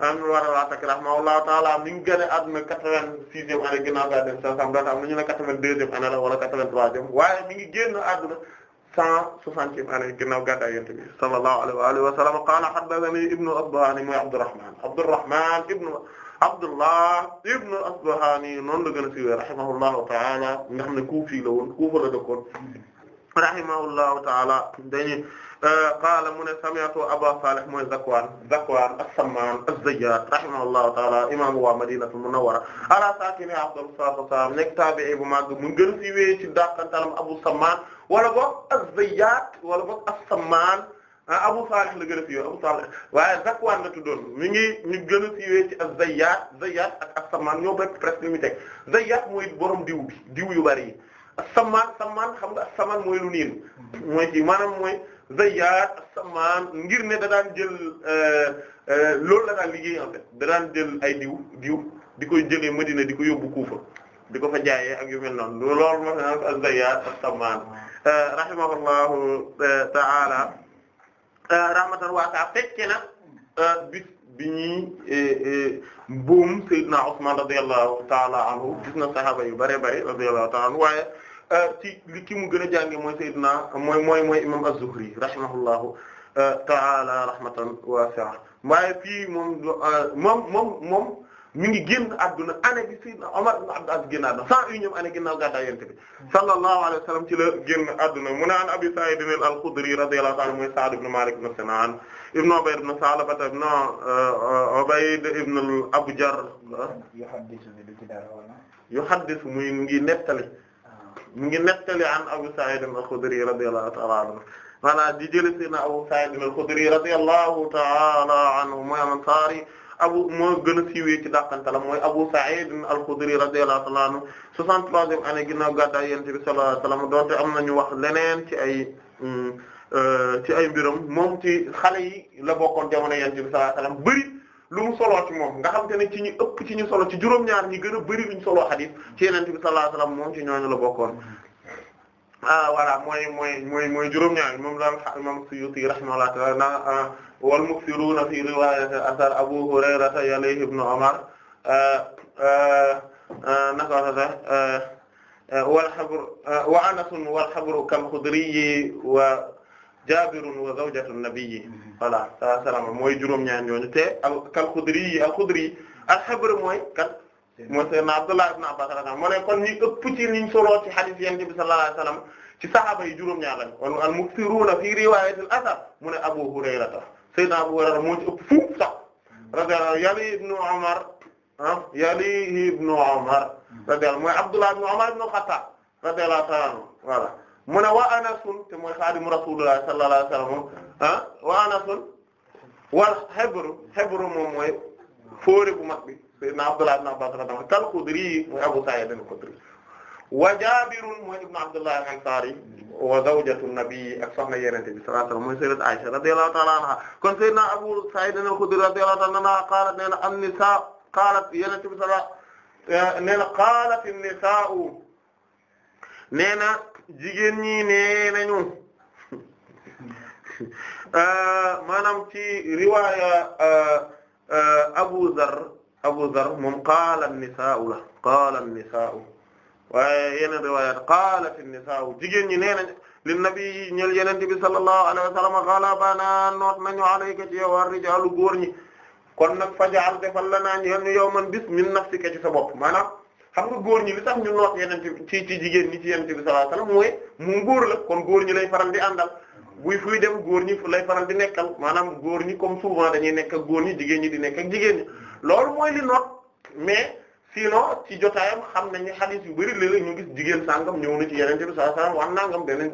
amul war a waatak rahimahullahu taala mi ngi génn àdduna quatre-vingt-sixième année ginnaaw ga dem sa sam daata am nañu ne quatre-vingt-deuxième année la wala quatre-vingt-troisième waaye mi ngi génn àdduna cent soixantième année ginnaaw gàddaay yonent bi sallallahu alayhi wa alihi wa sallam qaala haddathani ibnu Asbahani mooy Abdurrahman Abdurrahman ibnu Abdullah ibnu Asbahani noonu la gën a siiwee rahimahullahu taala nga xam ne Kufi la woon Kufa la dëkkoon rahimahullahu taala dañu Euh, qaala mu ne sami'tu Aba Salih mooy Zakwan Zakwan as-Samman az-Zayyat rahimahullahu ta'ala imaamu waa Madinatu Munawwara ala saakinihaa afdalu salaatu wa salaam nekk taabi'i bu mag mu gën ci wéy ci dàqantalam Abu Samman wala boog az-Zayyat wala boog as-Samman ah, Abu Salih la gën a siiwee Abu Salih waaye Zakwan la tuddoon mi ngi ñu gën a siiwee ci az-Zayyat Zayyat ak as-Samman ñoo bëgg presque li mu teg Zayyat mooy borom diw bi diw yu bari yi as-Samman Samman xam nga as-Samman mooy lu niil mooy ci maanaam mooy. Zayyad Samaan ngir ne da daan jël euh, euh, loolu la liggéey en fait jël ay diw diw di koy jëlee Madina di ko yóbbu Kufa di ko fa jaaye ak yu mel noonu loolu moo tax az-Zayyat as-Samman euh, rahimahullahu ta'ala rahmatan waasa fekke na bis bi ñuy buum Seydina Usman radiyallahu ta'ala anhu gis na sahaaba yu bare bare radiyallahu ta'ala anhu waaye Euh, ci li ki mu gën a jànge mooy Seydina mooy mooy mooy imam Az-Zuhri rahimahullahu euh, ta'ala rahmatan wasi'a waaye fii moom euh, moom moom moom mi ngi génn adduna année bi Seydina Omar ibn Abd Aziz génn adduna cent unième année ginnaaw gàddaay Yonent bi sallallahu alayhi wa sallam ci la génn adduna mu ne an Abi Sa'id al-Khudri radiyallahu ta'ala mooy Sa'd ibn Malik ibn Sinan ibn Ubayd ibn Salaba ibn Ubayd ibn Abu Jarr yuhaddithu muy mu ngi nettali an Abu Sa'id al-Khudri radiyallahu ta'ala anhu maanaam di jëlee seen Abu Sa'id al-Khudri radiyallahu ta'ala anhu mooy Ansaari abu moo gën a siiwee ci dàqanta la mooy Abu Sa'id al-Khudri radiyallahu ta'ala anhu 63e année ginnaaw gàddaay Yonent bi sallallahu alayhi wasallam donte am na ñu wax leneen ci ay mm, euh, ci ay mbiram moom ci xale yi la bokkoon jamono Yonent bi sallallahu alayhi wasallam bari lu mu soloo ci moom nga xam te ne ci ñu ñu solo ci juróom-ñaar ñi gën a bari luñ soloo xadis ci yeneen bi sallallahu alayhi wasallam moom ci ñooñu la bokkoon ah voilà mooy mooy mooy mooy ñaar moom daal imam Suyuti rahimahullah ta'ala na ah, wal muksiruna fi riwayat asar Abu Hurayrata yalayhi ibn Umar ah, ah, wa Anas wal xabru kal Xudri wa jaabirun wa zawjatu nabiyyi mm-hmm. voilà sa salaama mooy juróom-ñaar ñooñu te al kal xudri yi al xudri yi al xabr mooy kat mooy seydina Abdullah ibn Abbas radiyallahu anhu moo ne kon ñi ëpp ci niñ soloo ci hadith yonent bi sallallahu alayhi wasallam ci sahaaba yi juróom-ñaar lañ kon al mukthiruuna fi riwaayatil asar mu ne Abu Hurayrata seydina Abu Hurayra moo ci ëpp fuuf sax mm-hmm. radiyallahu yali ibnu Umar ah yali ibnu Umar mm-hmm. radiyallahu mooy Abdullah ibn Umar ibn Khattab radiyallahu ta'ala voilà mu ne wa anasun te mooy xaadimu rasulullah sallallahu alayhi wasallam ah wa anasun wal xebru xebru moom mooy fóore bu mag bi sayyidina Abdullah ibn Abbas radiyallahu anhu kal Xudri mooy Abu Sa'id al-Xudri wa Jaabirun mooy ibn Abdullah al-Ansari wa zawjatu nabi ak soxna Yonent bi sallallahu alayhi wasallam mooy sayyidatu Aisha radiyallahu ta'ala anha kon sayyidina Abu Sa'id al-Xudri radiyallahu ta'ala anha qaalat nee na an-nisaa qaalat Yonent bi sallallahu nee na qaalat an-nisaa nee na jigéen ñi nee nañu euh, maanaam ci riwaaya euh, Abu Zar Abu Zar moom qaala an-nisaa'u la qaala an-nisaa'u waaye yeneen riwaayaat qaalat an-nisaa'u jigéen ñi nee nañ li nabi ñel yenente bi sallallahu alayhi wa sallam ghalabana noot nañu alayka ci yow ar-rijaalu góor ñi kon nag faj'al defal lanaa ñeel ñu yawman bis min nafsika ci sa bopp maanaam xam nga góor ñi li tax ñu noot yeneen ci ci jigéen ñi ci yeneen bi sallallahu alayhi wasallam mooy mu góor la kon góor ñi lay faral di àndal buy fuy dem góor ñi lay faral di nekkal maanaam góor ñi comme souvent dañuy nekk góor ñi jigéen ñi di nekk ak jigéen ñi loolu mooy li noot mais sinon ci jotaayam xam nañu hadith yu bari léeg ñu gis jigéen sàngam ñëw na ci yeneen bi sallallahu alayhi wasallam wax nangam beneen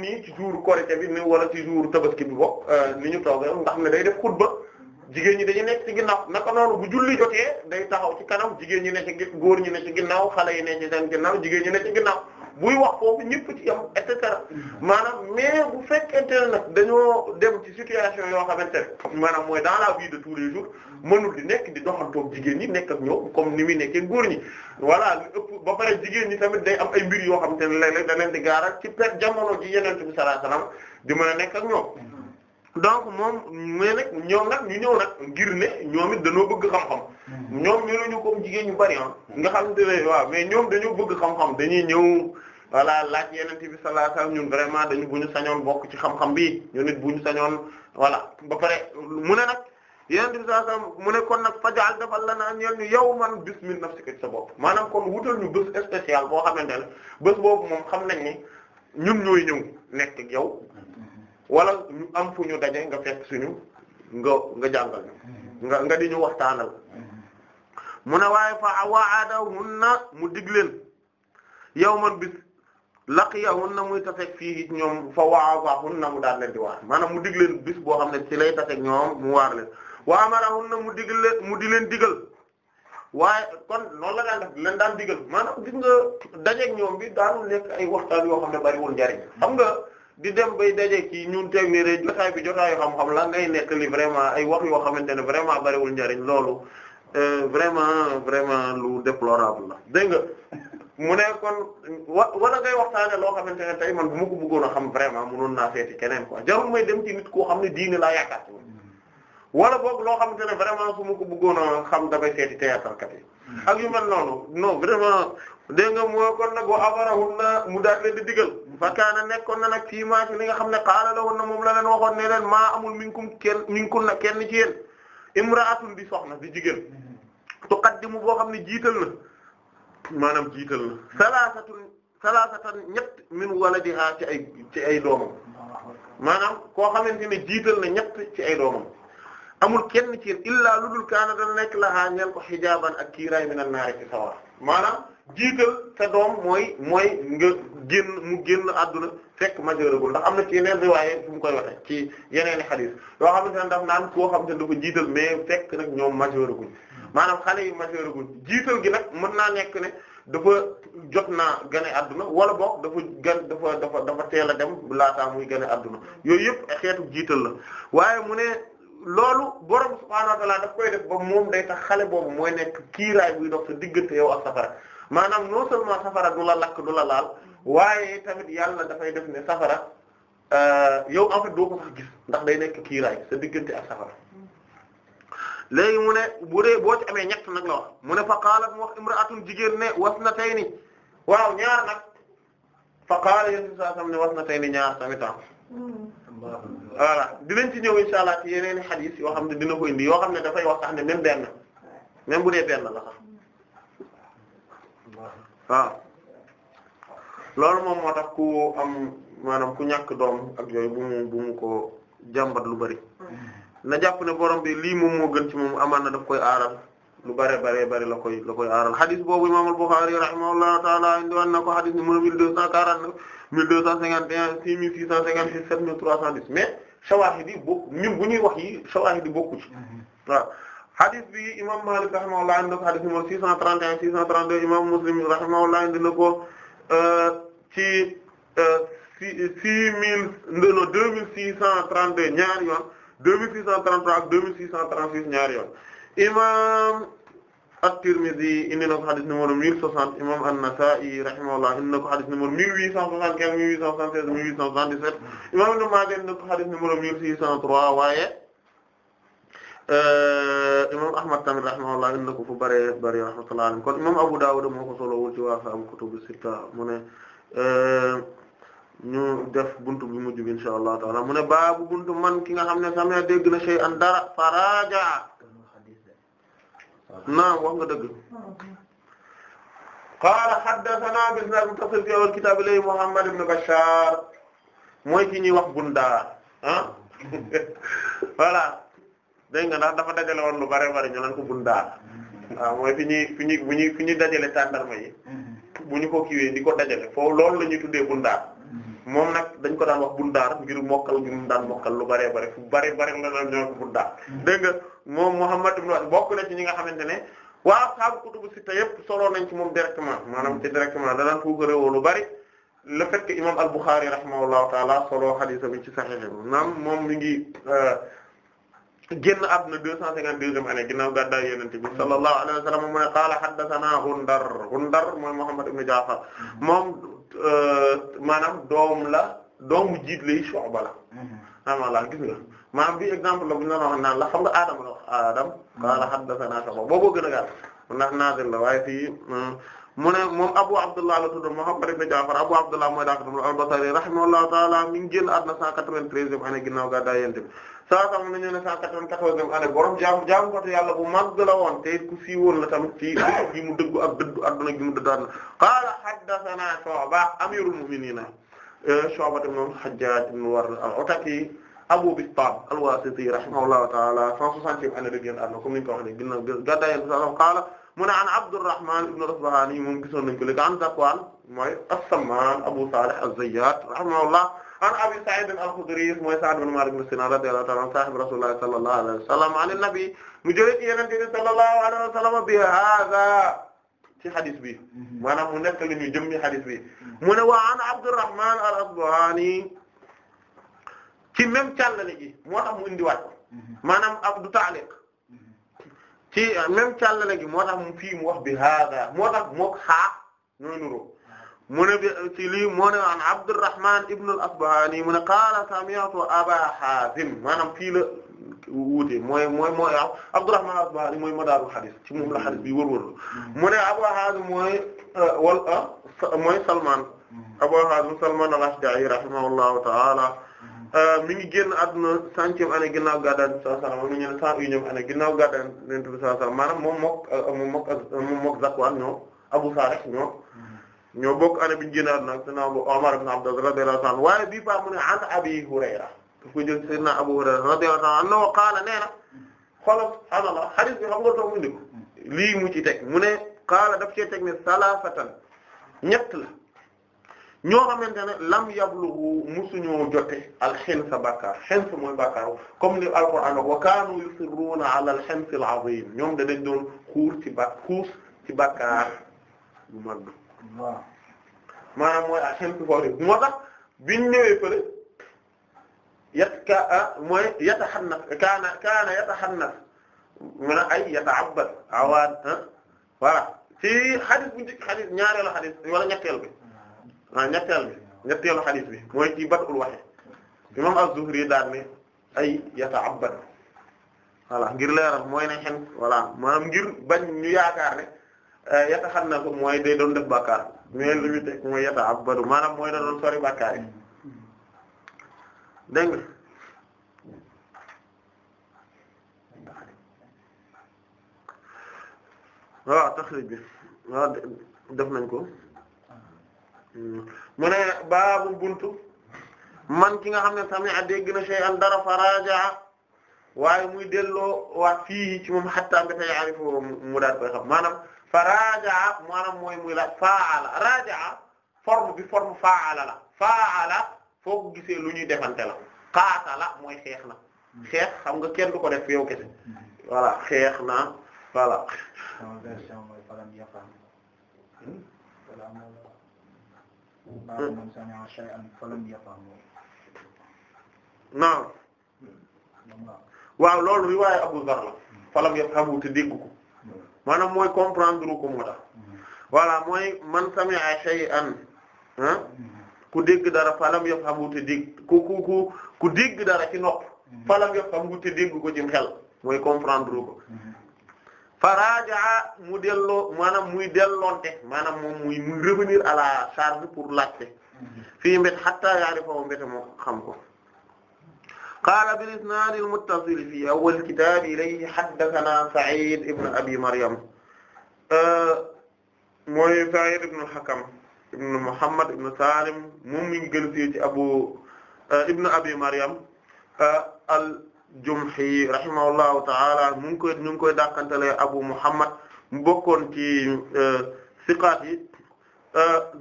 nii ci jour Korité bi ni wala ci jour Tabaski bi boog euh, ni ñu toog ndax ne day def xutba jigéen ñi dañu nekk ci ginnaaw naka noonu bu julli jotee day taxaw ci kanam jigéen ñi ne ci góor ñi ne ci ginnaaw xale yi ne ci seen ginnaaw jigéen ñi ne ci ginnaaw wax foofu ñëpp ci yam et cetera maanaam mais bu fekkente ne nag dañoo dem ci situation yoo xamante ne maanaam mooy dans la da de tous les jours mënul di nekk di toog jigéen ñi nekk ak ñoom comme ni muy nekkee góor ñi voilà lu ba pare jigéen ñi tamit day am ay mbir yoo xam ne léeg-léeg da leen di gaaral ci per jamono ji yeneen bi sallallahu alayhi wasallam di mën a nekk ak ñoom donc moom mais nag ñoom nag ñu ñëw nag ngir ne ñoom it dañoo bëgg xam-xam hmm. ñoom ñëruñu comme jigéen ñu bari ah. nga xam ne waaw mais ñoom dañoo bëgg xam dañuy ñëw voilà laaj yeneen bi sallallahu ñun vraiment dañu bu ñu sañoon bokk ci xam-xam bi ñu bu ñu sañoon voilà ba pare mu ne nag yeneen bi sallallahu alayhi wasallam mu ne nag fajal defal la naa ñeel ñu yow man bis min nafsika sa bopp maanaam kon wutal ñu bés spécial boo xamante ne bés boobu moom xam nañ ni ñun ñooy ñëw nekk ak yow wala ñu am fu ñu daje nga fekk suñu nga nga jàngal mm-hmm. nga nga di ñu waxtaanal mm-hmm. mu ne waaye fa wa'adahunna mu dig leen yawman bis na muy tafeeg fii ñoom fa na mu daal leen di waar maanaam mu dig leen bis boo xam ne ci lay tafeeg ñoom mu waar leen wa amarahunna mu dig mu di leen digal waaye kon noonu la daan def leen daan digal maanaam gis nga dajeeg ñoom bi daanu nekk ay waxtaan yoo xam ne bariwul njariñ xam nga. di dem bay daje kii ñun teg ni rek jotaay bi jotaayu xam-xam la ngay nekk li vraiment ay wax yoo xamante ne vraiment bariwul njariñ loolu euh, vraiment vraiment lu déplorable la dégg nga mu ne kon wa wala ngay waxtaane loo xamante ne tey man bu ma ko bëggoon a xam vraiment mënoon naa seeti keneen quoi jarul may dem ci koo xam ne diine laa yaakaar wala boog loo xamante ne vraiment su ma ko bëggoon a xam damay seeti théâtre kat yi hmm. ak yu mel noonu non vraiment dégg nga moo kon nag wa amarahun na mu daal leen di digal fakaana nekkoon na nag fii maa ci li nga xam ne qaala lawoon na moom la leen waxoon ne leen maa amul minkum kenn minkum na kenn ci yéen imra'atun di soxna di jigéen tuqaddimu boo xam ne jiital na maanaam jiital na salaasatun salaasatan ñett min waladiha ci ay ci ay doomam maanaam koo xamante ne jiital na ñett ci ay doomam amul kenn ci yéen illaa ludul kaana dana nekk lahaa ñeel ko xijaaban ak kiiraay min an-naar ci sawar maanaam jiital sa doom mooy mooy nga génn mu génn adduna fekk majeuragul ndax am na ci yeneen waaye fu mu koy waxe ci yeneen i xadiis yoo xamante ne daf naan koo xamante ne dafa jiital mais fekk nag ñoom majeuragul maanaam xale yi majeuragul jiital gi nag mën naa nekk ne dafa jot naa gane àdduna wala boog dafa gan dafa dafa dafa teel a dem laataa muy gane adduna yooyu yëpp xeetu jiital la waaye mu ne loolu borom subhaanahu wa ta'aala daf koy def ba moom day tax xale boobu mooy nekk kiiraay buy dox sa diggante yow ak safara maanaam non seulement safara du la lakk du la laal waaye tamit yàlla dafay def ne safara euh, yow am fait doo sax gis ndax day nekk kiiraay sa diggante ak safara léegi mu ne bu dee boo amee ñett la wax mu ne fa qaalat mu wax imra'atun jigéen ne was na tey ni waaw ñaar nag fa qaala yéen saa sam ne was na tey ni ñaar tamit ah. di dinañ ci ñëw insha allah ci yeneen i xadis yoo xam ne dina ko indi yoo xam ne dafay wax sax ne même benn même bu dee benn la waaw loolu moom moo tax ku am maanaam ku ñàkk doom ak yooyu bu mu bu mu ko jàmbat lu bari mm-hmm. na jàpp ne borom bi lii moom moo gën ci moom amaan na daf koy aaral lu bare bare bare la koy la koy aaral hadith boobu imam al-Bukhari rahimahullahu ta'ala na ko hadith numéro mille deux cent quarante-neuf mille deux cent cinquante et un mille six cent cinquante-six sept mille trois cent dix mais shawaahid yi bokk ñun bu ñuy wax yi shawaahid yi bokku ci mm-hmm. waaw xadis bi imam Malik rahimahullah indi na ko xadis numéro 631 632 imam Muslim rahimahullah indi na ko euh, ci euh, six six mille non deux mille six cent trente deux ñaari yoon deux mille six cent trente trois ak deux mille six cent trente six ñaari yoon imam At-Tirmidhi indi na ko xadis numéro 1060 imam An-Nasa'i rahimahullah indi na ko xadis numéro 1875 1876 1877 imam Ibn Maaja indi na ko xadis numéro 1603 waaye Euh, imam ahmad tamit rahimahullah indi na ko fu bëree bëri rahmatullah alayhi kon imam abu dawud moo ko solowul ci waa fa am kutubu sitta mu ne euh, ñu def buntu bi mujj bi insha allah taala mu ne baabu buntu man ki nga xam ne sama dégg na shay an dara faraja naam wax nga dëgg qaala haddathana bisnad muttasil fi awal kitab ilay muhammad ibn bashar mooy ki ñuy wax bundaar ah voilà dégg nga ndax dafa dajale woon lu bare bari ñu naan ko bundaar waaw mooy fi ñuy fi ñuy bu ñuy fi ñuy dajale tàndarma yi mm-hmm. bu ñu ko kiiwee di ko dajale foofu loolu la ñuy tuddee bundaar mm-hmm. moom nag dañ ko daan wax bundaar ngir mokkal ngir mu daan mokkal lu bare bare fu bare bare la daan ñu naan ko bundaar mm-hmm. dégg nga moom Muhammad ibn bokk na ci ñi nga xamante ne waa waaw saabu kutubu sitta yëpp soloo nañ ci moom directement maanaam ci directement danaan ko gërëwoo lu bari le fait que imam al-Bukhari rahimahullahu taala soloo hadith bi ci Sahih maanaam moom mi ngi euh, génn àdduna deux cent cinquante-deuxième année ginnaaw gàddaay Yonent bi sallallahu alayhi wa sallam mu ne qaala haddathana Gundar Gundar mooy Muhammad ibn Ja'far moom euh, maanaam doom la doomu jiit lay Shu'ba la amala gis nga maanaam bi exemple la bu ñu doon wax naan la xam nga Adama la wax Adam qaala haddathana Shu'ba booboo gën a gàtt ndax naazil la waaye fii hmm. mu ne moom Abu Abdullah la tudd Muhammad ibn Ja'far Abu Abdullah mooy daakatam al-Basri rahimahullahu ta'ala mi ngi génn àdduna cent quatre-vingt-treizième année ginnaaw gàddaay Yonent bi saa sax nañu ne cent quatre-vingt-quatorzième année borom jaamu jaamu ko yàlla bu màgg la woon te ku sii woon la tamit ci gi mu dëggu ak dëddu adduna gi mu dëddu adduna qaala haddathana Shu'ba amirul mu'minina Shu'ba ibn Hajjaj ibn Ward al-Ataki Abu Bistam al-Wasiti rahimahullahu ta'ala cent soixantième année de génn adduna comme ni ñu ko waxee ginnaaw gàddaay yéen sa qaala mu ne an Abdurrahman ibn Isbahani moom gisoon nañ ko léegi an Zakwan mooy as-Samman Abu Salih az-Zayyat rahimahullah an Abi Sa'id al-Khudri mooy Sa'd ibn Malik ibn Sinan radiyallahu ta'ala anhu sahib Rasulullah sallallahu alayhi wa sallam an nabi mu jëlee ci Yonent bi sallallahu alayhi wa sallam bi hada ci hadis bi mhm. maanaam mu nekk li ñu jëm ci hadis bi mu ne wa an Abdurrahman al-Asbahani ci même càllale gi moo tax mu indiwaat ko mhm. maanaam ab du taaliq mhm. ci même càllale gi moo tax mu fii mu wax bi hada moo tax mook xaa ñooy nuroo mu ne bi ci lii moo ne an Abdurrahman ibn al-Asbahani mu ne qaala sami'tu Aba Haazim maanaam fii la wuute mooy mooy mooy Abdurrahman al-Asbahani mooy madaarul xadis ci moom la xadis bi wër-wër mu ne Aba Haazim mooy euh, wal euh, mooy Salman Aba Haazim Salman al-Ashja'i rahimahullahu ta'ala euh, mi ngi génn àdduna centième année ginnaaw gàddaa bi sallallahu alayhi wasallam ñu ne cent unième année ginnaaw gàddaa bi sallallahu alayhi wasallam maanaam moom mook moom mook moom mook Zakwaan ñoo Abu Sarih ñoo ñoo bokk ana bi ñu génnaat nag sayyidina Umar ibn Abdullah radiyallahu anhu waaye bii paa mu ne an Abi Hurayra daf ko jël sayyidina Abu Hurayra radiyallahu anhu annahu qaala nee na xoolal subhaanallah hadith bi xam nga tax mu ndiko lii mu ci teg mu ne qaala daf cee teg ne salaasatan ñett la ñoo xamante ne lam yablughu musuñoo jote alxins sa bàkkaar xins mooy bàkkaar comme ni alquran wa kaanu yusirruuna ala alxins al azim ñoom da dañ doon xuur ci ba xuus ci bàkkaar bu mag maanaam mooy ak xempi foor yi moo tax biñ ñëwee fële yat ka ah, mooy yataxannas kaana kaana yataxannas mun a ay yata'abbad awaan ah, voilà ci xadis bu njëkk xadis ñaareelu xadis wala ñetteel bi ah ñetteel bi ñetteelu xadis bi mooy ci Badul Wahyi imam Az-Zuhri daal ne ay yata'abbad voilà ngir leeral mooy ne xen voilà maanaam ngir bañ ñu yaakaar ne Eh, yata xam na ko mooy day doon def bàkkaar mais li muy teg mooy yata abbadu maanaam mooy da doon sori bàkkaar yi dégg nga waaw bi def nañ ko hmm. mu ne baabu buntu man ki nga xam ne sami a dégg na shay'an dara faraja waaye muy delloo waa fii ci moom xattaa mbéta mu daal koy xam fa rajaa mooy muy la faala rajaa forme bi forme faala la faala foo ko gisee lu ñuy defante la qaatala mooy xeex na xeex xam nga kenn du ko def yow kese xeex na voilà hmm? hmm? non hmm. waaw loolu riwaayu Abu Zarr la falam yafhamu te dégg maanaam mooy comprendre ko moo tax voilà mooy man sami'a shay'an ah ku dégg dara falam yafhamu te dégg ku ku ku ku dégg dara ci nopp falam yafhamu te dégg ko ci xel mooy comprendre ko farajaa mu delloo maanaam muy delloonte maanaam moom muy muy revenir à la charge pour laajte fii mbét hatta yaarifa mbéte moo xam ko qaala bil isnaad al muttasil fi awwal kitaab ilayhi haddathanaa Sa'iid ibn Abi Maryam mooy Sa'iid ibn al-Hakam ibn Muhammad ibn Salim moom mi ngi gën ci ci Abu ibn Abi Maryam al-Jumahi rahimahullahu ta'ala mu ngi koy ñu ngi koy dàqantale Abu Muhammad mu bokkoon ci siqaat yi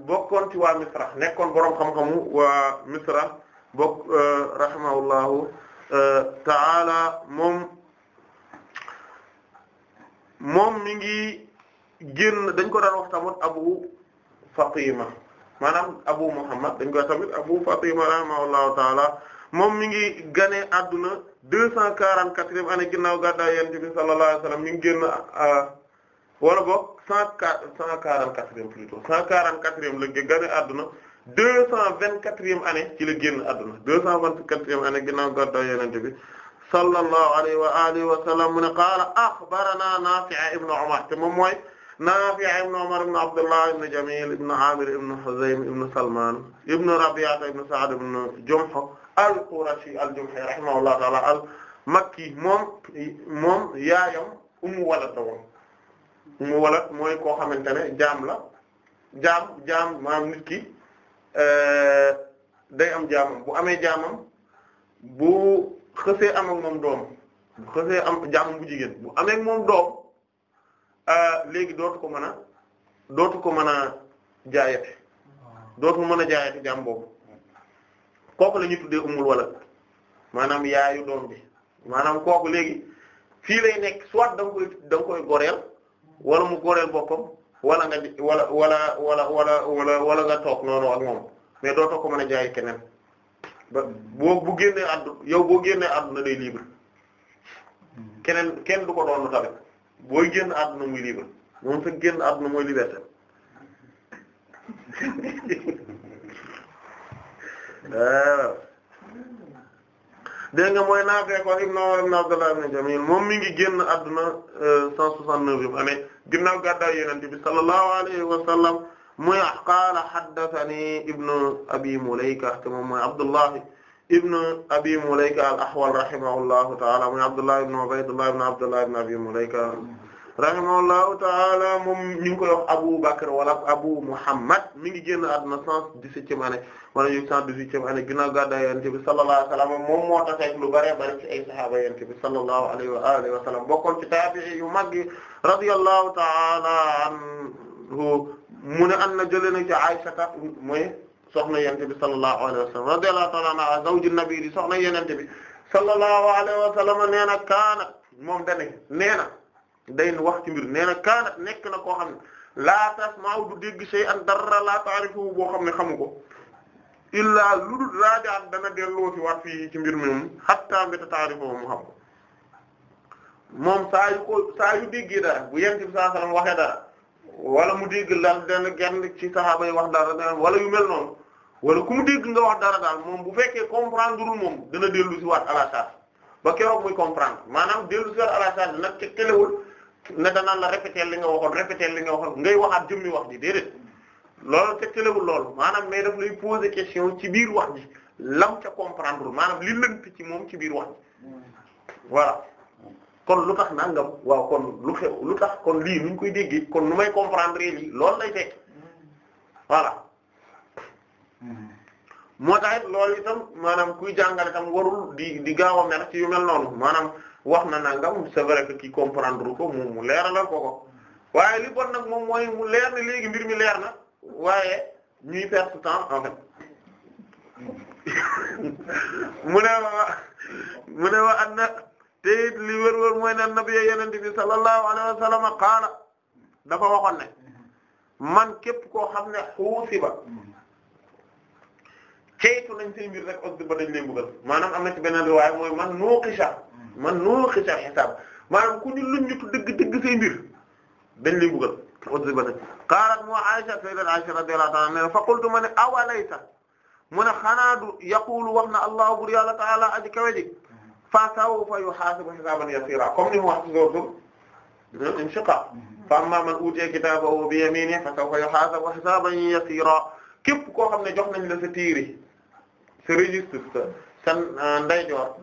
bokkoon ci waa Misra nekkoon boroom xam-xamu waa Misra. bokk euh, rahimahullahu euh, ta'ala moom moom mi ngi génn dañ ko daan wax tamit Abu Fatima maanaam Abu Muhammad dañ ko tamit Abu Fatima rahimahullahu ta'ala moom mi ngi gane adduna deux cent quarante-quatrième année ginnaaw gàddaay Yonent bi mi ngi génn euh, wala bokk cent quarante-quatrième plutôt cent quarante-quatrième la gane adduna deux cent vingt-quatrième année ci la génn adduna deux cent vingt-quatrième année ginnaaw gàddaay Yonent bi sallallahu alayhi wa alihi wa sallam mu ne qaala axbarana Naafi' ibn Umar te moom mooy Naafi' ibn Umar ibn Abdullah ibn Jamil ibn Amir ibn Huzaym ibn Salman ibn Rabi'a ibn Sa'd ibn Jumh al-Qurashi al-Jumahi rahimahullahu ta'ala al-Makki moom moom yaayam Ummu Walad la woon Ummu Walad mooy koo xamante ne jaam la jaam jaam maanaam nit ki Euh, day am jaamam bu amee jaamam bu xësee am ak moom doom bu am jaamam bu jigéen bu amee moom doom euh, léegi dootu ko mën a dootu ko mën a jaayati dootu mën a jaayati jaam kooku la ñuy tuddee umul wala maanaam yaayu doom bi maanaam kooku léegi fii lay nekk soit da nga koy da koy goreel wala mu goreel boppam wala nga wala wala wala wala wala wala nga toog noonu ak moom mais dootoo ko mën a jaay keneen ba boo bu génnee àdduna yow boo génnee àdduna day libre keneen kenn du ko doon tamit booy génn àdduna muy libre moom sax génn àdduna mooy liberté dégg nga mooy naafee ko Ibn Umar ibn Abdullah ibn Jamil moom mi ngi génn àdduna 169 yu mu amee. ginnaaw gàddaay yonent bi sallallahu alayhi wa sallam muy qaala haddathani ibnu abi mulayka te moom mooy abdullahi ibnu abi mulayka al ahwal rahimahullahu ta'ala muy abdullahi ibnu ubaydullah ibnu abdullahi ibnu abi mulayka rahimahullahu taala moom ñu ngi koy wax Abu Bakr wala Abu Muhammad mi ngi génn àdduna cent dix-septième année wala ñu cent bi sallallahu alayhi wa sallam moom moo taxeek lu bare bare ci ay sahaaba Yonent bi sallallahu alayhi wa alihi wa sallam bokkoon ci taabi'i yu mag yi radiyallahu taala anhu mu ne an na jëlee na ci Aysata mooy soxna Yonent bi sallallahu alayhi wa sallam radiyallahu nabi di soxna Yonent bi sallallahu alayhi wa na kaana moom dane nee day wax ci mbir nee na kaanat nekk na koo xam ne laa tasma'u du dégg sey an dara laa ta'rifu boo xam ne xamu ko illaa lu dul raajaat dana delloo si waat fii ci mbir mi moom hatta mbéta ta'rifu ko saa yu ko saa yu déggee dara bu yent bi saa sallam waxee dara wala mu dégg daal denn genn ci sahaaba yi wax dara wala yu mel noonu wala ku mu dégg nga wax dara daal moom bu fekkee comprendre lul moom dana dellu si waat à la charge ba keroog comprendre maanaam dellu si waat à la nag te telewul ne danaan la répéter li nga waxoon répéter li nga waxoon ngay waxaat jëmmi wax ji déedéet loolu te telewul loolu maanaam mais daf lay poser question ci biir wax ji lam ca comprendre maanaam li lënt ci moom ci biir wax ji voilà kon lu tax nangam waaw kon lu xew tax kon lii nuñ koy déggee kon nu may comprendre lii lay fekk voilà moo tax it loolu itam maanaam kuy jàngale tam warul di di gaaw a mer ci yu mel noonu maanaam wax na nangam c'est vrai que ki comprendre ko mu mu leeralal ko ko waaye li bon nag moom mooy mu leer na léegi mbir mi leer na waaye ñuy perte temps en fait mu ne wa mu ne wa an te it li wër-wër mooy na nabi yenente bi sallallahu alayhi wa sallam qaala dafa waxoon man képp koo xam ne xuusiba ceytu nañ seen mbir rek os di ba dañ lay mbugal maanaam am na ci beneen waaye mooy man nuuqisha man noonu la xisaab xisaab maanaam ku ñu luññutu dëgg dëgg say mbir dañ lay buggal auzubillah qaalat moo Aisha sayyidat Aisha radiyallahu ta'ala anha fa qultu ma ne awalaysa mu ne xanaa du yaqulu wax na allah bur yàlla ta'ala aji kawe ji fa sawfa yuhaasabu hisaaban yasiira comme ni mu wax ci sootu inshiqaq fa ammaa man uutiya kitaabahu bi yamiinihi fa sawfa yuhaasabu hisaaban yasiira képp koo xam ne jox nañ la sa tiiri sa registre sa uh, ndeyjoor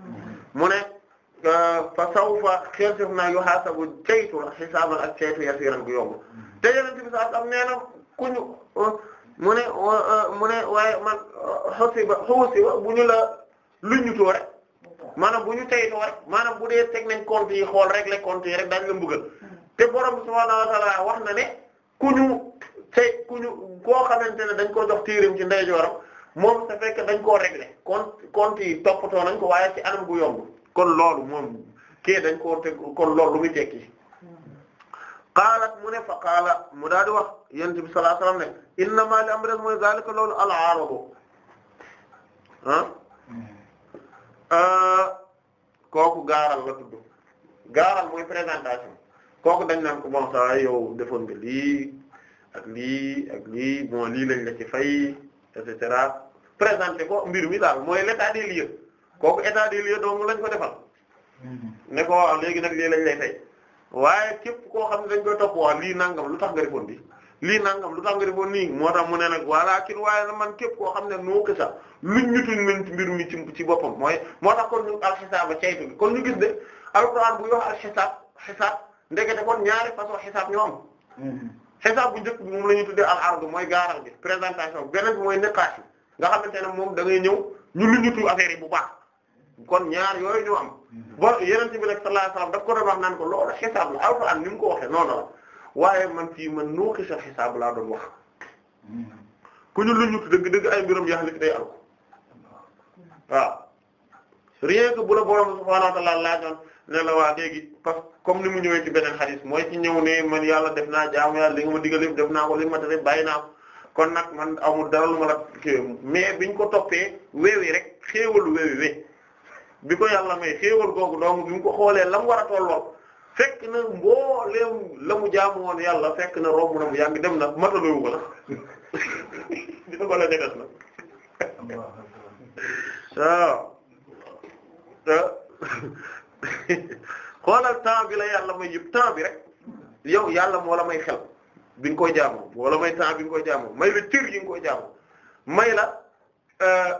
mu ne fa sawfa xeesif naa yu xaasabu ceytu xisaaban ak ceytu yasiran bu yomb te yeneen bi sax am nee na ku ñu mu ne mu ne waaye man xosiba xosiba bu ñu la luñutoo rek maanaam bu ñu ceytoo rek maanaam bu dee teg nañ compte yi xool rek les comptes yi rek daañu la mbugal te borom subhaanahu wa ta'aala wax na ne ku ñu cey ku ñu koo xamante ne dañ ko jox tiiram ci ndeyjooram moom su fekkee dañ koo régler compte compte yi toppatoo nañ ko waaye ci anam gu yomb. kon loolu moom kii dañ koo teg kon loolu mu muy tekki qaalat mu ne fa qaala mu daal di wax yonent bi sallallahu alayhi wasallam ne innama li am res mooy zalika loolu al-aaradu ah euh, kooku gaaral la tudd gaaral mooy présentation kooku dañ naan ko bon saa yow defoon nga lii ak lii ak lii bon lii lañ la ci fay et cetera ko mbir mi daal mooy l'état des lieux kooku état des lieux lañ ko defal mm-hmm. ne ko waaw léegi nag lii lañ lay fay waaye képp koo xam ne dañ koy topp waaw lii nangam lu tax nga defoon bi lii nangam lu tax nga defoon nii moo tax mu ne nag voilà kin waaye na man képp koo xam ne noo ko sax luñ ñutuñ mën mi ci ci boppam mooy moo tax kon ñu alxisaaba caytu bi kon ñu gis de alxuraan bu ñu wax alxisaab xisaab ndekete kon ñaari façon xisaab ñoo am mm-hmm. xisaab bu njëkk moom la ñuy tuddee al ardu mooy gaaral présentation beneen bi mooy niqaash nga xamante ne moom da ngay ñëw ñu lu ñutu affaire yi bu baax kon ñaar yooyu ñu am mhm. bon yenente bi nag sallallahu alayhi wasallam daf ko doon wax naan ko loolu xisaab la alquran ni mu ko waxee noonu la waaye man fii man nuuxisal xisaab laa doon wax mhm. ku ñu lu ñu dëgg dëgg ay mbiram yaxalif day alko waaw rien que bu la borom subhaanahu wa ta'aala laajoon ne la waa léegi parce que comme ni mu ñëwee ci beneen xadis mooy ci ñëw ne man yàlla def naa jaamu yàlla li nga ma digal def naa ko li ma tere bàyyi naa ko kon nag man amul dara lu ma la kii mais biñ ko toppee weewi rek xéewalu weewi we bi ko yàlla may xéewal googu donc bi mu ko xoolee la mu war a tollool fekk na mbooleem la mu jaamu woon yàlla fekk na romb na mu yaa dem na matalowu ko la dina ko la deges na bi la yàlla may yëpp temps bi rek yow yàlla moo la may xel bi nga koy jaamu moo may temps bi koy jaamu may la cër yi nga koy jaamu may la euh,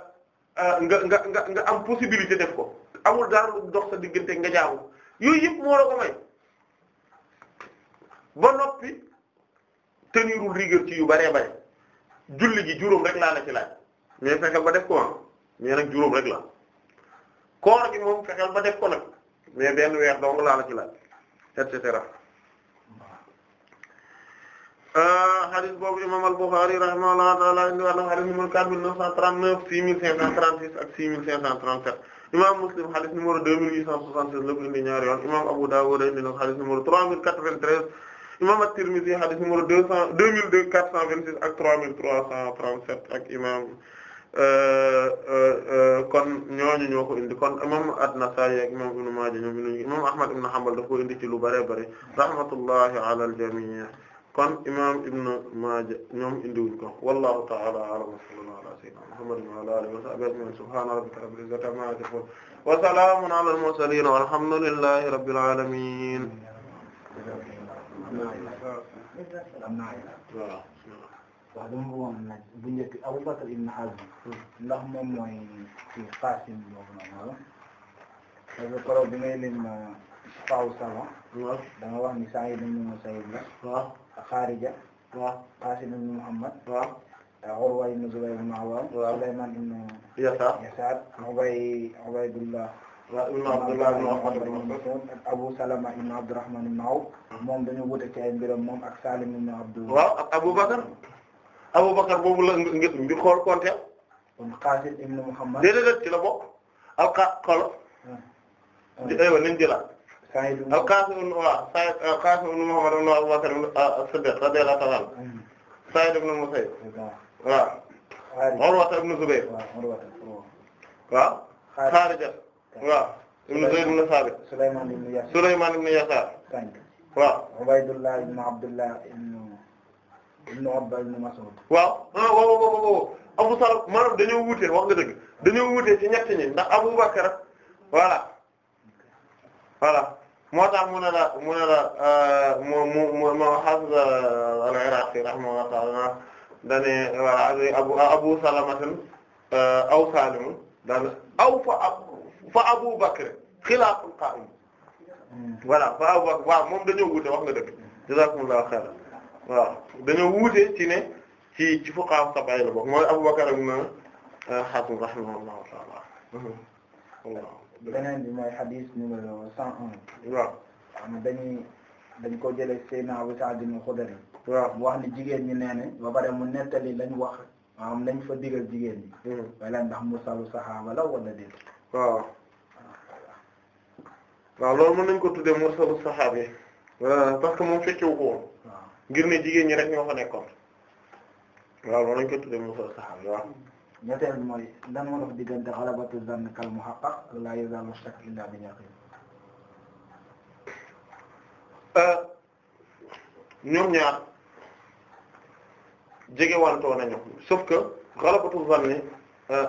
Ah, nga nga nga nga am possibilité def ko amul dara dox sa diggante nga jaamu yooyu yëpp moo la ko may ba noppi tenirul rigueur ci yu baree bare julli gi juróom rek laa la ci laaj mais fexeel ba def ko ah mais nag juróom rek la koor gi moom ba def ko nag mais benn weer dong laa la ci laaj et cetera. Euh, hadith boobu imam al-Bukhari rahimahullahu ta'ala indi war na hadith numéro 4939 6536 ak 6537 imam Muslim hadith numéro 2866 la ko indi ñaari yoon imam Abu Dawud indi na hadith numéro 3093 imam at-Tirmidhi hadith numéro 200 2426 ak 3337 ak imam euh, euh, kon ñooñu ñoo ko indi kon imam an-Nasa'i ak imam Ibn Majah ñoom ñoo imam Ahmad ibn Hanbal daf ko indi ci lu bare bare rahmatullahi ala al-jami' kon imam Ibn Maaja ñoom indiwuñ ko wallahu ta'ala a'lam wa sallallahu ala sayyidina Muhammadin wa ala alihi wa sahbihi ajma'in subhana rabbika rabbil izzati amma yasifun wa salamun ala al mursalin walhamdulillahi rabbil alamin waaw dama bëggoon nag bu njëkk Abu Bakr ibn Hazm ndax moom mooy ci Qaasim boobu noonu wala parce que koro bi ngay lim Faw Salma da nga wax ni saa yi dañ mu Musayyib la Xaarija waaw Qaasim ibn Muhammad waaw Urwa ibn Zubayr ibn Awwam waaw Sulaymaan ibn Yasaar Yasaar Ubay Ubaydullah waaw ibn Abdullah ibn Ahmad ibn Mas'ud ak Abu Salama ibn Abdurrahman ibn Awf moom dañu wute ci ay mbiram moom ak Salim ibn Abdullah waaw ak Abu Bakr Abu Bakr boobu la ngir ngir xool konteel kon Qaasim ibn Muhammad déedéet ci la bokk alqa xolo ah. di aywa nañ jëlaat al-Qaasim ibn waaw al-Qaasim ibn Muhammad ibn Abu Bakr as-Siddiq ah, radiyallahu ta'ala anhu hmm. Sa'id ibn Musayyib waaw Urwa ibn Zubayr waaw Xaarija waaw ibn Zayd ibn Thabit Sulaymaan ibn Yasaar waaw Ubaydullah ibn Abdullah ibn Utba ibn Mas'ud waaw waaw Abu Salama maanaam dañoo wuute wax nga dëgg dañoo wuute ci ñett ñi ndax Abu Bakr voilà voilà moo tax mu ne la mu ne la euh, mu mu mu mu xas euh, al-Iraqi rahimahullahu ta'ala dane euh, abu abu salamatan aw salimu daan aw fa fa Abu Bakr xilaaful qa'im voilà fa Abu Bakr waaw moom dañoo wuute wax nga dëgg jazakumullahu khairan waaw dañoo wuute ci ne ci ci fuqaha sabay la bokk mooy Abu Bakr ak na Hatim rahimahullahu ta'ala beneen bi mooy xadis numéro cent un waaw am dañuy dañ ko jële Seydina Abu Saïd al-Xudri waaw mu wax ni jigéen ñi nee nañ ba pare mu nettali lañ wax maanaam lañ fa digal jigéen ñi hmm. wala ndax mursalu saxaaba la wala déet waaw waaw loolu mën nañ ko tuddee mursalu saxaaba yi hmm. parce que moom fekkewu ko ngir ne jigéen ñi rek ñoo fa nekkoon waaw mën nañ ko tuddee mursalu saxaaba waaw ñetteel bi mooy lan moo dox diggante xalabatu zann kal muhaqqaq la yazaalu shakk illa bi yaqin euh, ñoom ñaar jege wantoo nañu sauf que xalabatu zanni euh,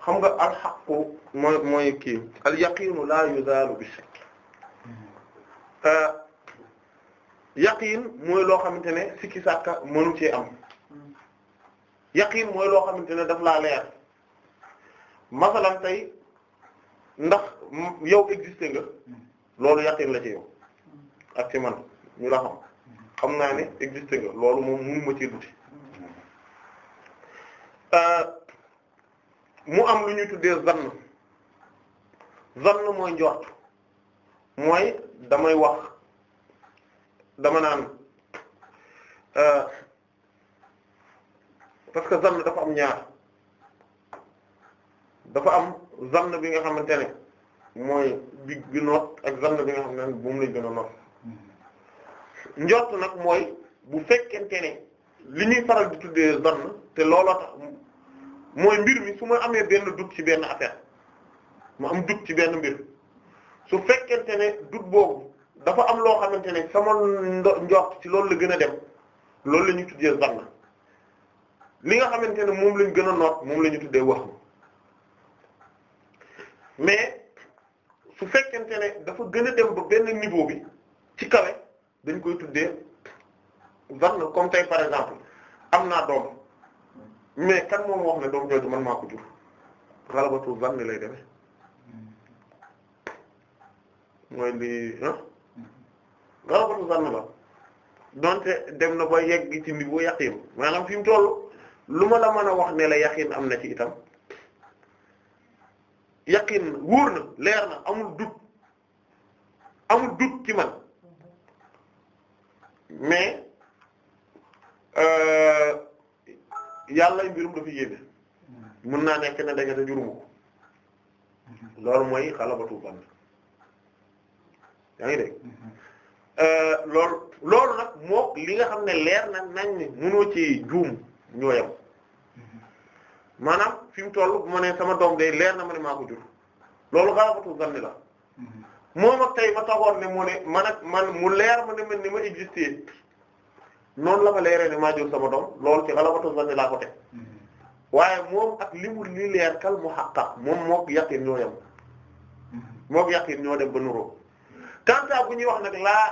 xam nga al xaqu mooy mooy kii al yaqiinu la yuzaalu bi shakk hmm. euh, yaqin mooy loo xamante ne sikki sàkka mënu ci am yaqiin mooy loo xamante ne daf laa leer masalan tey ndax yow existé nga loolu yaqiin la ci yow ak ci man ñu la xam xam naa ne existe nga loolu moom ma ci duti euh, mu am lu ñuy tuddee zann zann mooy njort mooy damay wax dama naan euh, parce que zann dafa am ñaar dafa am zann bi nga xamante ne mooy bi bi noot ak zann bi nga xamante ne moom lañ gën a noot njort nag mooy bu fekkente ne li ñuy faral di tuddee zann te looloo tax mooy mbir mi su ma amee benn doute ci benn affaire ma am doute ci benn mbir su fekkente ne doute boobu dafa am loo xamante ne sama njort ci loolu la gën a dem loolu la ñuy tuddee zann li nga xamante ne moom lañ gën a noot moom la ñu tuddee wax mais su fekkente ne dafa gën a dem ba benn niveau bi ci kawe dañ koy tuddee vann comme tey par exemple am naa doom mais kan moom wax ne doom jooju man maa ko jur xalabatu vann lay demee mooy li ah xalabatu vann la donte dem na ba yegg ci niveau yàq yi maanaam fi mu toll lu ma la mën a wax ne la yaqin am na ci itam yaqin wóor na leer na amul dut amul dut ci man mais euh, yàlla mbirum dafa yéeme mën naa nekk ne danga te juruma ko loolu mooy xalabatu ban yaa ngi dégg euh, loolu loolu nag moo li nga xam ne leer na nañ ni mënoo ci juum ñoo yem maanaam fi mu toll bu ma ne sama doom day leer na ma ne maa ko jur loolu xalaatu ganni la moom ak tey ma taxoon ne mu ne man man mu leer ma ne ma existé noonu la ma leeree ne maa jur sama doom loolu ci xalaatu ganni laa ko teg waaye moom ak li mu li leer kal mu xàqaq moom mook yaqin ñoo yem mook yaqin ñoo dem ba nuroo tant bu ñuy wax nag laa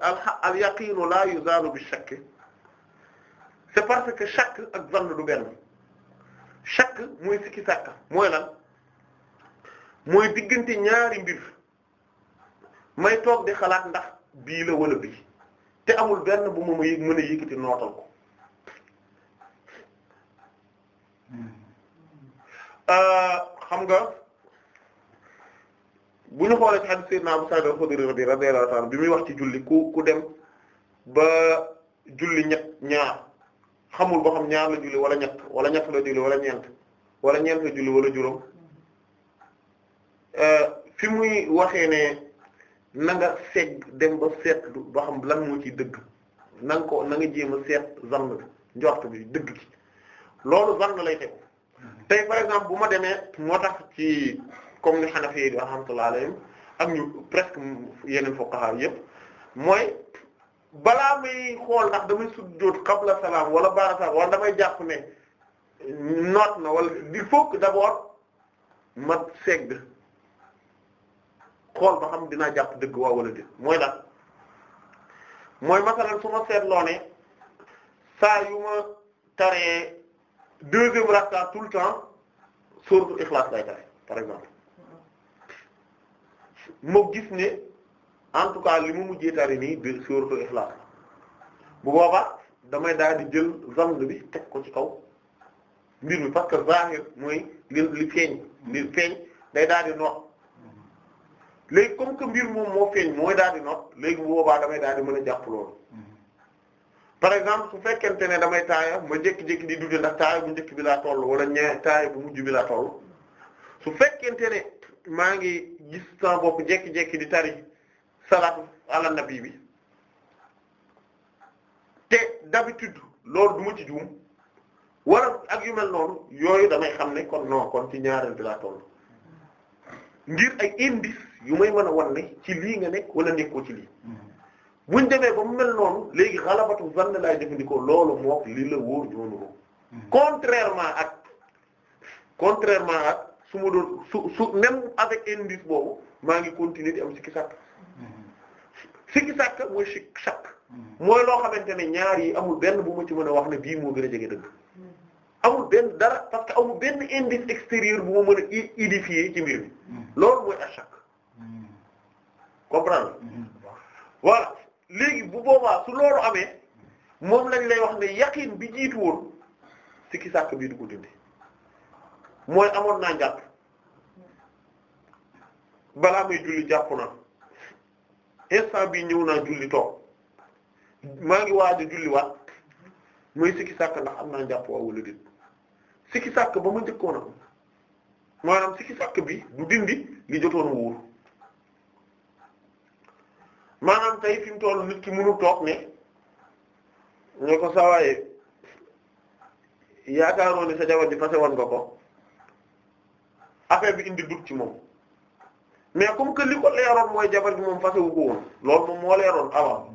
al euh, al yaqinu laa yuzaalu bi shakk c'est parce que shakk ak zann du benn shakk mooy sikki sàkka mooy lan mooy diggante ñaari mbir may toog di xalaat ndax bii la wala bii te amul benn bu ma ma mën a yëkkati nootal ko hmm. euh, xam nga bu ñu xoolee ci hadith sayyidina Abu Sa'id al-Khudri radiyallahu ta'ala bi muy wax ci julli ku ku dem ba julli ñett ñaar xamul boo xam ñaar la julli wala ñett wala ñett la julli wala ñeent wala ñeent la julli wala juróom euh, fi muy waxee ne na nga segg dem ba seetlu ba xam lan moo ci dëgg na nga ko na nga jéem a seet zann njort bi dëgg gi loolu zann lay teg tey par exemple bu ma demee moo tax ci comme ni Hanafi yi rahmatullah ak ñu presque yeneen fuqaha yépp mooy balaa muy xool ndax damay sujjóot qabla salaam wala baara salaam damay jàpp ne noot na wala il faut que d'abord ma segg xool ba xam dinaa jàpp dëgg waa wala dëgg mooy lan mooy masalan su ma seetloo ne saa yu ma taree deuxième rakka tout le temps sourate Ikhlas lay tare par exemple moo mm-hmm. gis ne. en tout cas li mu mujjee tari nii biir suuratul Ixlaas bu booba damay daal di jël zang bi teg ko ci kaw mbir mi parce que zahir mooy li li feeñ li feeñ day daal di noot léegi comme que mbir moom moo feeñ mooy daal di noot léegi bu damay daal di mën a jàpp loolu par exemple su fekkente ne damay taaya ma jékki-jékki di dute ndax taaya bu njëkk bi laa toll wala ñaar taaya bu mujj bi laa toll su fekkente ne maa ngi gis sama bopp jékki-jékki di tari salaatu ala nabi bi te d'habitude loolu du ma ci juum war ak yu mel noonu yooyu damay xam ne kon non kon ci ñaareel bi laa toll ngir ay indice yu may mën a wan ne ci lii nga nekk wala nekkoo ci lii buñ demee ba mu mel noonu léegi xalabatu zann laay jëfandikoo loolu mook lii la wóor ñoonu ko hmm. contrairement ak contrairement ak su ma doon su su même avec indice boobu maa ngi continuer di am ci kisàkk sikki sàkk mooy sikk mooy loo xamante ne ñaar yi amul benn bu ma ci mën a wax na bii moo gën a jege dëgg amul benn dara parce que amul benn indice extérieur bu ma mën a identifier ci mbir mi loolu mooy achak comprendre voilà léegi bu boobaa su loolu amee moom lañ lay wax ne yaqin bi jiitu woon sikki bii du ko dindi mooy amoon naa jàpp balaa muy julli jàpp na instant bii ñëw naa julli toog maa ngi waaj a julliwaat mooy sikki sàkk ndax am naa njàpp waa wala déet sikki sàkk ba ma njëkkoon maanaam sikki sàkk bi du dindi li jotoon wóor maanaam tey fi mu toll nit ki mënu toog ne ñoo ko sawaaye yaakaaroon ne sa jabar ji fase woon nga ko affaire bi indi dut ci moom mais comme que li ko leeroon mooy jabar bi moom fase wu ko woon loolu moom moo leeroon avant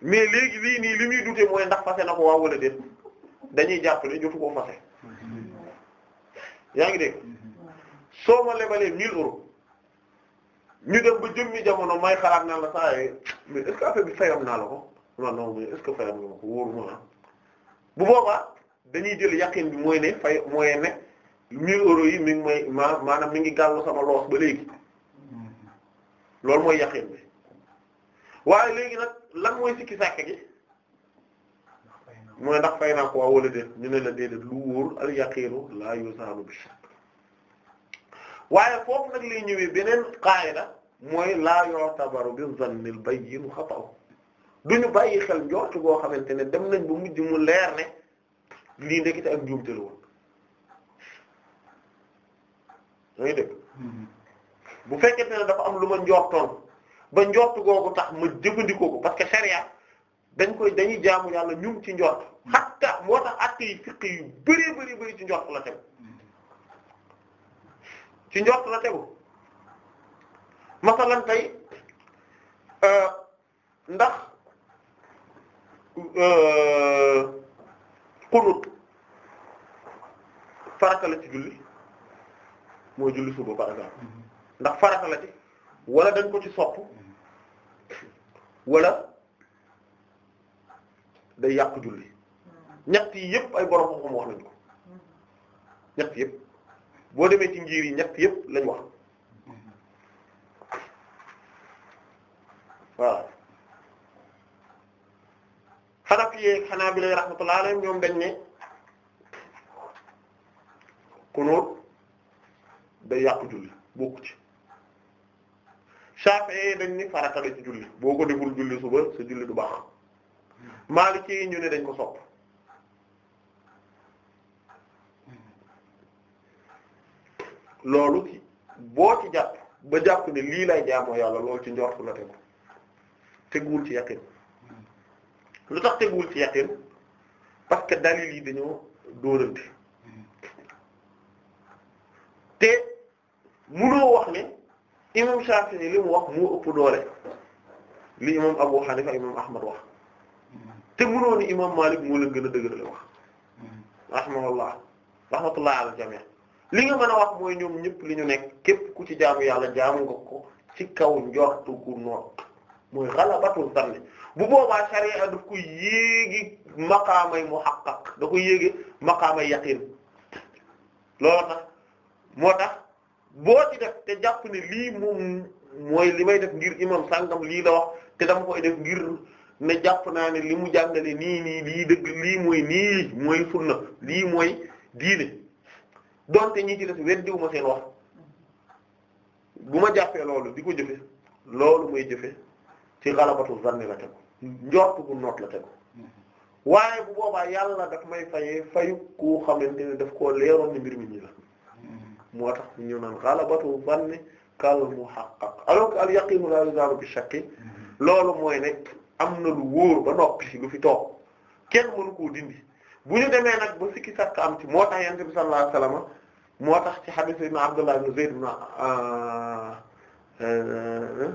mais léegi lii nii li muy dute mooy ndax fase na ko waaw wala déet dañuy jàpp ne jotu koo fase yaa ngi dégg soo ma lebalee 1000 euros ñu dem ba jëmmi jamono may xalaat naa la saa yooyu mais est-ce que affaire bi fayam naa la ko non non est-ce que fayam nga ma ko wóoruma ah bu boobaa dañuy jël yaqin bi mooy ne fay mooy ne 1000 euros yi mi maanaam mi ngi gàllu sama loos ba léegi. loolu mooy yaqin bi waaye léegi nag lan mooy sikki sàkk gi mooy ndax fay naa ko waa wala déet ñu ne la déedéet lu wóor al yaqiinu laa yusaanu bi shakk waaye foofu nag lay ñëwee beneen qaayida mooy laa yutabaru bi zannil bayyin xataw du ñu bàyyi xel njort boo xamante ne dem nañ ba mujj mu leer ne lii ndekete ak njuumte la woon dégg mm-hmm. bu te ne dafa am lu ma njortoon ba njort googu tax ma jëfandikoo ko parce que sharia dañ koy dañuy jaamu yàlla ñun ci njort hatta moo tax at yi fiqh yu bëree bëri bëri ci njort la tegu ci njort la tegu masalan tey euh, ndax euh, qunut faraka la ci julli mooy julli suba par ndax farata la ci wala dañ ko ci sopp wala day yàq julli ñett yi yëpp ay borom xam-xam wax nañ ko ñett yëpp boo demee ci ngir yi ñett yëpp lañ wax voilà xanaa fi yeeg xanaa bi lay rahmatullah alayhim ñoom dañ ne kunóor day yàq julli bokku ci Shafi'i dañ ni farata la ci julli boo ko deful julli suba sa julli du baax Maliki yi ñu ne dañ ko sopp loolu ci boo ci jàpp ba jàpp ne lii lay jaamoo yàlla loolu ci njortu la tegu teguwul ci yaqin lu tax teguwul ci yaqin parce que dalil yi dañoo dóorante te mënoo wax ne imam Shafi'i li mu wax moo ëpp doole li imam Abu Hanifa imam Ahmad wax te mënoo ni imam Malik moo leen gën a dëgër la wax rahimahullah rahmatullah ala jami' li nga mën a wax mooy ñoom ñëpp li ñu nekk képp ku ci jaamu yàlla jaamu nga ko ci kaw njortu gu noot mooy xalabatul sanni bu boobaa sharia daf ko yéegi maqaamay muhaqqaq da ko yéegi maqaamay yaqiin loolu tax moo tax boo ci def te jàpp ne lii moom mooy li may def ngir imam sàngam lii la wax te dama koy def ngir ne jàpp naa ne li mu jàngale nii nii lii dëgg lii mooy nii mooy sunna lii mooy diine donte ñi ci def weddiwu ma seen wax bu ma jàppee loolu di ko jëfe loolu mooy jëfe ci xalabatu zanni la tegu njort bu noot la tegu waaye bu boobaa yàlla daf may fayee fayu koo xamante ne daf koo leeroon ni mbir mi ñi moo tax ñu naan xalabatu banni kal muhaqqaq alors que al yaqinu la yuzalu bi shakki mm-hmm. loolu mooy ne am na lu wóor ba noppi lu fi toog kenn mënu koo dindi bu ñu demee nag ba sikki sàkk am ci moo tax yonent bi sallallahu alayhi wasallam moo tax ci hadith ibn Abdullah ibn Zayd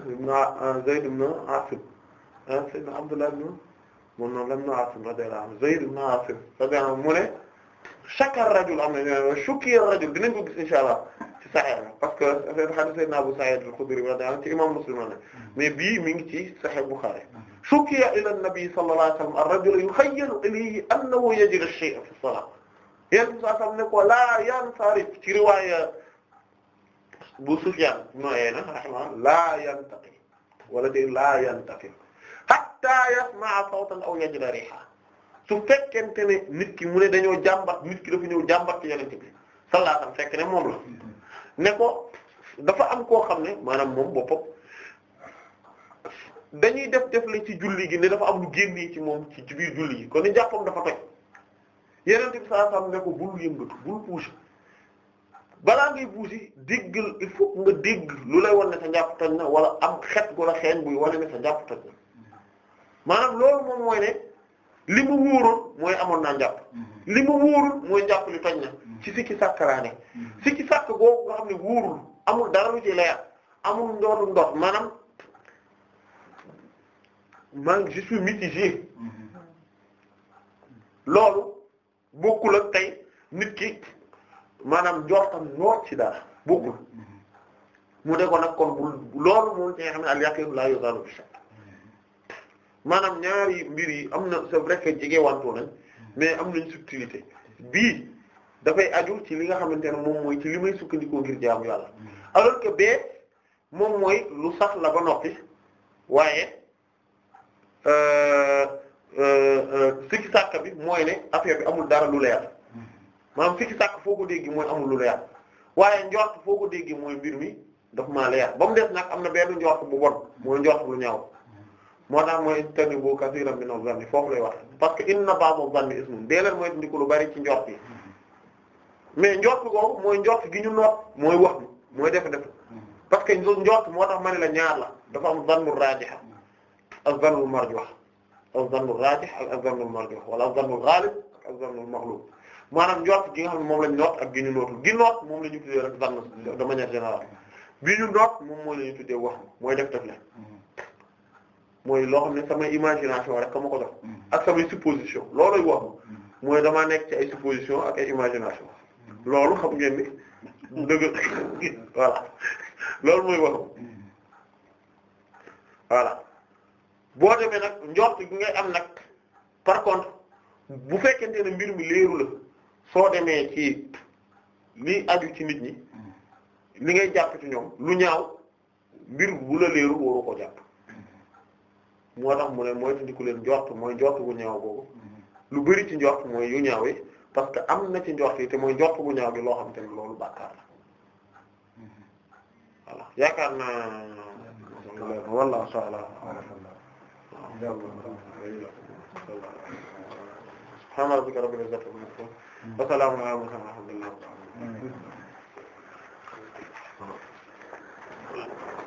ibn ah, ah, Zayd ibn Asim ah, Sayyidina Abdullah ibn mun noonu lam na Asim radiyallahu anhu Zayd ibn Asim radiyallahu anhu mu ne shakar rajul am na euh, shukir rajul dinañ ko gis insha allah ci Sahih parce que hadith Sayyidina Abu Sa'id al-Khudri radiyallahu anhu ci imam Muslim la mais bii mi ngi ci Sahih Bukhari shukiya ila an-nabi sallallahu alayhi wa sallam ar-rajul yukhayyalu ilayhi annahu yajidu ash-shay'a fi as-salah yéen saa sam ne ko laa yansarif ci riwaaya bu Sufyan nooyee na rahimahullah laa yantaqim wala de laa yantaqim hatta yasma'a sawtan aw yajida riha su fekkente ne nit ki mu ne dañoo jàmbat nit ki dafa ñëw jàmbat ci yonent bi sallallahu alayhi fekk ne moom la ne ko dafa am koo xam ne maanaam moom boppam dañuy def def la ci julli gi ne dafa am lu génnee ci moom ci ci biir julli gi kon ni jàppam dafa toj yonent bi sallallahu ne ko bul yëngatu bul puus balaa ngay puusi déggal il faut nga dégg lu lay wan ne sa njàpp toj na wala am xet gu la xeen buy wane ne sa njàpp toj na maanaam loolu moom mooy ne. limu mu mooy amoon naa njàpp mhm. li mu wóorul mooy njàpp li toj na ci mhm. sikki sàkk laa ne mhm. sikki sàkk googu nga xam ne wóorul amul dara lu ci leer amul ndooru ndox maanaam maa ngi je suis mitigé loolu bokkula ak tey nit ki maanaam jortam noot ci dara bokkul mu de ko nag kon bu loolu moom ci nga xam ne al yaqin la bi shakk maanaam ñaari mbir yi am na c'est vrai que jege wantu nañ mais am nañ subtilité bii dafay aju ci li nga xamante ne moom mooy ci li may sukkandikoo ngir jaamu yàlla alors que bee moom mooy lu sax la ba noppi waaye euh, euh, euh, sikki sàkk bi mooy ne affaire bi amul dara lu leer maam sikki sàkk foo ko dégg mooy amul lu leer waaye njort foo ko dégg mooy mbir mi daf maa leer ba mu des nag am na benn njort bu bon mooy njort lu ñaaw moo tax mooy tanibu kasiran min az-zanni foofu lay wax parce que inna ba'da az-zanni ismun dee leen mooy ndiku lu bari ci njort yi mais njort googu mooy njort gi ñu noot mooy wax bi mooy def def parce que njort moo tax ma ne la ñaar la dafa am zannu rajih ak zannu marjuh ak zannu rajih ak zannu marjuh wala zannu ghalib ak zannu maghlub maanaam njort gi nga xam ne moom lañ noot ak gi ñu nootul gi noot moom la ñu tuddee rek zann de manière générale bi ñu noot moom moo la ñu tuddee wax mooy def def la mooy loo xam ne sama imagination rek ka ma ko jox mm. ak samay supposition loolooy wax mm. mooy damaa nekk ci ay supposition ak ay imagination mm. loolu xam ngeen ni dëgg voilà loolu boo demee nag njort gi ngay am nag par contre bu fekkente ne mbir mi leeru la soo demee ci lii aju ci nit ñi li ngay jàpp ci ñoom lu ñaaw mbir bu la leeru waru ko jàpp moo tax mu ne mooy tandiku leen njort mooy njort gu ñaaw boobu lu bari ci njort mooy yu ñaaw yi parce que am na ci njort yi te mooy njort gu ñaaw gi loo xam te ne loolu bàkkaar la voilà yaakaar naa walla sala subhaana rabbika rabbil izzati amma yasifuun wa salaamun alal mursaliin